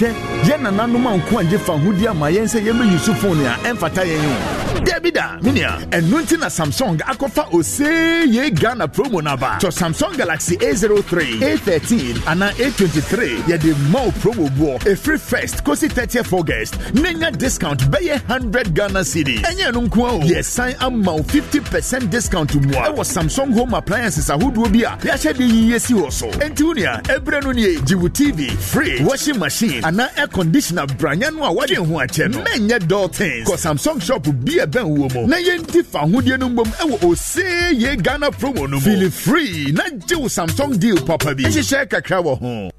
hwɛ yɛn nananom a nko agye fa ho di ama yɛn sɛ yɛbɛyi so phone a ɛmfata yɛn o dabi da menea ɛno nti na samsung akɔfa oseye ghana promo naba. aba tɔ samsung galaxy a03 a13 ana a23 yɛde ma promo boɔ ɛfiri first kosi 30th august na nya discount bɛyɛ hundred ghana city ɛnyɛ no nko a o yɛsan ama wo 50 percent discount mmoa ɛwɔ samsung home appliances ahodoɔ bi a yɛahyɛ de yiyɛ si hɔ so enti wo nea ɛberɛ no nie gye tv free washing machine anaa air conditioner branya no a wɔde ho akyɛ no mɛnyɛ dɔɔten kɔ samsung shop bi a ɛbɛn wɔ mu na yɛnti fa ahodeɛ no mbom ɛwɔ osee yɛ ghana promo no mu fili free na gye samsung deal papa bi ɛhyehyɛ kakra wɔ ho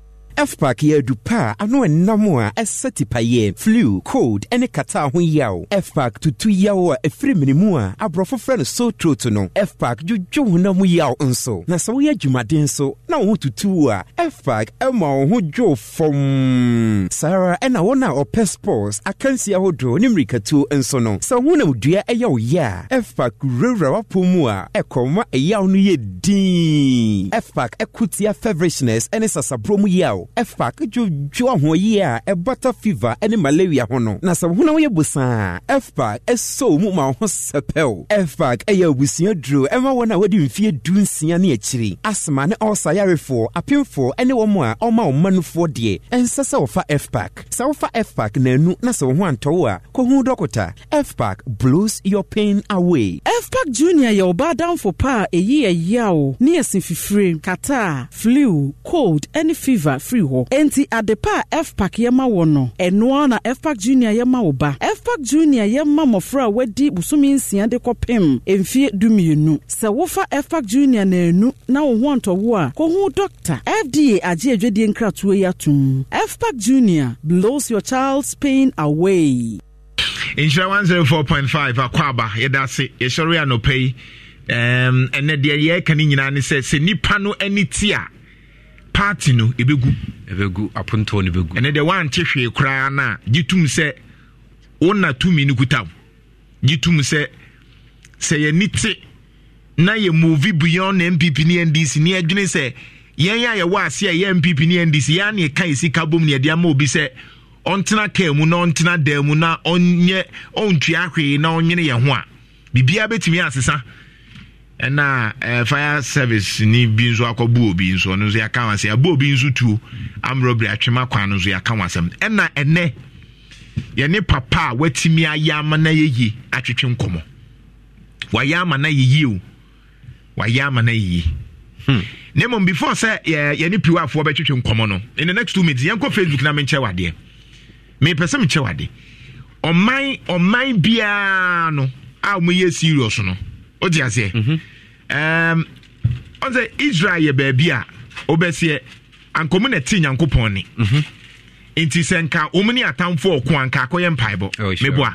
fpac yɛ adu pa a ano ɛnam a ɛsɛ tipayɛ flu cold ne kata ho yaw fpac tutu yaw a ɛfiri minimu a aborɔfo frɛ no so trot no fpac dwodwo honam yaw nso na sɛ woyɛ adwumaden so na wo ho tutu a fpac ma wo ho dwo fam saa ara ɛna wɔn a ɔpɛ sports akansi ahodoɔ ne mmirikatuo nso no sɛ wo honam dua ɛyɛ wo yɛ a fpac wurawura wapɔ mu a ɛkɔma ɛyaw no yɛ din fpac ɛko feverishness ne sasaburo mu yaw ɛfa kedwodwo ahoɔyie a ɛbata fever ne malaria ho no na sɛ wo honam yɛ bosaa ɛfpac ɛsɛw mu ma wo ho sɛpɛw ɛfpac ɛyɛ abusua duro ɛma wɔn a wɔde mfeɛ du nsia ne akyiri asma ne ɔlsa yarefoɔ apemfoɔ ne wɔn a ɔma wɔn mmanufoɔ deɛ ɛnsɛ sɛ wɔfa ɛfpac sɛ wofa ɛfpac nanu na sɛ wo ho antɔwo a kɔhu dɔkota ɛfpac blows your pain away ɛfpac junior yɛ ɔbaa damfo pa a ɛyi yɛ yaw ne ɛsen fifire kata flu cold ne fever free firi hɔ enti ade pa a fpac yɛma wɔ no ɛnoa na fpac junior yɛma wo ba fpac junior yɛma mmɔfra a wadi bosome nsia de kɔpem mfie dumienu sɛ wofa fpac junior naanu na wo ho ntɔwo a kɔhu dɔkta fda agye adwadie nkratoɔ yi atom fpac junior blows your child's pain away nhyira 104.5 akɔ aba yɛda ase yɛhyɛre anɔpa yi ɛnɛ deɛ yɛreka no nyinaa ne sɛ sɛ nnipa no ani te a party no ɛbɛgu ɛbɛgu apontoɔ no bɛgu ɛnɛ deɛ wante hwee koraa no a gye tum sɛ wona tumi no kuta wo gye tum sɛ sɛ yɛni te na yɛ movi beyond ne mpp ne ndc ne yɛdwene sɛ yɛn a yɛwɔ ase a yɛ npp ne ndc yɛa ne ɛka ɛsika bom ne yɛde ama obi sɛ ɔntena kaa mu na ɔntena daa mu na ɔnyɛ ɔntua hwee na ɔnyene yɛn ho a biribiaa bɛtumi asesa ɛna ɛɛ eh, fire service ni bi nso akɔbu obi nso ɔno nso yɛaka wɔn asɛm abu obi nso tuo amurobiri atwema kwan no nso yɛaka wɔn asɛm ɛna ɛnɛ yɛne papa a watumi ayɛ ama na yɛyie atwitwe nkɔmɔ wayɛ ama na yɛyie o wayɛ ama na yɛyie hmm. na mmom before sɛ yɛ yɛne piwafoɔ bɛtwitwe nkɔmɔ no in the next two minutes yɛnkɔ facebook na menkyɛ wadeɛ mepɛ sɛ mekyɛ wadeɛ ɔman ɔman biara no a wɔyɛ serious no. ɔte aseɛ ɔn sɛ israel yɛ baabi a wobɛseɛ ankɔmu mhm. oh, mhm. mhm. na ɛte nyankopɔn ne nti sɛ nka wɔm ne atamfoɔ ɔko anka akɔyɛ mpaebɔ meboa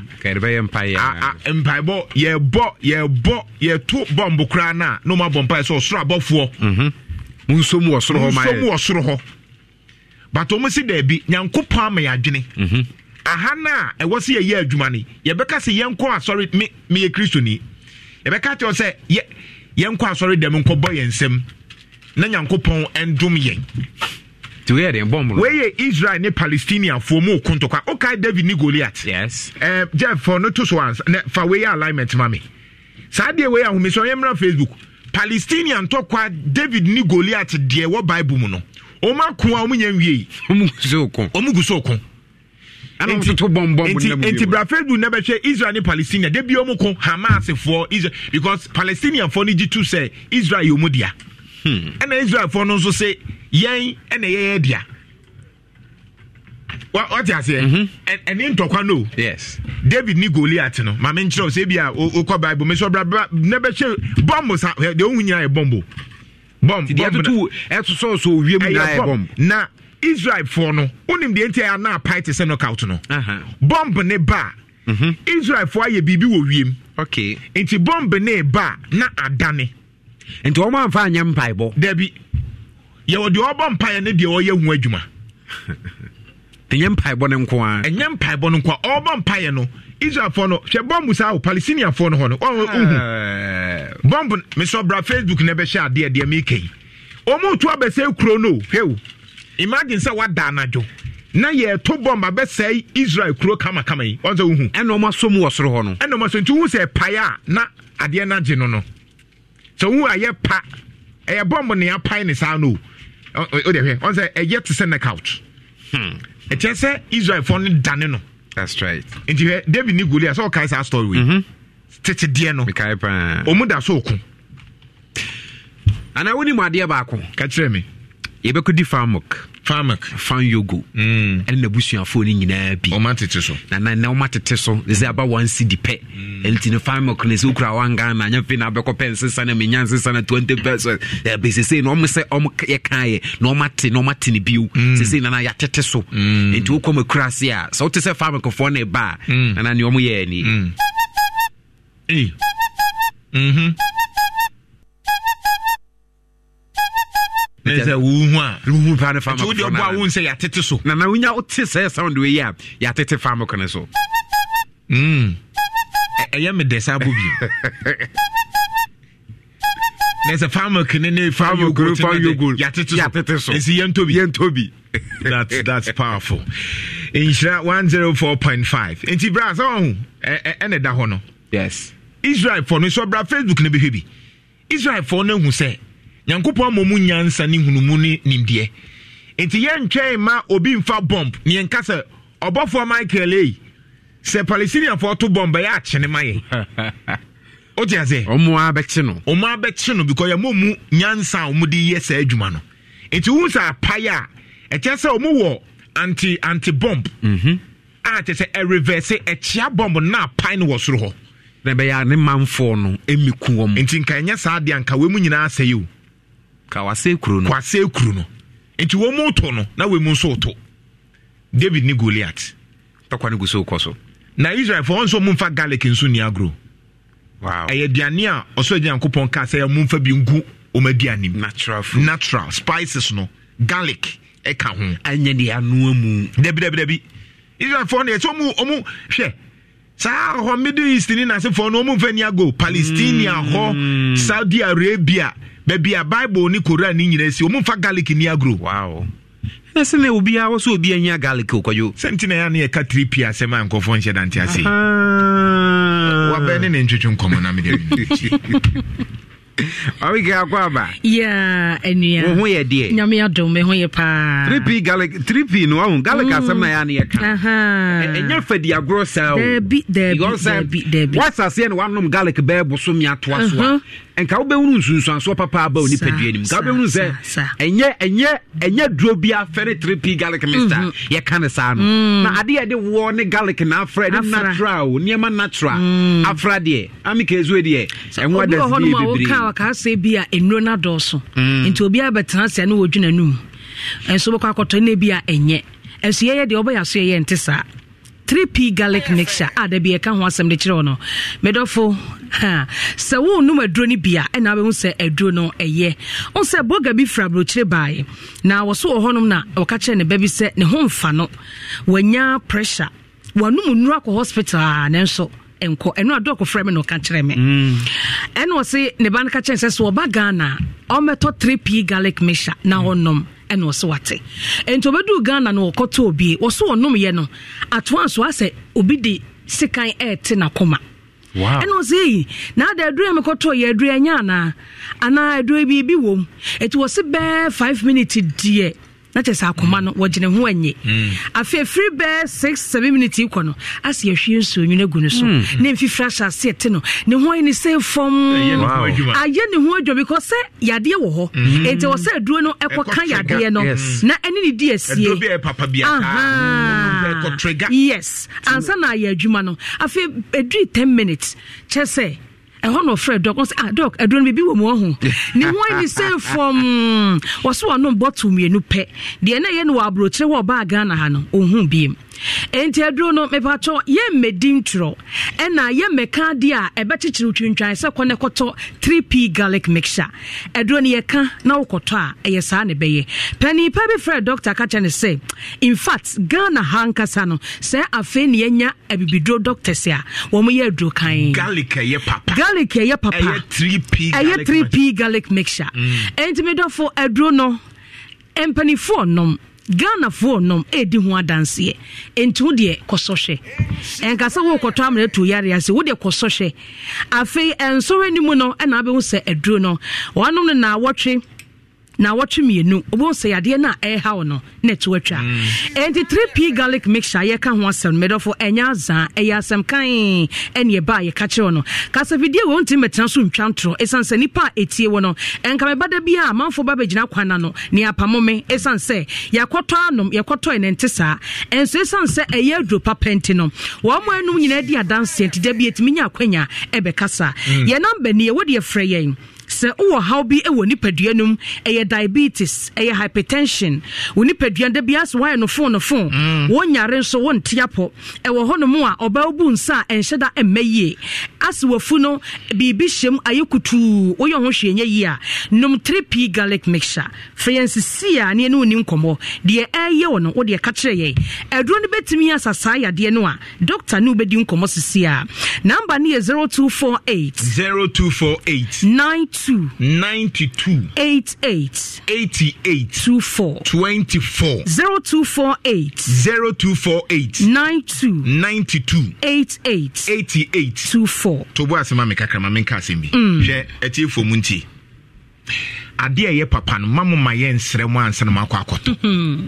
mpaebɔ yɛbɔ yɛbɔ yɛto bɔmbo koraa no a na ɔmabɔ mpae sɛ ɔsoro abɔfoɔ munsom wɔ soro hɔ munsom wɔ soro hɔ but wɔn si daabi nyankopɔn ama yɛadwene aha no a ɛwɔ sɛ yɛyɛ adwuma no yɛbɛka sɛ yɛnkɔ asɔre me meyɛ kristoni yɛbɛka kyerɛ sɛ yɛnkɔ asɔre dɛm nkɔbɔ yɛn nsɛm na nyankopɔn ndom yɛn weyɛ israel ne palestiniafoɔ mu ɔko ntɔkwa wokae david ne goliat yes. uh, jeff fɔ no to so fa weyɛ alignment ma me saa deɛ wei ahomisɛ ɔyɛ mmra facebook palestinian ntɔkwa david ne goliat deɛ wɔ bible mu no ɔma ko a ɔmnya nwiei ɔmugu so ɔko ɛna nso to bɔnbɔn mu nɛmu yɛ nti brafel du nɛbɛhwɛ israel ne palestinian de bi ɔmo ko hamas foɔ israel because palestinian foɔ no gye tu sɛ israel yɛ ɔmo dia hmm. ɛna israel foɔ no nso sɛ yɛn ɛna yɛyɛ dia wate aseɛ mhm. ɛne ntɔkwa no yes david ni goliat no maame nkyerɛw sɛ bi a wokɔ bible mesɛ brabra nɛbɛhwɛ bɔmbo sa deɛ wohu nyinaa yɛ bɔmbo bɔmbo ɛtosɔɔsɔ owie mu nyinaa yɛ na israelfoɔ no wonim deɛ nti ɛyɛ anaa pae te sɛ no bɔmb ne ba mhm. israelfoɔ ayɛ biribi wɔ wiem nti bɔmb ne ba na adane nti wɔn amfa anyɛ mpaebɔ dabi yɛwɔ deɛ ɔbɔ mpaeɛ ne deɛ ɔyɛ ho adwuma ɛnyɛ mpaebɔ no nko a ɛnyɛ mpaebɔ no nko a ɔbɔ mpaeɛ no israelfoɔ no hwɛ bɔmb saa o palestiniafoɔ no hɔ no facebook na ɛbɛhyɛ adeɛ deɛ meka yi to abɛsɛ kuro no hwɛ o imagine sɛ wada anadwo na yɛto bɔmba bɛsɛe israel kuro kamakama yi ɔn sɛ wohu ɛna ɔma som wɔ soro hɔ no ɛna ɔma so nti wohu sɛ ɛpae a na adeɛ no agye no no sɛ wohu ayɛ pa ɛyɛ bɔmbo ne apae ne saa no wode hwɛ ɔn sɛ ɛyɛ te sɛ knockout hmm. ɛkyerɛ sɛ israelfoɔ no dane no that's right nti hwɛ david ne golia sɛ ɔkae saa story wei mhm. tete deɛ no ɔmu da so ɔko anaa wonim adeɛ baako ka kyerɛ me yɛbɛkɔdi farmok farmok fan yogo mm. ɛne mm. n'abusuafoɔ no nyinaa bi ɔma tete so nana na ɔma tete so ne sɛ aba one cd pɛ mm. ɛnti no farmok ne sɛ wokura wanka na anyɛ fei na abɛkɔ pɛ nsesa na menya nsesa na 20 percent bɛsesei na ɔm sɛ ɔm yɛkaeɛ na ɔma te na ɔma no ne bio mm. sesei nana yɛatete so ɛnti wokɔ ma kura ase a sɛ wote sɛ farmokfoɔ ne ba a nana ne ɔm yɛɛ ni sɛ wohu a wohu pa no so nana wonya wote sɛ sound wei a yɛatete fa mo kone so ɛyɛ hmm. e, e, me dɛ saa bɔ bi na sɛ farmer kene ne farmer group so yatete so nsi yɛntɔ bi yɛntɔ bi that's that's powerful nhyira one zero oh four point five nti bra sɛ e, ɔho no yes israelfoɔ no nso ɔbra facebook na bɛhwɛ bi israelfoɔ no nyankopɔn ama mu nyansa ne hunumu ne nimdeɛ nti yɛntwɛn ma obi mfa bɔmp ne yɛnka sɛ ɔbɔfoɔ michael ei sɛ palestiniafoɔ to bɔmp ɛyɛ akyene ma yɛ wote aseɛ ɔmoa bɛkye no ɔmoa bɛkye no because yɛma mu nyansa a ɔmode yɛ saa adwuma no nti wohu sɛ apaeɛ a ɛkyɛ sɛ ɔmowɔ anti anti bɔmp mhm. a kyɛ sɛ ɛrevɛse ɛkyea bɔmp na apae no wɔ soro hɔ na ɛbɛyɛ ne manfoɔ no ɛmi ku wɔ mu nti nka ɛnyɛ saa deɛ anka wei mu nyinaa sɛ yi o kwase kuro no kwase kuro no nti wɔn mu to no na wɔn mu nso to david ni goliath tɔkwa ne gu so kɔ so na israelfoɔ nso mu nfa garlic nso ni agro wow ɛyɛ aduane a ɔsoro agyan kopɔn kaa sɛ ɛmu nfa bi ngu wɔn aduane mu natural food natural spices no garlic ɛka ho anyɛ de anoa mu dabi Israel dabi israelfoɔ no yɛ sɛ ɔmu ɔmu hwɛ saa hɔ middle east ni n'asefoɔ no ɔmu nfa ni agro palestinian hɔ mm. saudi arabia baabi a bible ne koran ne nyinaa si ɔmomfa garlic ni agro wow. na sɛne obiaa wɔ sɛ obia nya garlic wokɔyo sɛnti na ɛa ne yɛka tiri pii asɛm a nkɔfoɔ nhyɛ dante ase wabɛ ne ne ntwetwe nkɔmmɔ na mede ɔbɛkɛ akɔ aba yɛ anua wo ho yɛ deɛ nyame adom me ho yɛ paa tripi garlic tripi no wahu garlic mm. asɛm na yɛa ne yɛka ɛnyɛ fadi agorɔ saa o dabi dabi dabi wasaseɛ ne wanom garlic bɛɛboso me so a nka wobɛhunu nsunsuansoɔ papa aba wo nipa dua nim nka wobɛhunu sɛ ɛnyɛ ɛnyɛ ɛnyɛ duro bi afɛ ne three p garlic mixture mhm. yɛka ne saa no mm. na adeɛ yɛde wɔ ne garlic na afra ne natural o nneɛma natural mm. afra deɛ amika ezu deɛ ɛnwa da si bebree obi wɔ hɔ bi a nnuro na dɔɔso mm. nti obi abɛtena sɛ ne wɔdwina num nso bɛkɔ akɔtɔ ne bi a ɛnyɛ nso yɛyɛ deɛ ɔbɛyɛ aso yɛyɛ nte saa 3p garlic mixture ah, a da bi ɛka ho asɛm de kyerɛ wɔ no medɔfo sɛ wonnum aduro no bi ɛna wobɛhu sɛ aduro no ɛyɛ wo sɛ boga bi firi aburokyire baeɛ na wɔ so wɔ hɔnom na wɔka kyerɛ ne ba bi sɛ ne ho mfa no wanya pressure wanom nnuru akɔ hospital a ah, nanso nkɔ ɛno a dɔɔko frɛ me na ɔka kyerɛ me mm. ɛna ɔse ne ba ka kyerɛ sɛ sɛ ɔba ghana ɔmmɛtɔ 3p garlic mesha na mm. ɔnom ɛna ɔse wate ɛnti ɔbɛduu ghana na ɔkɔtɔɔ bie ɔso ɔnomyɛ no atoa nso asɛ obi de sekan ɛɛte n'akoma ɛna ɔsɛ yi na ada aduru yɛ mekɔtɔ yɛ aduru yɛ nyɛ anaa anaa aduru yɛ biribi wɔ mu ɛti wɔsi bɛɛ five minutes deɛ na kyɛ sɛ akoma no mm. wɔgyina ho anyɛ mm. afei firi bɛɛ six seven minutes yi kɔ no asɛ yɛhwie nsuo nwini agu no so mm. na mfifiri ahyɛ aseɛ te no ne ho ani sɛ fam ayɛ ne ho adwa because sɛ yadeɛ wɔ hɔ mm-hmm. enti wɔ sɛ aduro no ɛkɔka yadeɛ no na ɛne ne di asie yes ansa na ayɛ adwuma no afei ɛdui ten minutes kyɛ sɛ ɛhɔ na ɔfrɛ dɔk ɔsɛ ah dɔk aduro no biribi wɔ mu ɔho ne wɔn ani sɛ fam wɔso wɔnom bɔtol mmienu pɛ deɛ na ɛyɛ no wɔ aburokyerɛ wɔ ɔbaa ghana ha no ɔnhu biem ɛnti aduro no mepatɔ yɛmmɛdi ntorɔ ɛna yɛmmɛka adeɛ a ɛbɛkyekyere twintwan sɛ kɔ ne kɔtɔ 3p garlic mixture ɛduro no yɛka na wokɔtɔ a ɛyɛ saa ne bɛyɛ panipa bi frɛ doctor ka kyɛ ne sɛ infact ghana ha nkasa no sɛ afei ne yɛnya abibiduro doctors a wɔm yɛ aduro kan garlic ɛyɛ papa garlic ɛyɛ papa ɛyɛ three p garlic mixture ɛnti mm. medɔfo aduro no mpanifoɔ nom ghanafoɔ nom ɛdi ho adanseɛ ɛnti wo deɛ kɔsɔ hwɛ wokɔtɔ amena tu yare ase wo deɛ kɔsɔ hwɛ afei ɛnsɔre no mu no ɛna wobɛhu sɛ aduro no wɔnom no na na wɔtwe mmienu obo sɛ yadeɛ no a ɛrehaw no na ɛto atwa mm. ɛnti 3p garlic mixture yɛka ho asɛm no mɛdɔfo ɛnyɛ azaa ɛyɛ asɛm kan ɛne ɛba a yɛka kyerɛ no kasafidie wɔ ntimi mɛtena so ntwa ntorɔ ɛsiane sɛ nnipa a ɛtie wɔ no ɛnka mɛbada bi a amanfoɔ ba bɛgyina kwana no ne apamo me ɛsiane sɛ yɛakɔtɔ anom yɛkɔtɔe ne nte saa ɛnso ɛsiane sɛ ɛyɛ aduro papa nti no wɔn mu anom nyinaa di adanseɛ nti da bi nya akwanya ɛbɛkasa mm. yɛnamba ni yɛwɔ deɛ frɛ yɛn sɛ wowɔ haw bi wɔ nipadua no mu ɛyɛ diabetes ɛyɛ hypertension wo nipadua da bia so woayɛ no fo no fo mm. wɔnyare nso wonte apɔ ɛwɔ hɔ no mu a ɔbaa wobu nsa a ɛnhyɛ da mma yie ase wafu no biribi hyɛm ayɛ kutuu woyɛ ho hwee nyɛ yie a nom 3p garlic mixture fɛ yɛn sisi a neɛ ne woni nkɔmmɔ deɛ ɛyɛ wɔ no wodeɛ ka kyerɛ yɛn aduro no bɛtumi asa saa yadeɛ no a doctor ne wobɛdi nkɔmmɔ sisi a namba no yɛ 0248 0248 two. ninety two. eight eight. eighty eight. two four. twenty four. zero two four eight. zero two four eight. nine two. ninety two. eight eight. eighty eight. two four. tó bó àsèmá mi kakra ma mi nka àsèmí. hwẹ ẹ ti fò mu ntì adeɛ ɛyɛ papa no mamu ma yɛ nsrɛ mu ansa na mu akɔ akɔtɔ mm-hmm.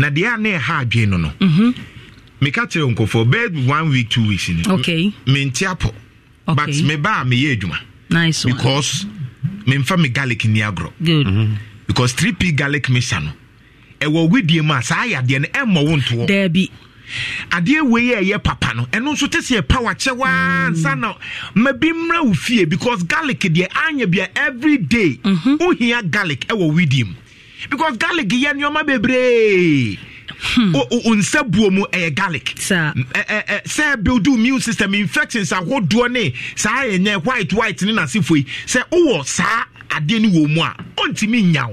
na deɛ a na ɛha adwene no no mm-hmm. meka kyerɛ nkɔfoɔ bɛɛ one week two weeks ni okay. mente apɔ okay. but meba a meyɛ adwuma nice one. because memfa me garlic ni agorɔ good mhm. because three p garlic mixture no ɛwɔ widie mu a saa yadeɛ no ɛmmɔ wo ntoɔ daabi adeɛ wei a ɛyɛ papa no ɛno nso te sɛ ɛpa wakyɛ waa mm. nsa na ma bi mmra wo fie because garlic deɛ anyɛ bia every day mhm. wohia garlic ɛwɔ widie mu because garlic yɛ nneɔma bebree Hmm. nsa buo mu ɛyɛ garlic sɛ build immune system infections ahodoɔ ne saa yɛnyɛ white white ne nasefo yi sɛ wowɔ saa adeɛ no wɔ mu a ɔntumi nyaw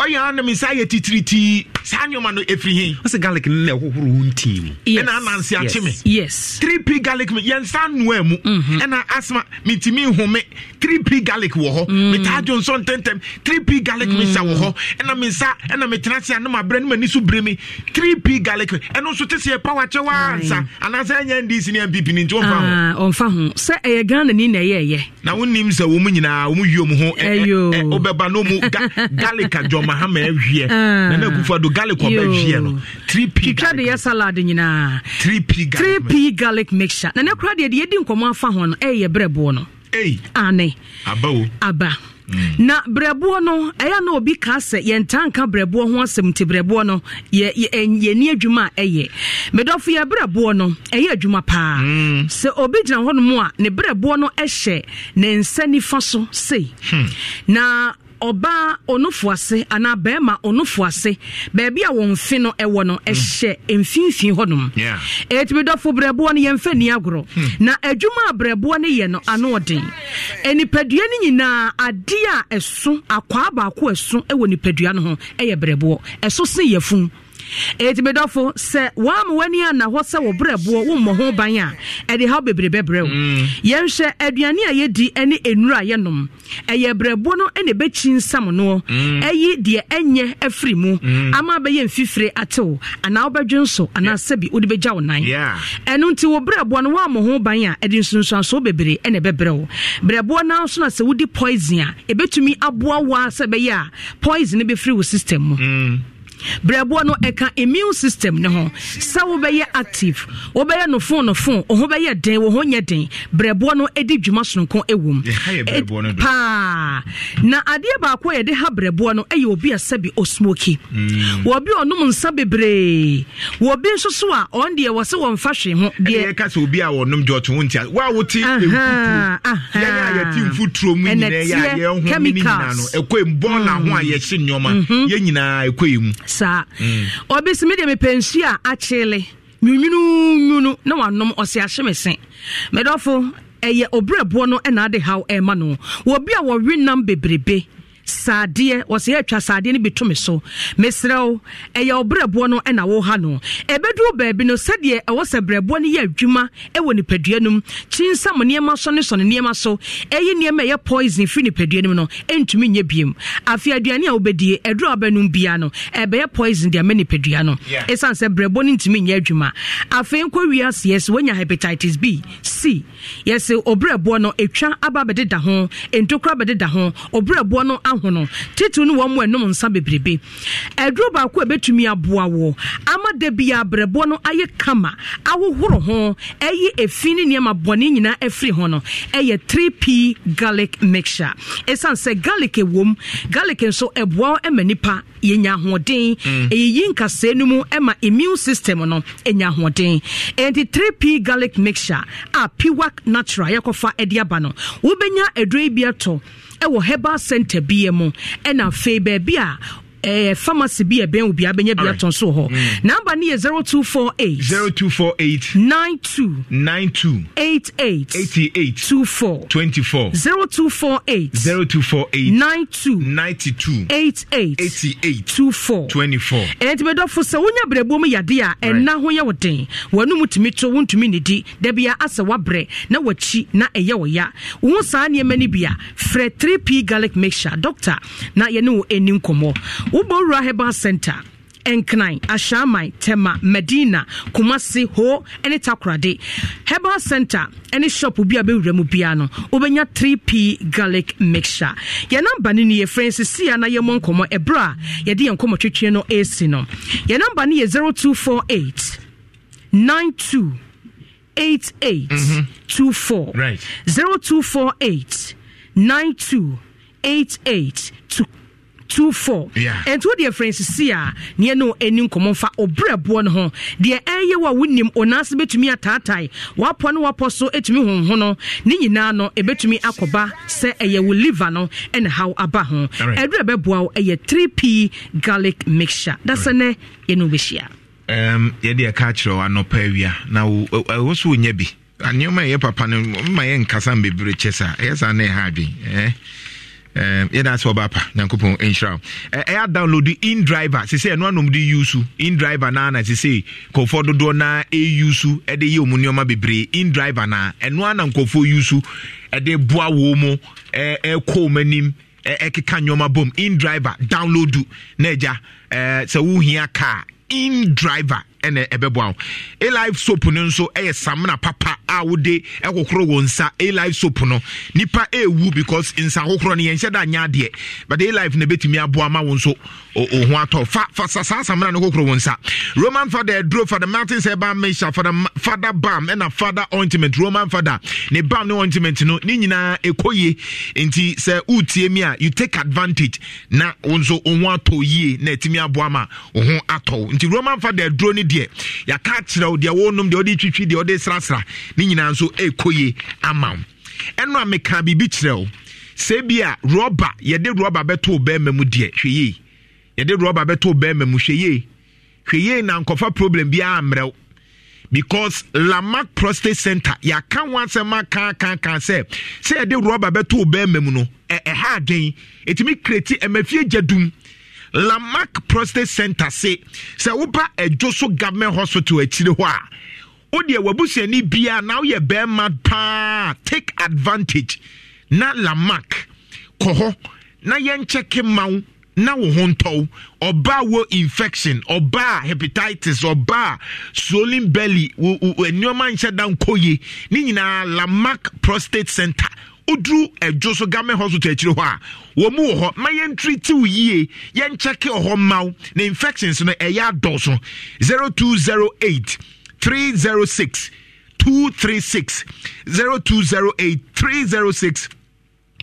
ɔyɛ ana mi sa yɛ titiriti saa nneɛma no efiri hɛn. ɔsɛ garlic no na ɛhohoro wɔn tii mu. yes ɛna anansi akyi mi. yes three p garlic mi yɛn nsa nnua mu. Mhm. ɛna asma mi ti mi nhome three p garlic wɔ hɔ mi mm. taa jo nsɔn ntɛntɛn three p garlic mi sa wɔ hɔ mm. ɛna mi nsa ɛna mi tena se anam abirɛ ne ma ni so bire mi three p garlic mi ɛno nso te se yɛ pawa kyɛ waa nsa anaasɛ ɛnyɛ ndc ne npp ni nti ɔnfa ho. Ah, ɔnfa ho sɛ ɛyɛ ghana ni na ɛyɛ ɛyɛ. na wɔn nim sɛ wɔn nyinaa wɔn yi wɔn ho. ɛyɛ o ɛbɛba n'omu garlic adwom ɔma hama ɛhwiɛ ah. nana kufa do garlic ɔma ɛhwiɛ no three p twitwa de yɛ salad nyinaa three p garlic three p garlic mixture Na kura deɛ deɛ yɛdi nkɔmɔ afa ho no ɛyɛ brɛ no ɛyi ane aba wo. aba. Mm. na brɛboɔ no ɛyɛ na obi ka sɛ yɛnta nka brɛboɔ ho asɛm nti brɛboɔ no yɛni adwuma a ɛyɛ medɔfo yɛ brɛboɔ no ɛyɛ adwuma paa mm. sɛ obi gyina hɔnom a ne brɛboɔ no ɛhyɛ ne nsa nifa so sei hmm. na ɔbaa ɔnofoase anaa bɛrima ɔnofoase baabi a wɔn fi no ɛwɔ no ɛhyɛ mfimfini hɔnom ɛtumi dɔfo berɛboɔ no yɛmfa ni agorɔ hmm. na adwuma a berɛboɔ no yɛ no ano ɔden nipadua no nyinaa adeɛ a ɛso akwaa baako ɛso ɛwɔ nipadua no ho ɛyɛ berɛboɔ ɛso sen yɛ fun ɛti medɔfo sɛ wɔn w'ani ana hɔ sɛ wɔbrɛboɔ wommɔ ho ban a ɛde ha bebree bɛbrɛ wo mm. yɛnhwɛ aduane a yɛdi ɛne ɛnura a yɛnom ɛyɛ brɛboɔ no ne ɛbɛkyi nsam noɔ ɛyi mm. deɛ ɛnyɛ ɛfiri mu mm. ama bɛyɛ mfifire atew anaa wobɛdwe so anaa sɛbi wode bɛgya wo nan ɛno nti wo brɛboɔ no woammɔ ho ban a ɛde nsunsuansoɔ bebree ne ɛbɛbrɛ wo brɛboɔ no nso na sɛ wodi poison a ɛbɛtumi e aboa wo a sɛ ɛbɛyɛ a poison no bɛfiri berɛboɔ no ɛka immune system ne ho sɛ wobɛyɛ active wobɛyɛ no fon no fon ɔho bɛyɛ den wɔ ho nyɛ den berɛboɔ no di dwuma sononko ɛwom paa na adeɛ baako yɛde ha berɛboɔ no ɛyɛ obi a sɛbi ɔsmoki mm. wɔbi ɔnom nsa bebree wɔbi nso so a ɔn deɛ wɔ sɛ wɔmfa hwe ho deɛyɛka sɛ obi a wɔnom dwɔto wo ntia wo a wote yɛte mfoturo mu nyinaa yɛyɛ ho no nyinaa no ɛkɔi mbɔn na ho a yɛhye nneɔma mhm. yɛn nyinaa ɛkɔi mu saa ɔbɛsi mm. mi mepɛ nsu a akyele nwunwununwunu na wanom ɔse ahye me se medɔfo ɛyɛ ɔbrɛboɔ no ɛna ade haw ɛma no wɔbi a wɔwe nam bebrebe saadeɛ wɔsɛ yɛatwa saadeɛ no bi to me so mesrɛ wo ɛyɛ ɔbrɛboɔ no ɛna woha no ɛbɛduru baabi no sɛdeɛ ɛwɔ sɛ brɛboɔ no yɛ adwuma ɛwɔ nipadua no mu kyinsam nneɛma so ne sɔne nneɛma so ɛyɛ nneɛma ɛyɛ poison firi nipadua no mu no ɛntumi nyɛ biom afei aduane a wobɛdie ɛduru a wobɛnom bia no ɛbɛyɛ poison deɛ ma nipadua no ɛsiane sɛ brɛboɔ no ntumi nyɛ adwuma afei nkɔ wiase yɛsɛ woanya hepatitis b c yɛsɛ ɔbrɛboɔ no ɛtwa aba bɛdeda ho ntokora bɛdeda ho ɔbrɛboɔ no ho no titiri no wɔn ɛnom nsa bebrebe aduro baako a ɛbɛtumi aboa wɔ ama da bi abrɛbɔ no ayɛ kama ahohoro ho ɛyi efi ne nneɛma bɔnne nyinaa ɛfiri ho no ɛyɛ 3p garlic mixture ɛsan sɛ garlic ɛwom garlic nso ɛboa ɛma nipa yɛnya ahoɔden mm. ɛyiyi nkasɛɛ no mu ɛma immune system no ɛnya ahoɔden ɛnti 3p garlic mixture a piwak natural yɛkɔfa ɛde aba no wobɛnya aduro yi bi atɔ ɛwɔ herbal center bia mu ɛna afei baabi a Eh, pharmacy bi ɛbɛn obi abɛnya bi atɔn so hɔ mm. namba ne yɛ zero two four eight zero two four eight nine two nine two eight eight eighty eight two four twenty four zero two four eight zero two four eight nine two ninety two eight eight eighty eight two four twenty four ɛnti eh, bɛ dɔfo sɛ wonya berɛbuo mu yade a ɛna ho yɛ wo den wɔnom tumi to wontumi ne di dabia asɛ wabrɛ na wakyi na ɛyɛ wo ya wo saa nneɛma no bi a frɛ 3p garlic mixture doctor na yɛne wo ɛni nkɔmmɔ wobɛwura herbal center ɛnkenan ahyɛaman tema medina kumasi ho ne takorade herbal center ne shop bi a bɛwura mu biara no wobɛnya 3p garlic mixture yɛn namba no ne yɛ fransisia na yɛmmɔ nkɔmmɔ ɛberɛ a yɛde yɛn nkɔmmɔtwetwe no ɛsi no yɛn namba no yɛ 0248 92 88 24 0248 92 88 24 two four ɛnti wo deɛ francis si a na no ɛni nkɔmmɔ mfa ɔbrɛboɔ no ho deɛ ɛyɛ eh, wo a wonim onaase bɛtumi ataatae wapɔ no wapɔ so ɛtumi honho no ne nyinaa no ɛbɛtumi akɔba sɛ ɛyɛ eh, wo liver no ɛne haw aba ho ɛdurɛ bɛboa wo ɛyɛ 3p garlic mixture da sɛ nɛ yɛne wobɛhyia yɛde ɛka kyerɛ w anɔpa awia na ɛwɔ so wonya bi ah, nneɔma ɛyɛ papa no ma yɛnkasa mbɛbrɛ kyɛ saa ɛyɛ saa na ɛha yɛda sɛ ɔba pa nyankopɔn nhyira wo ɛyɛ download in driver sɛ sɛ ɛno anom de use in driver naa na sɛ sɛ nkurɔfoɔ dodoɔ naa ɛuse de yɛ ɔmu nneɔma bebree in driver naa ɛno a na nkurɔfoɔ use ɛde boa wo mu ɛkɔ ɔm anim ɛkeka nneɔma bom in driver download na agya sɛ wohia car in driver ɛna ɛbɛboa wo alive soap no nso ɛyɛ samina papa a wode ɛhohoro wɔ nsa alive soap no nipa ɛɛwu because nsa hohoro no yɛnhyɛ da nyɛ adeɛ but alive no bɛtumi aboa ma wo nso ɔho atɔ fa fa saa samina no hohoro wɔ nsa roman fada aduro father, martin sɛ ɛba mesha fada fada bam ɛna fada ointment roman father, ne bam ne ointment no ne nyinaa ɛkɔ yie nti sɛ wotie mi a you take advantage na wo nso wo ho atɔ yie na ɛtumi aboa ma wo ho atɔ nti roman father aduro ne deɛ yɛaka kyerɛ wo deɛ wonom deɛ wode twitwi deɛ wode srasra ne nyinaa nso ɛkɔ ye ama wo ɛno a meka biribi kyerɛ wo sɛ bi a rɔba yɛde rɔba bɛto bɛrima mu deɛ hwɛ yie yɛde rɔba bɛto bɛrima mu hwɛ yie hwɛ yie na nkɔfa problem biara mmerɛw because lamac prostate center yɛaka ho asɛm akaakaakaa sɛ sɛ yɛde rɔba bɛto bɛrima mu no ɛha adwen ɛtumi kreti ɛmafie gya dum lamak prostate center se sɛ woba adwo so government hospital akyire hɔ a wodeɛ wabusuani biaa na woyɛ bɛrima paa take advantage na lamak kɔ hɔ na yɛnkyɛke ma wo na wo ho ntɔw ɔbaa wo infection ɔbaa hepatitis ɔbaa swollen belly nneɛma nhyɛ da nkɔ yie ne nyinaa lamak prostate center woduru adwo so government hospital akyiri hɔ a wɔ mu wɔ hɔ ma yɛntiri tiw yie yɛnkyɛke wɔ hɔ mma wo na infections no ɛyɛ adɔ so 0208 306 236 0208 306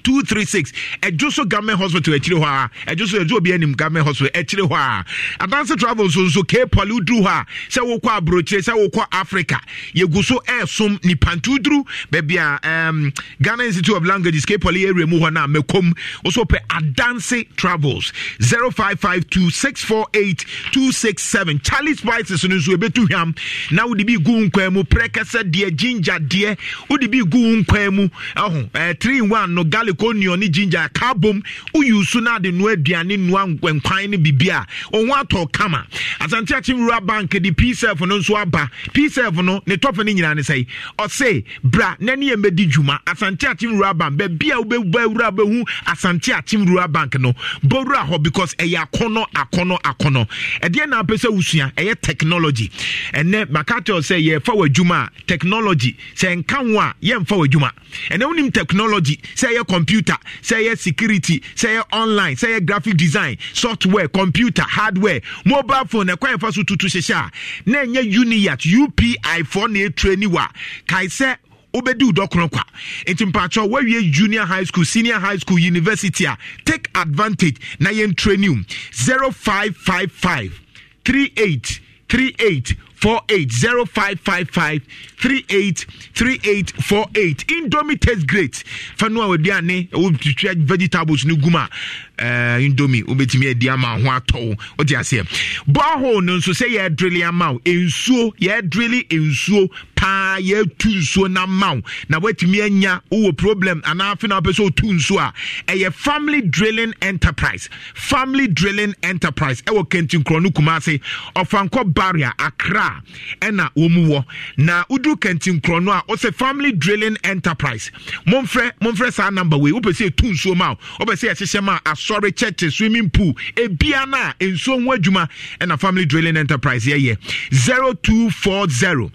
236 ɛdwo so government hospital akyire hɔ a ɛdwo so ɛdwo obi anim government hospital akyire hɔ a adanse travel nso nso kpɔle duru hɔ a sɛ wokɔ aburokyire sɛ wokɔ africa yɛgu so ɛɛsom nipantu duru baabi a um, ghana institute of languages kpɔle area mu hɔ no a mɛkɔm wɔso pɛ adanse travels 0552648267 charlie spices no nso ɛbɛtu hwam na wode bi gu nkwan mu prɛkɛsɛ deɛ ginger deɛ wode bi gu nkwan mu ɛho 3 1 no garlic garlic onion ne ginger ka bom woyi su no ade noa aduane noa nkwan no biribi a ɔho atɔ kama asante akyem rural bank de psf no nso aba psf no ne tɔfe no nyinaa ne sɛe ɔse bra nane yɛ mɛdi dwuma asante akyem rural bank baabi a wobɛba wura bɛhu asante akyem rural bank no bɔwura hɔ because ɛyɛ akɔnɔ akɔnɔ akɔnɔ ɛdeɛ na apɛ sɛ wosua ɛyɛ technology ɛnɛ makato sɛ yɛfa wɔ a technology sɛ nka ho a yɛmfa wɔ adwuma ɛnɛ wonim technology sɛ ɛyɛ computer sɛ security sɛ online sɛ graphic design software computer hardware mobile phone ɛkwan e yɛfa e so tutu hyehyɛ a na ɛnyɛ uniat upi foɔ na ɛtura ni wa kae sɛ wobɛdi wodɔ kwa nti mpakyɛ woawie junior high school senior high school university a take advantage na yɛntrani 0555 38 38 four eight zero five five five three eight three eight four eight indomie taste great fanu a di ane ɛwɔ tutu vegetables ne gum Eh, ndomi wobɛtumi adi ama ho atɔ wo wote aseɛ bɔhol no nso sɛ yɛadrele ama wo nsuo yɛadrele nsuo paa yɛatu nsuo na ama wo na woatumi anya wowɔ problem anaa afei na wopɛ sɛ wotu nsuo a ɛyɛ family drilling enterprise family drilling enterprise ɛwɔ kɛntinkorɔ no kuma ase ɔfankɔ barrier akra ɛna wɔmu wɔ na woduru kɛntinkorɔ no a wosɛ family drilling enterprise momfrɛ momfrɛ saa number wei wopɛ sɛ ɛtu nsuo ma wo wopɛ sɛ yɛhyehyɛ ma aso asɔre church swimming pool ebia na nsuo ho adwuma ɛna family drilling enterprise yɛyɛ zero two four zero.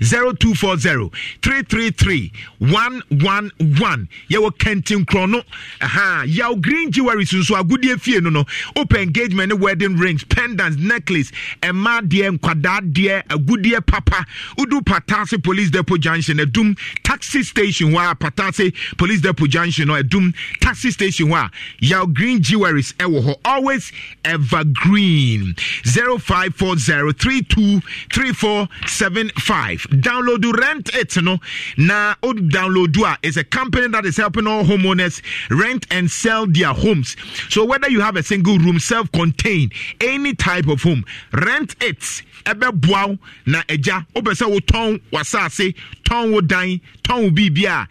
0240 333 111 yɛwɔ kentin krɔno aha yaw green jewelries nso agudie fie no no open engagement ne wedding rings pendants necklace ɛma deɛ nkwadaa deɛ agudie papa Udu patase police depot junction adum taxi station hɔ a patase police depot junction no adum taxi station hɔ a yaw green jewelries ɛwɔ hɔ always evergreen 0540 32 3475 Download Rent It no. Now, download Dua is a company that is helping all homeowners rent and sell their homes. So whether you have a single room, self-contained, any type of home, Rent It. Ebe buaw na eja obese wo ton wasase ton wo dan ton wo bibia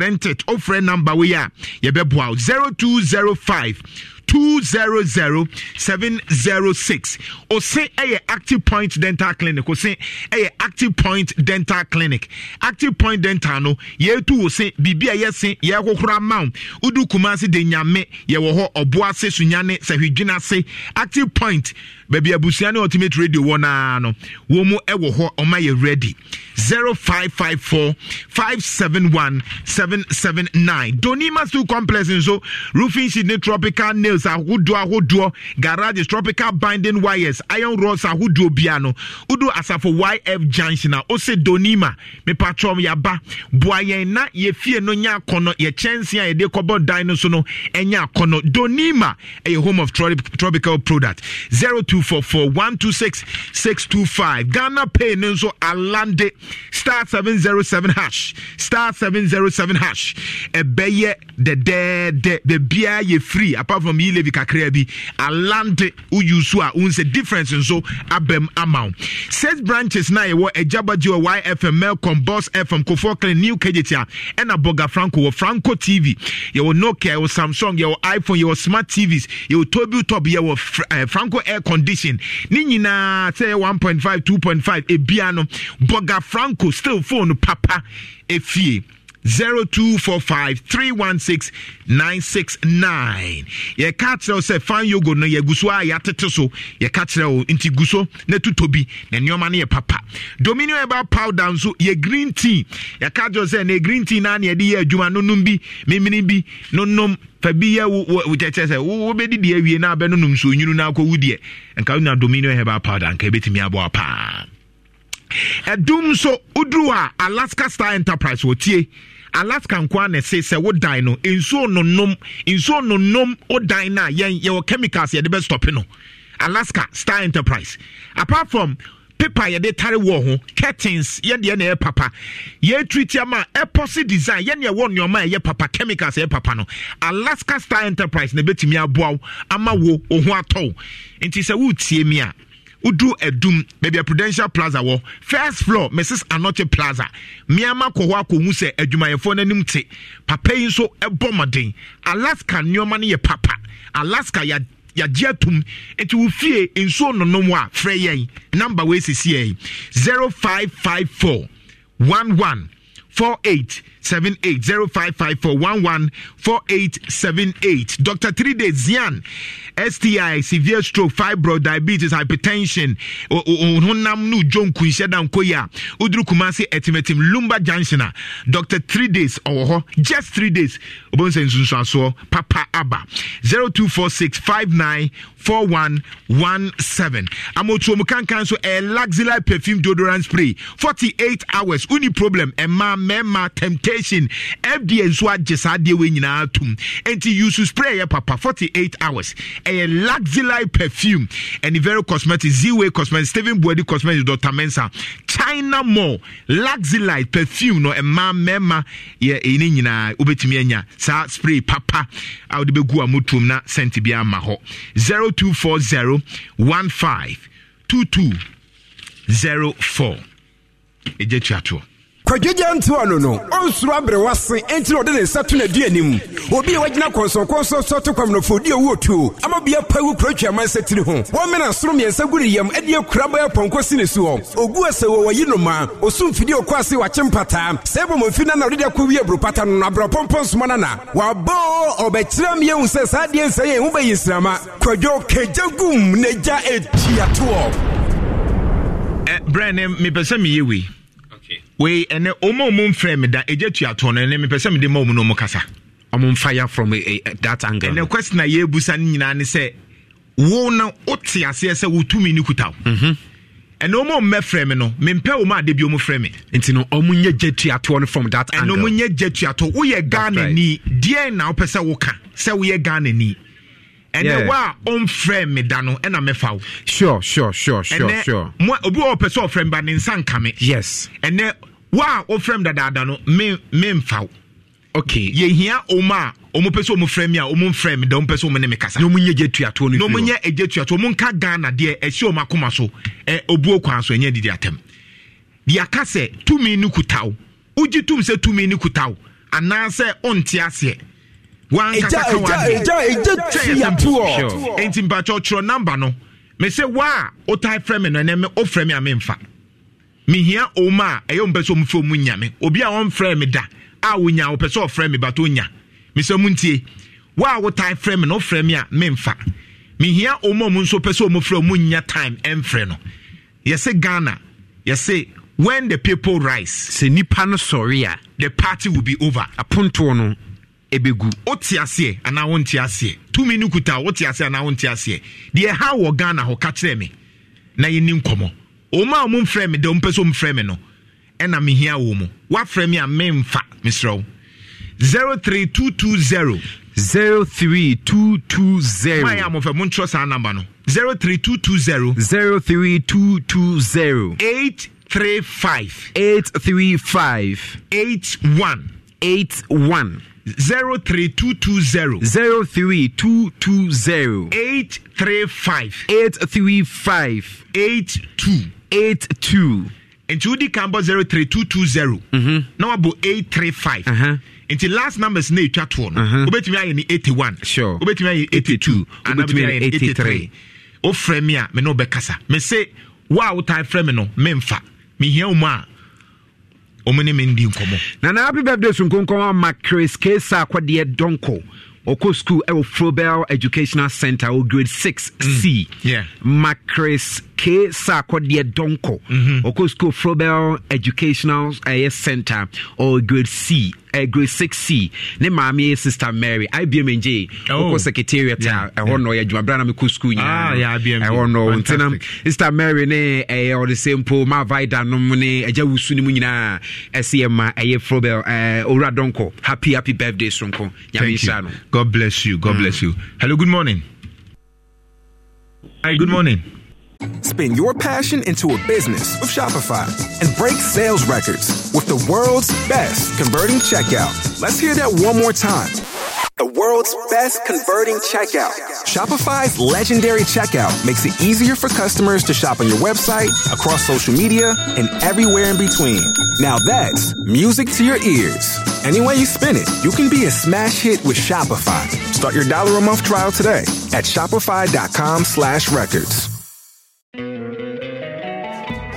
rent it ofre number we ya yebe buaw 0205 200706 ɔse ɛyɛ active point dental clinic ɔse ɛyɛ active point dental clinic active point dental no yɛtu wo se biribi a yɛse yɛhohora ma wo wodu kuma de nyame yɛwɔ hɔ ɔboa ase sunyane sɛhwedwina ase active point baabi abusua ne ultimate radio wɔ naa no wɔn mu wɔ hɔ ɔma yɛ ready zero five five four five seven one seven seven nine donima steel complex nso roofing sheet ne tropical nails ahodoɔ ahodoɔ garages tropical binding wires iron rods ahodoɔ biara no Udu asafo yf junction a ɔsɛ donima mepatwɔm yaba boa yɛn na yɛfie no nyɛ akɔnɔ yɛkyɛnse a yɛde kɔbɔ dan no so no ɛnyɛ akɔnɔ donima ɛyɛ home of tropical product zero two 0244 126 625. Ghana Pay Ninso Alande star 707 hash star 707 hash. Ebeye the dead the beer ye free apart from ye levy kakrea bi Alande Uyusua unse difference nso so abem amount. Six branches na ye Ejabaji or YFM Melcom Boss FM Kofor Clean New Kejitia and boga Franco or Franco TV. You will Nokia, your Samsung, your iPhone, your smart TVs, your Tobu Top, your eh, Franco Air condition edition ne nyinaa sɛ 1.5 2.5 ebia no boga franco still phone papa efie 0245 316 969. Yɛka kyerɛ wo sɛ fan yogo no yɛgu so a yɛatete so yɛka kyerɛ wo nti gu so na tutɔ bi na nneɔma papa. Dominion herbal powder nso yɛ green tea. Yɛka kyerɛ wo sɛ green tea naa na yɛde yɛ adwuma nonom bi memene bi nonom fa bi yɛ wokyɛkyɛ sɛ wobɛdidi awie na abɛnonom nsuo nwunu no akɔwu deɛ nka wonya dominion herbal powder nka ɛbɛtumi aboa paa ɛdum nso woduru a alaska star enterprise wɔtie alaska nkoa na ɛse sɛ wodan no nsuo nonom nsuo nonom wodan no a yɛn yɛwɔ chemicals yɛde bɛstɔpe no alaska star enterprise apart from paper yɛde tare wɔ ho curtains yɛdeɛ na ɛyɛ papa yɛtiri tiama ɛpɔsi design yɛne ɛwɔ nneɛma ɛyɛ papa chemicals ɛyɛ papa no alaska star enterprise na ɛbɛtumi aboa wo ama wo ohun atɔ wo nti sɛ wotie mi a wodu adum baabi a prudential plaza wɔ first floor mrs anoche plaza mmeama kɔ hɔ akɔhu sɛ adwumayɛfoɔ no anim te papa yi nso ɛbɔ mmɔden alaska nneɔma no yɛ papa alaska yɛ yagye atum Etu wo fie nsuo nonom a frɛ yɛn namba wei sisi yɛn one four eight seven eight zero five five four one one four eight seven eight. Doctor Three Day Zian, STI, severe stroke, fibro, diabetes, hypertension. Ohunam nu John Kunsheda Nkoya. Udru Kumasi etimetim Lumba Junction. Doctor Three Days or just three days. Obonsen Sunsanso Papa Abba zero two four six five nine four one one seven. Amotuomu kankan so a luxury perfume deodorant spray forty eight hours. Uni problem. Emma mema temptation medication fda nso agye saa adeɛ wei nyinaa tom nti yusu spray yɛ papa 48 hours ɛyɛ luxury perfume and very cosmetics z-way cosmetics steven buadi cosmetics dr mensa china mall luxury perfume no mmaa mmarima yɛ ɛyi ne nyinaa wobɛtumi anya saa spray papa a wode bɛgu a motom na sɛnte bi ama hɔ 0240 15 2204 ɛgya tuatoɔ kwadwagya nte ɔno no ɔnsoro abere wase enti na ɔde ne nsa to n'adu anim obi a wagyina kɔnsɔnkɔnsɔ sɔ to kwamnɔfo di owu otuo ama bia pa wu kuro twama nsa tiri ho wɔmena soro mmiɛnsa gu ne adi akura bɛyɛ pɔnkɔ si ne soɔ ogu asɛ wɔ wɔyi noma ɔso mfidi ɔkɔ ase wakye mpataa sɛ ɛbɔ no na ɔde de akɔ wie aburo pata no no abrɛpɔmpɔ nsoma no na wabɔ ɔbɛkyerɛ m sɛ saa deɛ nsa yɛ ho bɛyi nsrama kwadwo kagya gum na gya ɛtiatoɔ berɛ mepɛ sɛ meyɛ wei wei ɛnɛ ɔmo ɔmo mfrɛ mi da egya tuatɔ no ɛnɛ mepɛ sɛ mede ma ɔmo na kasa. ɔmo mfa ya from a, eh, a, eh, that angle. ɛnɛ question a yɛbusa no nyinaa ne sɛ wo na wote aseɛ sɛ wo tumi ne kuta wo. Mhm. ɛnɛ ɔmo ɔmo mɛfrɛ mi no mempɛ ɔmo ade bi ɔmo frɛ mi. nti no ɔmo nyɛ gya tuatɔ no from that angle. ɛnɛ ɔmo nyɛ gya tuatɔ woyɛ ghana ni deɛ na wopɛ sɛ woka sɛ woyɛ ghana ni. ɛnɛ wa a ɔnfrɛ mi da no ɛna mɛfa wo. sure sure sure sure sure. ɛnɛ mo obi wɔ ɔpɛ sɛ ɔfrɛ mi ba ne nsa nka yes. ɛnɛ wo a wofrɛ m dadaada no memfa wo okay yɛhia ɔma a ɔmo pɛ sɛ ɔmo frɛ mi a ɔmo mfrɛ mi da ɔmo pɛ sɛ ɔmo ne mi kasa. na ɔmo nye gye tuato ne fi hɔ na ɔmo nye gye tuato ɔmo nka ghana deɛ ɛsi ɔmo akoma so ɛ eh, obuo kwan so ɛnyɛ didi atɛm deɛ aka sɛ tumi ne kuta wo wogye tum sɛ tumi ne kuta wo anaasɛ ɔnte aseɛ wankasa ka wadeɛ ɛgya ɛgya ɛgya tuato ɔ nti mpatsɔ twerɛ namba no mɛ sɛ waa ɔtaa frɛ mi no ɛnɛ mɛ ɔfrɛ mi a mɛ nfa mehia ɔma a ɛyɛ mpɛ sɛ ɔmfrɛ mu nyame obi a ɔmfrɛ me da a wonya wopɛ sɛ ɔfrɛ me bat ɔnya mesɛ mu ntie wo a wotae frɛ me na wofrɛ me a memfa mehia ɔma mu nso pɛ sɛ ɔmfrɛ mu nya time ɛmfrɛ no yɛse ghana yɛse when the people rise sɛ nipa no sɔre a the party will be over apontoɔ no ɛbɛgu wote aseɛ anaa wonte aseɛ tumi no kuta wote aseɛ anaa wonte aseɛ deɛ ha wɔ ghana hɔ ka kyerɛ me na yɛni nkɔmmɔ ɔma a momfrɛ me deɛ ɔmpɛ sɛ ɔmfrɛ me no ɛna mehia wɔ mu woafrɛ me a memfa mesrɛ wo 03220 03220 ayɛ amɔfɛ monkyerɛ saa namba no 03220 03220 835 835 81 81 03220 03220 835 835 82 eight two. nti wodi kan bɔ zero three two two zero. Mhm. na wabɔ eight three five. nti last numbers na etwa toɔ no. obetumi ayɛ ni eighty one. sure obetumi ayɛ eighty two. obetumi ayɛ eighty three. ofrɛ mi a mɛ n'o bɛ kasa mɛ se wa a wotaa mi no mɛ nfa mɛ hiɛ o mu a. ɔmo ne mendi nkɔmmɔ nana happy birthday sonkonkɔn ama chris kesa akɔdeɛ dɔnko ɔkɔ school ɛwɔ frobel educational center o grade 6 c mm. yeah. macris ke sakɔdeɛ dɔnkɔ ɔkɔ mm-hmm. school frobel educational ɛyɛ eh, center or grade c uh, grade six c ne maame sister mary ibm ngye wokɔ oh. secretariat a eh, ɛhɔ no ɔyɛ adwuma berɛ na mekɔ school nyinaa ah, ɛhɔ no nti na sister mary ne ɛyɛ ɔde sɛ mpo ma vida nom ne agya wusu no mu nyinaa ɛsɛ yɛ ma ɛyɛ frobel owura dɔnkɔ happy happy birthday sonko nyame nhyira no god bless you god mm. bless you hello good morning Hi, good morning. Mm. Spin your passion into a business with Shopify and break sales records with the world's best converting checkout. Let's hear that one more time. The world's best converting checkout. Shopify's legendary checkout makes it easier for customers to shop on your website, across social media, and everywhere in between. Now that's music to your ears. Any way you spin it, you can be a smash hit with Shopify. Start your dollar a month trial today at shopify.com slash records.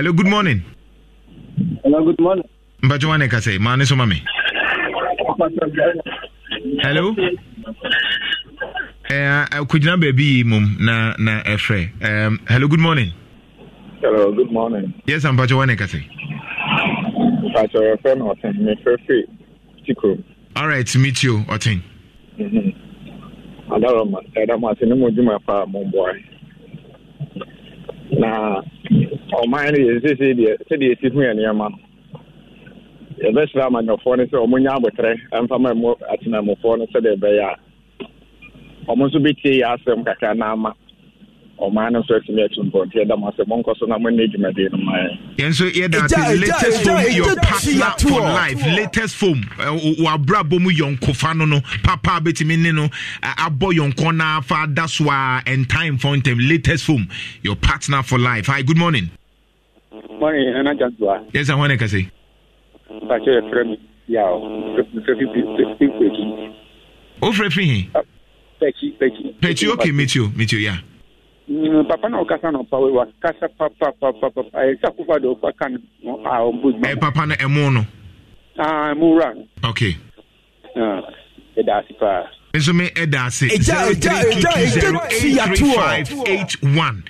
hello good morning. hello good morning. mpatso wane kasa maa ne soma hello. kogyina eh, eh, kujina baby mum na na ɛfrɛ um, hello good morning. hello good morning. yes mpatso wane kasa. mpatso ɛfrɛ na ɔtɛn mefrɛ firi tikuro. all right meet you ɔtɛn. adaroma ɛdá mo ase ne mo dwuma pa mo bɔ ayé. na ɔman no yɛ seesei deɛ sɛdeɛ ɛsi ho yɛ nneɛma no yɛbɛsrɛ amanyɔfoɔ no sɛ ɔmonya abotrɛ ɛmfa ma mu atenamufoɔ no sɛdeɛ ɛbɛyɛ a ɔmo nso bɛtie yɛ asɛm kakra na ama ɔmaa no nso atumi atu mpɔnteɛ dam asɛ monkɔ na mone dwumadi no maɛ yɛn nso yɛdate latest form your partner for life latest form eh, wɔabrabɔ mu yɔnkofa no no papa bɛtumi ne no abɔ yɔnkɔ no fa da so a ɛntime fɔ latest form your partner for life hi good morning morning nana jantoa yɛn sɛ hɔne kɛse pakyɛ yɛfrɛ me yaw mfrɛ fi pɛkyi wofrɛ fi he pɛkyi pɛkyi pɛkyi okay metio metio ya yeah papa na ɔkasa no pawe wakasa papapapapa ɛyɛ sɛ kofa de ɔkaka no a ɔbɔ dwuma papa no ɛmo no ɛmo wura no okay ɛda ase paa nso me ɛda ase ɛgya ɛgya ɛgya ɛgya ti yatoɔ 83581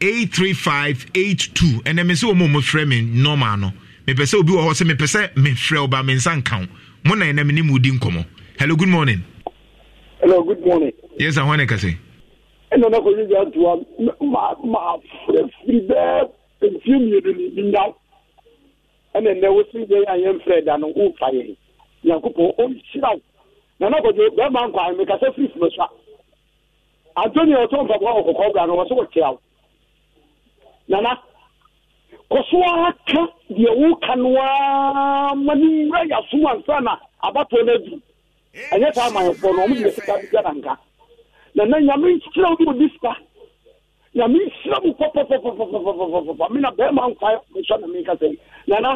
83582 ɛnɛ me sɛ ɔmo mo frɛ me normal no mepɛ sɛ obi wɔ hɔ sɛ mepɛ sɛ mefrɛ ɔba me nsa nka wo mo na ɛnɛ me ne mu di nkɔmmɔ hello good morning hello good morning yes ahɔne kase ɛna ɔna kɔnyi ato a maa maa bɛɛ mmienu ni nya ɛna wosi yɛ a yɛn da no nfa yɛ nyankopɔn ɔnhyira na ɔna kɔnyi bɛrima nkɔ firi a antoni ɔtɔ mpaboa wɔ kɔkɔɔ nana kɔso aka deɛ a ma ne nwura yɛ asom ansa na abatoɔ no adu ɛnyɛ saa no ɔmo sika bi nka nana nyame nhyira wo bi odi sika nyame nhyira mu pɔpɔpɔpɔpɔpɔpɔpɔ mena bɛrima nkwa mehyɛ na menka sɛ nana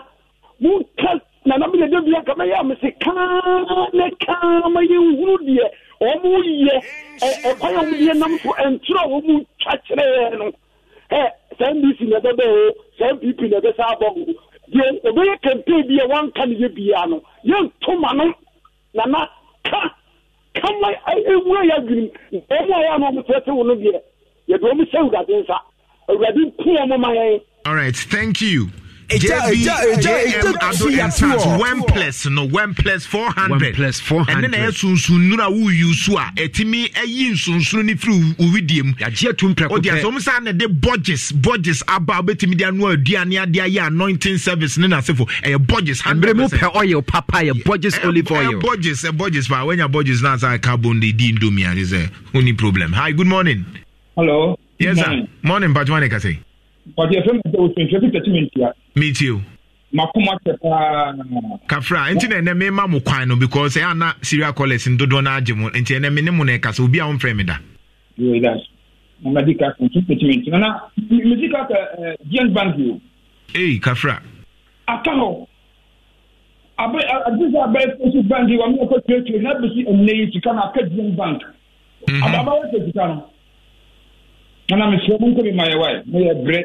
monka nana mena da bia ka mɛyɛ a mese kaa ne kaa ma yɛnhunu deɛ ɔmo yɛ ɛkwan a ɔmodeɛ nam so ɛntorɔ a ɔmu twa kyerɛɛ no ɛ saa ndc na ɛbɛbɛ o saa npp na ɛbɛsa abɔ o deɛ ɔbɛyɛ campaign bi a wanka ne yɛ biara no yɛntoma no nana ka Eh, a eh? all right thank you. wempless no wempless four hundred ɛne na yɛ sunsun nura wuyu e e so a ɛtumi ɛyi nsunsun ne firi owidie mu yagye etum pɛrɛ kɔpɛ ɔdi asɔm saa na de budges budges aba obetumi de anu aduane ade ayɛ anointing service ne n'asefo ɛyɛ e budges hundred percent mbere mu oil papa yɛ budges olive oil ɛyɛ budges ɛ budges paa wɛnya budges naa carbon de di ndomi ade sɛ only problem hi good morning. hello. yes sir morning pàtó wà ɔdi ɛfɛ mi sɛ osɛ nfɛ fita ti mi ntia. mi ti o. makoma tɛ paa. kafra nti na ɛnɛ mi ma mo kwan no because ɛyà na college callers dodoɔ na agye mo nti ɛnɛ mi ne mo na ɛka so obi a wɔn fɛ mi da. yoo da ka so na ka bank ee kafra. aka hɔ abe adi sɛ abɛ fosu bank yi wa mi yɛ kɔ tuetue na bisi ɛnɛ yi sika na aka gn bank. ababa wɔ sɛ sika no. nana mi sɛ mo nkɔ mi ma yɛ wa yɛ yɛ brɛ.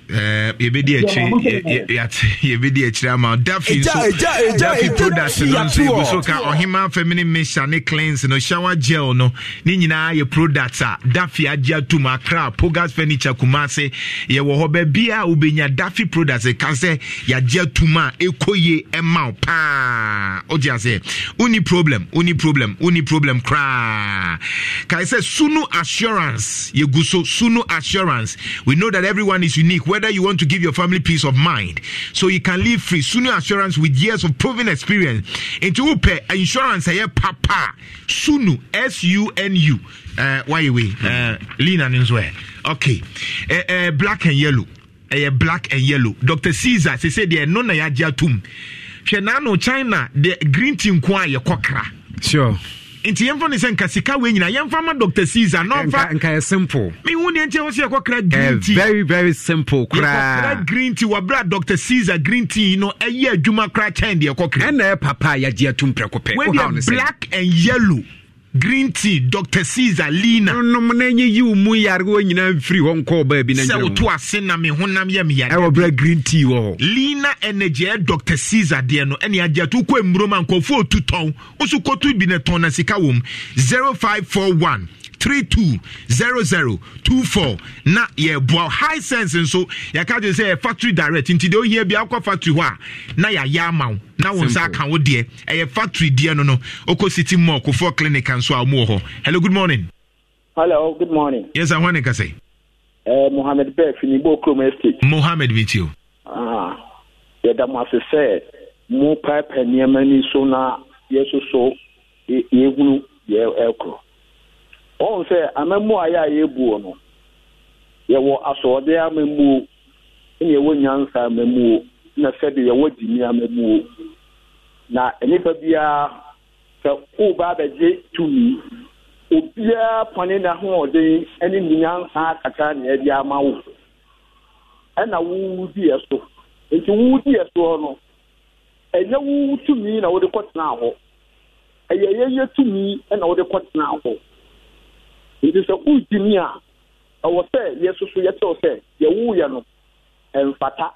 yɛbɛdi akyi yɛbɛdi akyiri ama dafi nso dafi product no nso yɛgu so ka ɔhema feminine mixture ne cleanse no shower gel no ne nyinaa yɛ product a dafi agye atom akra pogas furniture kumase yɛwɔ hɔ baabi a wobɛnya dafi product e ka sɛ yɛagye atom a ɛkɔ yie ɛma wo paa wogye aseɛ woni problem Uni problem Uni problem koraa kae sɛ sunu assurance yɛgu so sunu assurance we know that everyone is unique whether you want to give your family peace of mind so you can live free. Sunu Assurance with years of proven experience. Into Upe Insurance, I Papa Sunu S U N U. Eh, why we eh, lean and swear. Okay, uh, uh, black and yellow. Uh, black and yellow. Doctor Caesar, they say they are non-ayajatum. Hwɛ naano China, the green tea nko a yɛ Sure nti yɛmfa ne sɛ nka sika wei nyina yɛmfa ma dr caesar na ɔfa yɛ simple mehu deɛ nti ɛwɔ sɛ yɛkɔkra green tea very very simple koraa green tea wɔberɛ a dr caesar green tea no ɛyɛ adwuma koraa kyɛn deɛ ɛkɔkra ɛna ɛpapa yɛagye atom prɛko pɛ black and yellow green tea dr caesar lina nom na ɛnyɛ yiw mu yarewa nyinaa mfiri hɔ nkɔɔ baa bi sɛ woto ase na me honam yɛ me berɛ green tea wɔ hɔ lina ɛnagyeɛ dr caesar deɛ no ɛne agye To wokɔ mmurom a nkɔɔfoɔ ɔtu tɔn wo so kɔto bi ne tɔn na sika wɔ m 0541 320024 na yɛboa high sense nso yɛka dwene sɛ factory direct nti deɛ ohia bia factory hɔ a na yɛayɛ ama wo na wo nsa aka wo deɛ ɛyɛ e factory deɛ no no wokɔ city mall kofoɔ clinic nso a wɔmu hɔ hello good morning hello good morning yes ahoa ne ka sɛ eh, mohamed bɛ fini estate mohamed ah, yɛda mo ase sɛ mo nneɛma ni so na yɛsoso yɛhunu ɔhu sɛ amammuo a yɛ a yɛbuo no yɛwɔ asoɔden amammuo ne yɛwɔ nyansa amammuo na sɛde yɛwɔ gyimi amammuo na nnipa biara sɛ woba abɛgye tumi obiara pɔne n'ahoɔden ne nyansa akata na yɛde ama wo ɛna wowudiɛ so nti di wowudiɛ soɔ no ɛnyɛ wo tumi na wode kɔtena hɔ ɛyɛ yɛyɛ tumi na wode kɔtena hɔ nti sɛ wogyi a ɛwɔ sɛ yɛ soso yɛkyɛw sɛ yɛwooyɛ no ɛmfata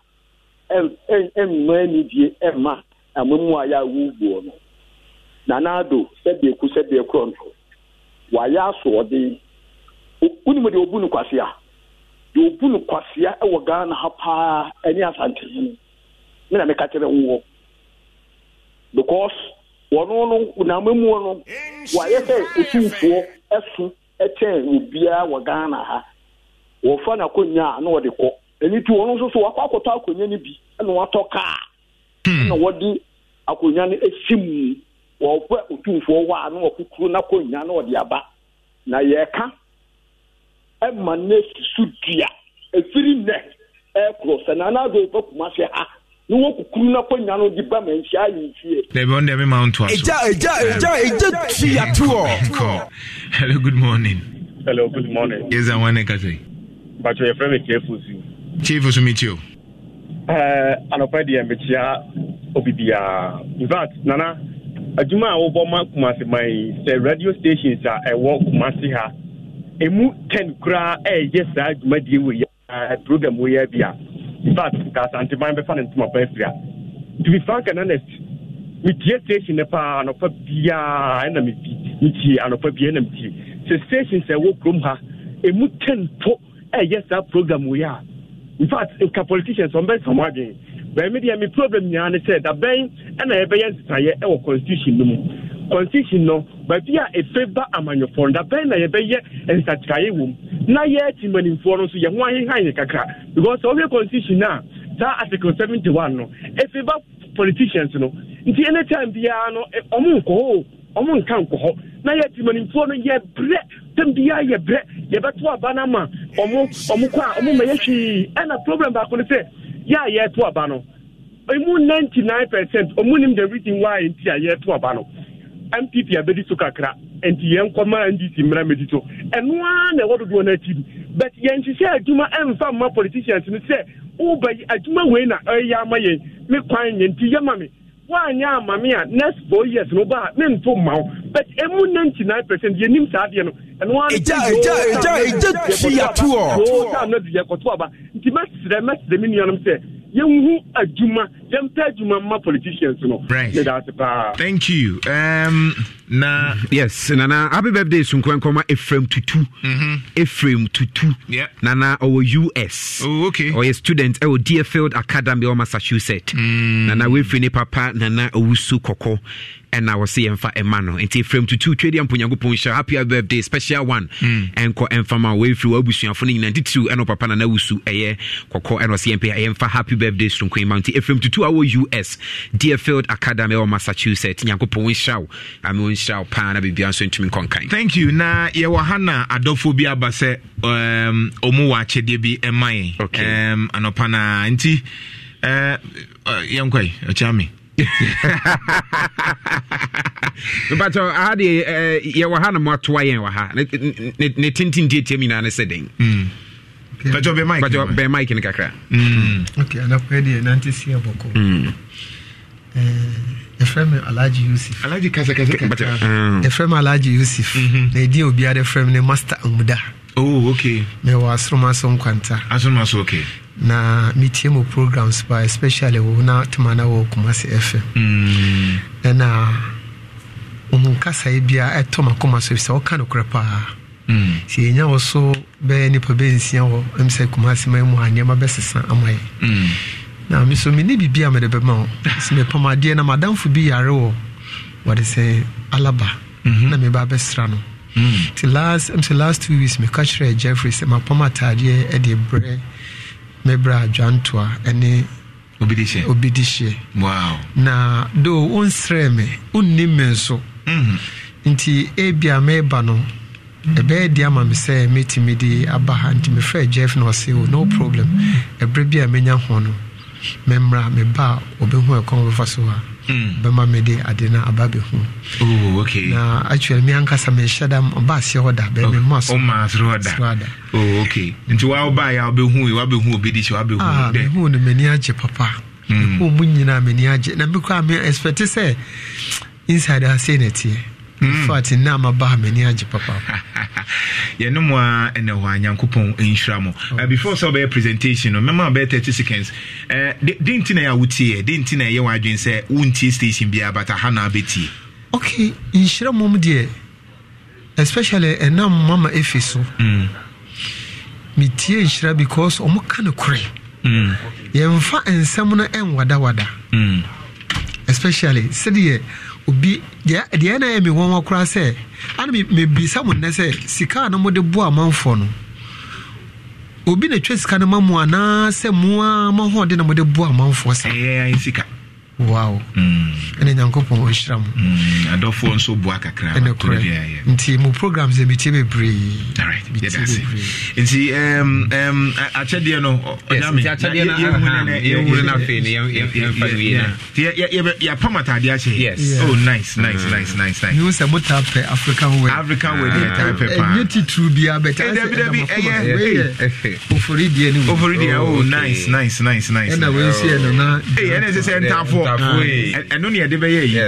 ɛmma anidie ɛmma amamu a yɛ a no nanaado sɛdeɛ ku sɛdeɛ korɔ nto wayɛ asoɔden wonim deɛ ɔbu no kwasea deɛ ɔbu no kwasea ɛwɔ ghana ha paa ɛne na meka kyerɛ wowɔ because wɔno no namamuo no wayɛ sɛ ɛso kyɛn obiara wɔ ghana ha wɔfa n'akonnwa a na wɔde kɔ ɛni ti wɔn nso so wakɔ akɔtɔ akonnwa no bi ɛna watɔ kaa hmm. ɛna wɔde akonnwa no esi mu wɔpɛ otumfoɔ hɔ a na wɔkukuru n'akonnwa na wɔde aba na yɛka ɛma nɛɛsi so dua efiri nɛ ɛkorɔ sɛ na do ɔbɛ kuma se ha. ni wọn kukuru na kɔ nyanu di ba ma n ṣe ayi fi yɛ. dɛbi ɔn dɛbi maa n to a so. ɛja ɛja ɛja ɛja ti a tu ɔ. hello good morning. hello good morning. yéé zan wọn ne ka se. bàtò yẹ fẹ́ mi kí efu si. kí efu si mi ti o. ɛɛ anɔpɛ deɛ mi tia obi bia in fact nana adwuma a wɔbɔ ma kumasi ma yi sɛ radio stations a ɛwɔ eh, kumasi ha emu ten koraa ɛɛyɛ eh, saa adwuma die wɔ yɛ ɛɛ eh, program wɔ yɛ bi a start ka asanteman bɛfa ne ntoma pa afiri a to be frank and honest metie station no paa anɔpa biaa ɛna metie anɔpa biaa ɛna metie sɛ station sɛ ɛwɔ kurom ha ɛmu ten po ɛyɛ eh, saa program wei a infact nka politicians ɔmbɛsa mo adwene bɛmi deɛ me problem nyinaa ne sɛ dabɛn ɛna yɛbɛyɛ ntetayɛ ɛwɔ constitution no mu constitution no baabi a efe ba amanyɔfoɔ no dabɛn na yɛbɛyɛ nsakyikaeɛ wɔ mu na yɛakyi mpanimfoɔ no nso yɛ ho ahenhan yɛ kakra because sɛ wohwɛ constitution a saa article 71 no efe ba politicians no nti anytime biara ah, no ɔmo nkɔ hɔ ɔmo nka nkɔ hɔ na yɛakyi mpanimfoɔ no yɛbrɛ tam biara yɛbrɛ yɛbɛto aba no ama ɔmo ɔmo kɔ a ɔmo mɛyɛ hwii ɛna problem baako no sɛ yɛ a yɛto aba no emu 99 percent ɔmo nim the reason why nti a yɛto aba no npp abɛdi so kakra nti yɛn kɔma ndc mmara mɛdi so ɛno ara na ɛwɔ dodoɔ no akyi but yɛnhyehyɛ adwuma ɛmfa mma politicians no sɛ woba yi adwuma wei na ɛyɛ ama yɛn me kwan nyɛ nti yɛma me woanyɛ ama me a next four years no ba a memfo mma wo but emu ninety nine percent yɛ nim saa deɛ no ɛno ara ɛgya ɛgya ɛgya ɛgya twi ato ɔ yoo saa no de yɛ kɔto aba nti mɛsrɛ mɛsrɛ mi nuanom sɛ yɛnhu adwuma yɛmpɛ adwuma ma politicians no medaase paa thank you um, na yes nana happy birthday sunkwa nkɔma efrem tutu mm-hmm. efrem tutu yeah. nana ɔwɔ us oh, okay. ɔyɛ student ɛwɔ deerfield academy ɔ massachusetts mm. nana wefiri ne papa nana owusu kɔkɔ ɛna wɔsɛ yɛmfa ɛma no nti ɛfrɛm tutu twɛdeɛ mpo nyankopɔn hyɛ happy birthday special one ɛnkɔ ɛmfama wɔɛfiri wɔabusuafo no nyina ntitiriw ɛna papa nana wusu ɛyɛ kɔkɔ ɛna ɔsɛ yɛmpɛ ɛyɛmfa happy birthday sonko yi ma nti frame tutu a wɔ us deerfield academy ɛwɔ massachusetts nyankopɔn nhyira wo ame ɔnhyira wo paa na biribia nso ntumi nkɔnkan thank you na yɛwɔ ha na adɔfoɔ bi aba sɛ ɔmu wɔ akyɛdeɛ bi ɛma yɛn anɔpa na nti yɛnkɔe ɔkyea me mpatɛ aha deɛ yɛwɔ ha na mo atoa yɛn wɔ ha ne tententeatiam nyinaa ne sɛ den bɛn mike no kakra yɛfrɛ me alaji yusuf yɛfrɛ me alage yusuf mm-hmm. na ɛdi obiara frɛ me ne master amuda mewɔ oh, asoromaso nkwanta na metie programs pa especially wo na toma na wɔ kumase fm mm. ɛna ɔhu nkasaeɛ biaa ɛtɔ ma koma so sɛ woka nokorɛ paa mm. si yɛnya wo so bɛyɛ nipa bɛnsia hɔ m sɛ kumase ma mu a nneɛma bɛsesa ama yɛ mm. na me so menni biribi a mede bɛma wo sɛ mepam adeɛ na madamfo bi yare wɔ wɔde sɛ alaba mm -hmm. na meba bɛsra no mm. mm. last, last two weeks meka kyerɛ jeffrey sɛ mapam ataadeɛ ɛde brɛ mɛbrɛ adwantoa ɛne obi na do wonsrɛ me wonni me nso mm-hmm. nti ebia mɛba no ɛbɛyɛ de ama me sɛ mɛtumi de aba ha nti mefrɛ jeff na ɔse o no problem ɛberɛ bi a mɛnya ho no mɛmmra meba a ɔbɛhu ɛkɔn bɛfa so ha. Hmm. bɛma mede ade no aba bɛhu na actually me ankasa menhyɛ da ɔba aseɛ hɔ da bɛmemmasomehu oh, oh, ah, no m'ani agye papa hmm. mehuu mu nyinaa m'ani agye na mekɔ a me expecte sɛ inside ha sei na ɛteɛ Mm. infact nna ama baa m'ani agye papa yɛne mu a ɛnɛ hɔ a nyankopɔn nhyira mo oh. uh, before sɛ wobɛyɛ presentation no mɛma wobɛyɛ 30 seconds uh, de nti na ɛyɛ a wotieɛ de nti na ɛyɛ w'adwene sɛ wontie station biaa but aha na abɛtie okay nhyira mom deɛ especially ɛnam mama ɛfi so mm. metie nhyira because ɔmo ka no korɛ mm. yɛmfa nsɛm no ɛnwadawada mm. especially sɛdeɛ obi deɛ na ɛyɛ me wɔn koraa sɛ ana mebisa mo nnɛ sɛ sika a na mode boa amanfoɔ no obi na ɛtwa sika no ma mu anaasɛ mo a ma na mode boa amanfoɔ sɛ wow ɛne nyankopɔn ɔhyira mu adɔfoɔ nso boa kakra ɛne korɛ nti mu programs metie bebree nti akyɛdeɛ no yɛpam atadeɛ akyɛmehu sɛ motaa pɛ african wɛnyɛ titiri biaa bɛtaɛyɛ oforideɛ ne ɛna wei nso yɛ no na ɛnɛ sɛ sɛ ntafoɔ ɛno ne yɛde bɛyɛ yi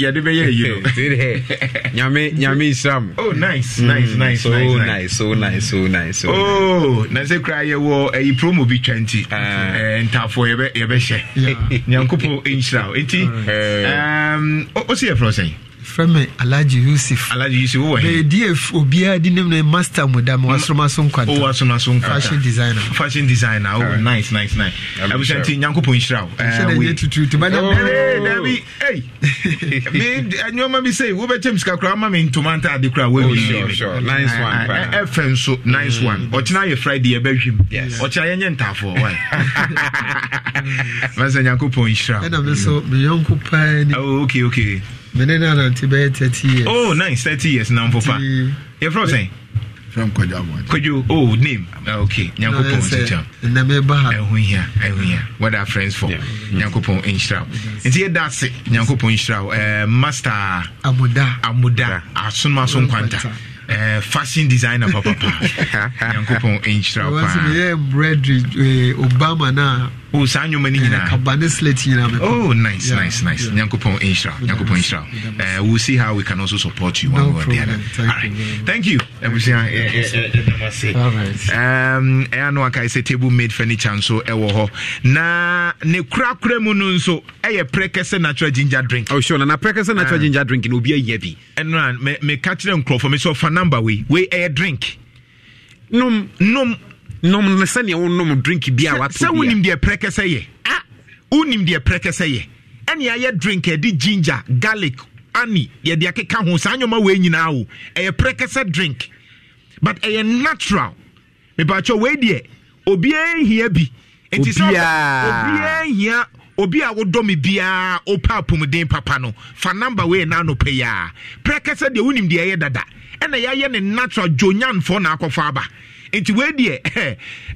yɛde bɛyɛ yi nyame nyame nhyira mo oh mm, nice nice nice so nice so nice so nice so oh na sɛ kura yɛwɔ ɛyi promo bi twa nti ah. ntafoɔ yɛbɛhyɛ nyankopɔn nhyira wo nti ɔsi yɛ frɛ sɛn frɛ alaji yusuf Alaji yusuf wɔ he bɛɛdi obiara di nim ne master mu da ma wasoroma so nkwa oh wasoroma so fashion designer fashion designer oh right. nice nice nice abusua nti nyankopɔn nhyira wo ɛɛ wei tututu ba dɛbi dɛbi ɛyi mi nneɛma bi sɛ wobɛkyɛ mi sika kura ama mi ntoma nta ade kura wo ewi oh, sure sure nice eh, one paa ɛfɛ nso nice mm. one ɔkyina yɛ friday ɛbɛhwim ɔkyina yɛ nyɛ ntaafoɔ wae masa nyankopɔn nhyira wo ɛna mi nso mi yɔnko paa ni. Oh, okay okay mene no anante bɛyɛ 30 years oh nice 30 years na mpopa yɛfrɛ sɛn kwadwo oh name ah, ok nyankopɔn nkyɛkyɛm ɛho hia ɛho hia what are friends for nyankopɔn nhyira wo nti yɛda ase nyankopɔn nhyira wo eh, master amoda amoda asonoma so nkwanta Uh, fashion designer papa pa nyankopɔn nhyira wo paa eh, obama no oh, saa nnwoma no nyinaa oh nice yeah, nice nice nyankopɔn nhyira nyankopɔn nhyira eh, we'll see how we can also support you one or the other thank you abusua eh, eh, um ɛyɛ no aka sɛ table made furniture nso ɛwɔ hɔ na ne kurakura mu no nso ɛyɛ prekɛsɛ natural ginger drink oh sure na na prekɛsɛ natural ah. ginger drink na obi ayɛ bi ɛno a ah, meka kyerɛ nkurɔfoɔ me sɛ ɔfa number wei wei ɛyɛ drink nom nom nom no sɛnea wonom drink bi a watosɛ wonim deɛ prɛkɛ sɛ yɛ wonim deɛ prɛkɛ sɛ yɛ ɛne ayɛ drink ɛde ginger garlic ani yɛde akeka ho saa nwoma wei nyinaa o ɛyɛ prɛkɛ sɛ drink but ɛyɛ natural mepakyɛ wei deɛ obiaa hia bi nti sɛ obiaa hia obi a wodɔ me biara Opa apɔmuden papa no fa namba wei na anɔpɛ yi a prɛkɛ sɛ deɛ wonim deɛ ɛyɛ dada ɛna yɛayɛ ne natural jonyanfoɔ na akɔfa aba nti weideɛ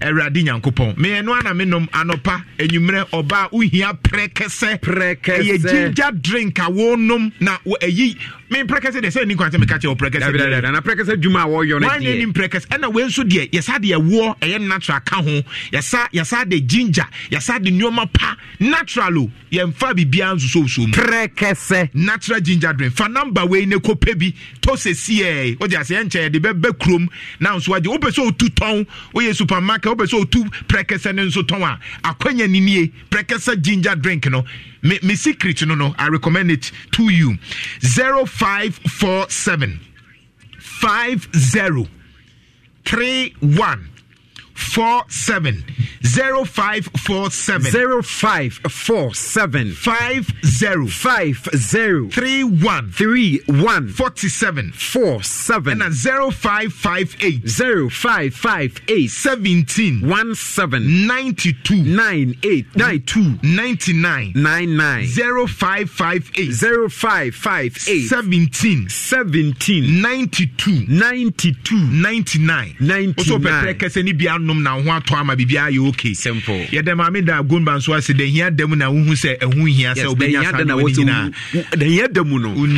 awurade nyankopɔn meɛno ana menom anɔpa anwummerɛ ɔbaa wohia prɛkɛsɛ ɛyɛ ginger drink a wonom na ɛyi me prekese de sɛ ni kwante meka kyɛ wo prekese na prekese dwuma a wɔyɔ no deɛ ni prekese ena wei nso deɛ yɛsa de ɛwoɔ ɛyɛ natural ka ho yɛsa yɛsa de ginger yɛsa de nneɛma pa natural o yɛmfa biribiara nso so so prekese natural ginger drink fa namba wei ne ko pɛ bi to sɛsiɛ wogye ase ɛnkyɛ yɛde bɛbɛ kurom na nso agye wopɛ sɛ otu tɔn woyɛ supermarket wopɛ sɛ otu prekese ne nso tɔn a akwanya ninie prekese ginger drink no me, me secret no no i recommend it to you 0547 50 31 four seven zero five four seven zero five four seven five zero five zero three one three one forty seven four seven and zero five five eight zero five five eight seventeen one seven ninety two nine eight nine two ninety nine nine nine zero five five eight zero five five eight seventeen seventeen ninety two ninety two ninety nine ninety nine nom na ho atɔ ama biribiaa yɛ ok yɛdɛ maame da agonba nso ase da da mu na wohu sɛ ɛho hia sɛ wobɛnya sa no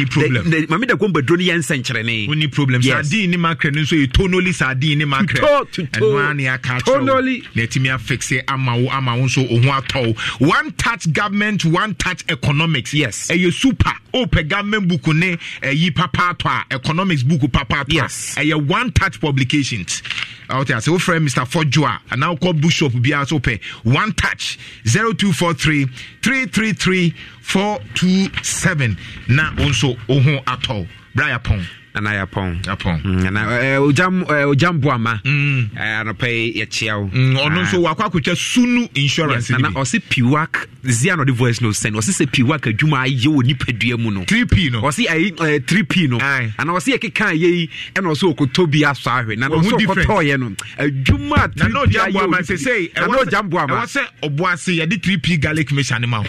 problem maame ne makrɛ no nso yɛ tonoli ne makrɛ ɛno ne aka akyerɛw na atumi afixe ama wo ama wo nso wo atɔ wo one touch government one touch economics yes super wopɛ government book ne ɛyi eh, papaatɔ a economics book papaatɔ yes. a ɛyɛ one touch publications ɔte ase wofrɛ mr fodjo a anaa wokɔ bookshop biara so wopɛ one touch zero two four three 0243 333 427 na wo nso wo ho atɔ brɛ yɛpɔn anaa yɛapɔn ogyam boama anɔpɛ yi yɛkyea wo mm, ɔno nso ah. wakɔ akotwa sunu insurance na ɔse piwak zia na ɔde voice no send ɔse se piwak adwuma ayɛ ni nipadua mu no 3p no ɔse ai 3p eh, no anaa ɔse yɛkeka ayɛ yi ɛna ɔse ɔkɔtɔ bi asɔ ahwɛ na ɔse ɔkɔtɔɔyɛ no adwuma 3p na ɔgyam boama sɛsɛi ɛwɔ sɛ ɔboa ase yɛde 3p garlic mixture ne ma wo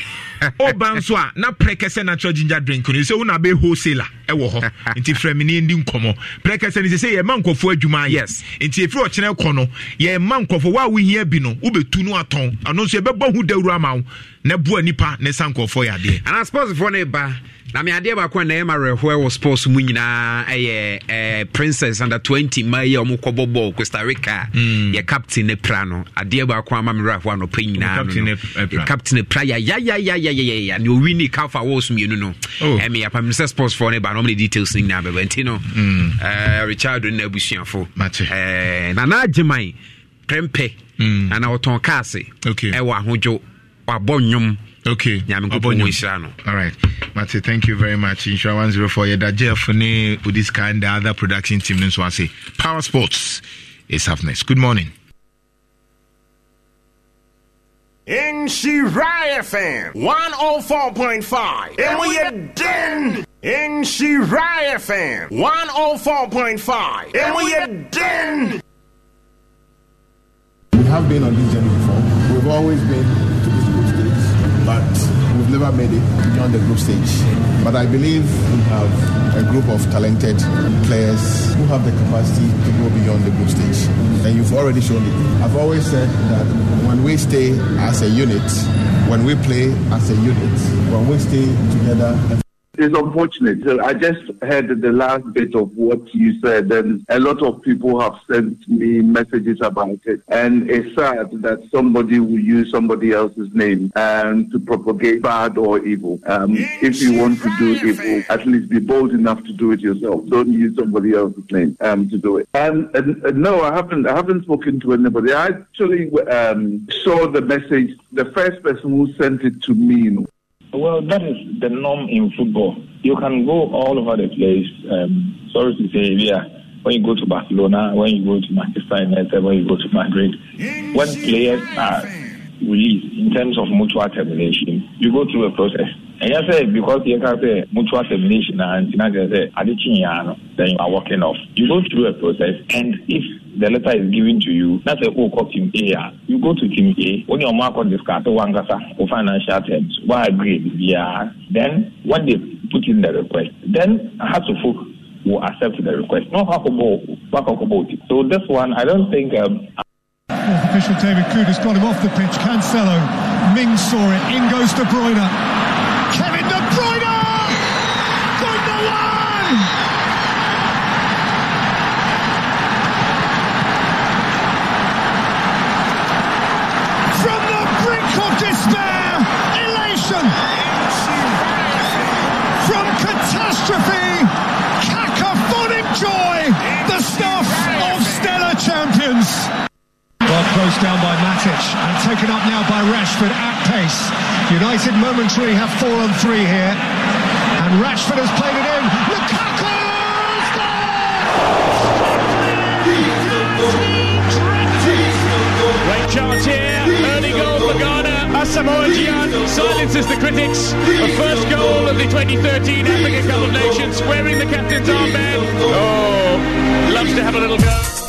ɔba nso a na prɛ kɛsɛ natural ginger drink no sɛ wo na bɛ wholesaler ɛwɔ hɔ nti frɛ me yɛne ɛndi nkɔmmɔ prɛkɛ sɛ sɛ yɛma nkɔfoɔ adwuma yes nti ɛfiri ɔkyerɛ kɔ no yɛma nkɔfoɔ wo a wohia bi no wobɛtu no atɔn ɛno nso yɛbɛbɔ ho dawuro ama wo na boa nipa ne ɛsa nkɔɔfoɔ yɛ adeɛ ana sportsfoɔ no ba na me adeɛ baako a na ɛma werɛhoɛ wɔ sports mu nyinaa ɛyɛ princess under 20 ma yi a ɔmokɔbɔ bɔɔl costa rica mm. yɛ captain ne pra no adeɛ baako ama me werɛhoɔ anɔpɛ nyinaa eh, captain ne pra yayayayayayaya ne ɔwi ne calf awards mmienu no oh. ɛme yɛpamene sɛ sportsfoɔ no ba na ɔmne details no nyinaa bɛbɛ nti no mm. richard no abusuafo nana agyeman prɛmpɛ ana mm. ɔtɔn kaase ɛwɔ ahodwo wabɔ nnwom okay nyamenkopɔn wɔ hyira no alright Matthew, thank you very much insura 104 yɛda jeff ne this kind of other production team so I say power sports is hapness good morning Inshirai FM 104.5 and we are den Inshirai FM 104.5 and we are den We have been on this journey before we've always been never made it beyond the group stage. But I believe we have a group of talented players who have the capacity to go beyond the group stage. And you've already shown it. I've always said that when we stay as a unit, when we play as a unit, when we stay together and it's unfortunate. So I just heard the last bit of what you said, and a lot of people have sent me messages about it. And it's sad that somebody will use somebody else's name and um, to propagate bad or evil. Um, if you want to do evil, at least be bold enough to do it yourself. Don't use somebody else's name um, to do it. And, and, and, no, I haven't. I haven't spoken to anybody. I actually um, saw the message. The first person who sent it to me well, that is the norm in football. You can go all over the place. Um, sorry to say, yeah, when you go to Barcelona, when you go to Manchester United, when you go to Madrid, when players are released in terms of mutual termination, you go through a process ɛyɛ sɛ because yɛka sɛ mutual termination na ntina kyerɛ sɛ ade kyiyaa no then you are working off you go through a process and if the letter is given to you na sɛ wokɔ team a a you go to team a wone ɔmo akɔ discard wankasa wo financial terms woagree biribiaa then when they put in the request then hasofo will accept the request no hakɔbɔ wakɔkɔbɔ ti so this one i don't think um, Official David Coote has got him off the pitch. Cancelo, Ming saw it. In goes De Bruyne. down by Matic and taken up now by Rashford at pace. United momentarily have four on three here. And Rashford has played it in. Lukaku scores! Great chance here. Early goal for Ghana. Asamoah Gyan silences the critics. The first goal of the 2013 African Cup of Nations, wearing the captain's armband. Oh, loves to have a little go.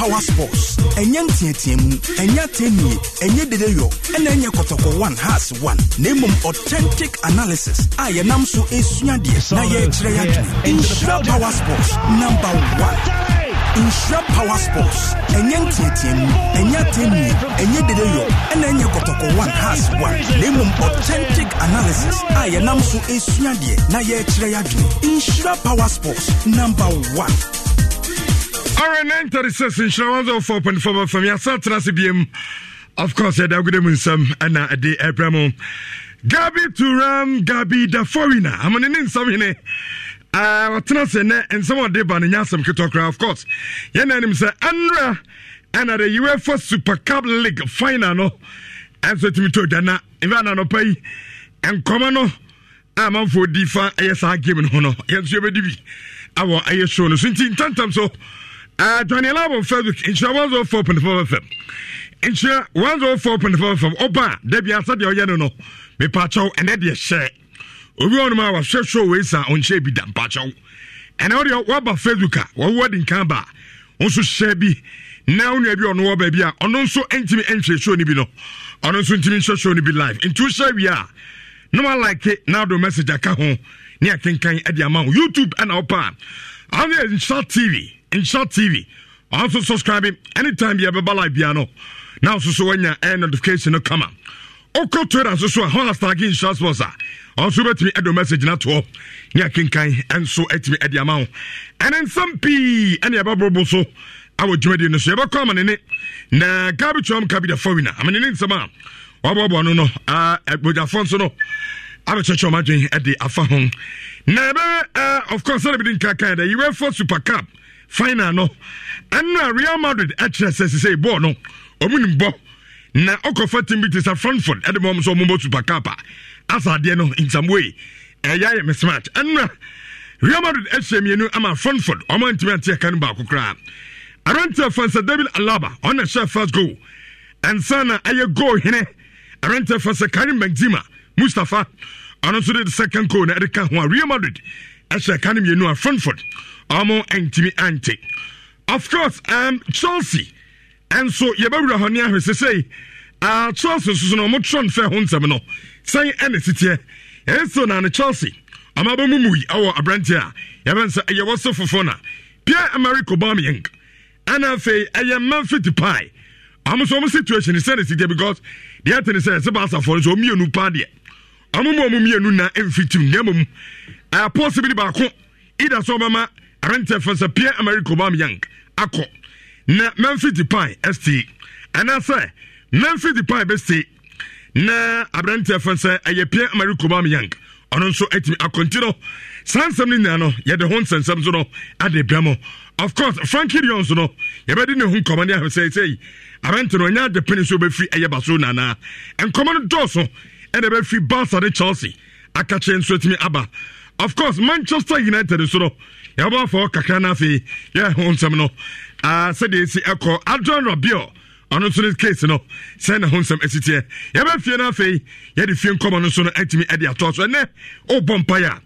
power sports ɛnyɛ nteɛteɛmu ɛnyɛ atɛnie ɛnyɛ dedeyɔ ɛna ɛnyɛ kɔtɔkɔ one has one na mmom authentic analysis a yɛnam so ɛsua deɛ na yɛrekyerɛ yɛ adwene nhyira power sports number one nhyira power sports ɛnyɛ nteateamu ɛnyɛ atɛmie ɛnyɛ dedeyɔ ɛna ɛnyɛ kɔtɔkɔ one has one na mmom authentic analysis a yɛnam so ɛsua deɛ na yɛrekyerɛ yɛ adwene nhyira power sports number one ɔre ne ntere sɛ sinhyira 104.5 fam yɛasa tena ase of course yɛde agodɛ mu nsɛm ɛna ɛde ɛbrɛ mu gabi turam gabi the forina amane ne nsɛm hene ɔtena se nɛ nsɛm ɔde ba no nyɛ asɛm ketɔ koraa of course yɛna anim sɛ ɛnra ɛna the uefa super cup league final no so tumi tɔ dwa na ɛbɛ ananɔpa yi nkɔmɔ no a manfoɔ di fa ɛyɛ saa game no ho no yɛnso yɛbɛdi bi awɔ ɛyɛ show no so nti ntantam so Uh, Johnny on Facebook, Insha 104.4 FM. Insha 104.4 FM. Opa, Debbie, I said, you know, me pacho, and then you share. Obi onu ma wa show show ways are on share bi dam pacho. And audio what about Facebook? What word in Kamba? share bi. Now you ebi onu what baby are. Ah. On also intimate entry show ni bi no. On also intimate show show ni bi live. Into share we are. No ma like it. Now the message I come home. Ni akenkan edi amount. YouTube and opa. I'm here in Shot TV inshort tv Also subscribe anytime yɛ bɛba live bia no na nso so wanya air notification no come kama wokɔ twitter nso so a hɔ astake inshort sports a ɔnso wobɛtumi ɛdɔ message no toɔ ne akenkan nso atumi ɛde ama wo ɛne nsɛm pii ɛne yɛbɛborobo so awɔ dwumadi no so yɛbɛkɔ ama nene na gabitwam ka the da fa wina amanene nsɛm a wɔabɔbɔ no no Ah, at bogyafo nso no abɛkyɛkyɛ ɔmadwen de afa ho na ɛbɛ uh, of course sɛde be nka kan The uefa super cup final no ɛna real madrid ɛkyerɛ sɛ sisei bɔɔl no ɔmu nim bɔ na ɔkɔfa tim bi te sɛ frankfurt ɛde ma ɔm sɛ ɔmobɔ super cup a asa adeɛ no in some way ɛyɛ ayɛ me smart ɛna real madrid ahyɛ mmienu ama frankfurt ɔma ntumi ante ɛka no baako koraa aranteɛ fa sɛ david alaba ɔna hyɛ first goal ɛnsa na ɛyɛ goal hene aranteɛ fa sɛ karim benzema mustafa ɔno nso de second goal na ɛde ka ho a real madrid ɛhyɛ ka no mmienu a frankfurt ɔmo ntumi ante of course um, chelsea nso yɛbɛwura hɔ ne ahwɛ sesei uh, chelsea nso so no ɔmotwerɛ no sɛ ho nsɛm no sɛn ɛne siteɛ ɛyɛ so na ne chelsea ɔma bɛmumu yi ɛwɔ aberanteɛ a yɛbɛn sɛ ɛyɛ wɔ se fofoɔ no pierre emerick aubameyang ɛna afei ɛyɛ manfit pie ɔmo so ɔmo situation sɛne siteɛ because deɛ ɛte ne sɛ ɛsɛ baasafoɔ no sɛ ɔmmienu paa deɛ ɔmo mu ɔmo mmienu na ɛmfitim na mmom ɛɛ possibly baako ida so ɔbɛma ahantɛ fɛ sɛ pierre americ obamyang akɔ na memphis depan st anaasɛ memphis depan bɛse na aberantɛ fɛ sɛ ɛyɛ pierre americ obamyang ɔno nso atumi akɔnti no saa nsɛm no nyinaa no yɛde ho nsɛnsɛm so no ade bia mo of course frankie dion so no yɛbɛde ne ho nkɔmmɔ ne ahwɛsɛesɛi abɛnte no ɔnyɛ ade pene so bɛfiri ɛyɛ baso nanaa nkɔmmɔ no dɔɔso ɛna bɛfiri barsa ne chelsea aka kyerɛ nso atumi aba of course manchester united so no yɛbɔ afɔ kakra no afei yɛ ho nsɛm no sɛdeɛ ɛsi ɛkɔ adron rabiel ɔno nso no case no sɛ na ho nsɛm asitiɛ yɛbɛfie no afei yɛde fie nkɔmmɔ no nso no atumi de atoa so ɛnɛ wobɔ mpaeɛ a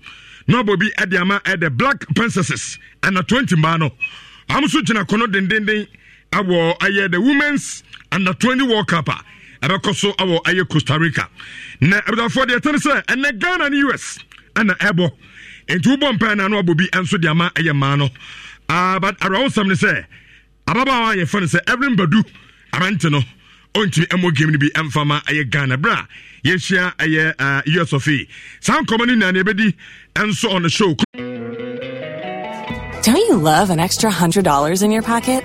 na ɔbɔ bi ɛde ama ɛde black princesses ɛna 20 mmaa no ɔm so gyina kɔ dendenden awɔ ɛyɛ the women's under 20 world cup a ɛbɛkɔ so awɔ ɛyɛ costa rica na abudafoɔ deɛ ɛtene sɛ ɛnɛ ghana ne us ɛna ɛbɔ nti wobɔ mpae na ah, no abɔ bi nso de ama ɛyɛ mmaa no but awerɛwosɛm ne sɛ ababaawa a yɛfɛ no sɛ everin badu arante no ɔntumi mmɔ game no bi ɛmfa ma ɛyɛ ghana berɛ a yɛhyia ɛyɛ us ah, of saa nkɔmmɔ no nyinaa yɛbɛdi nso on show don't you love an extra $100 in your pocket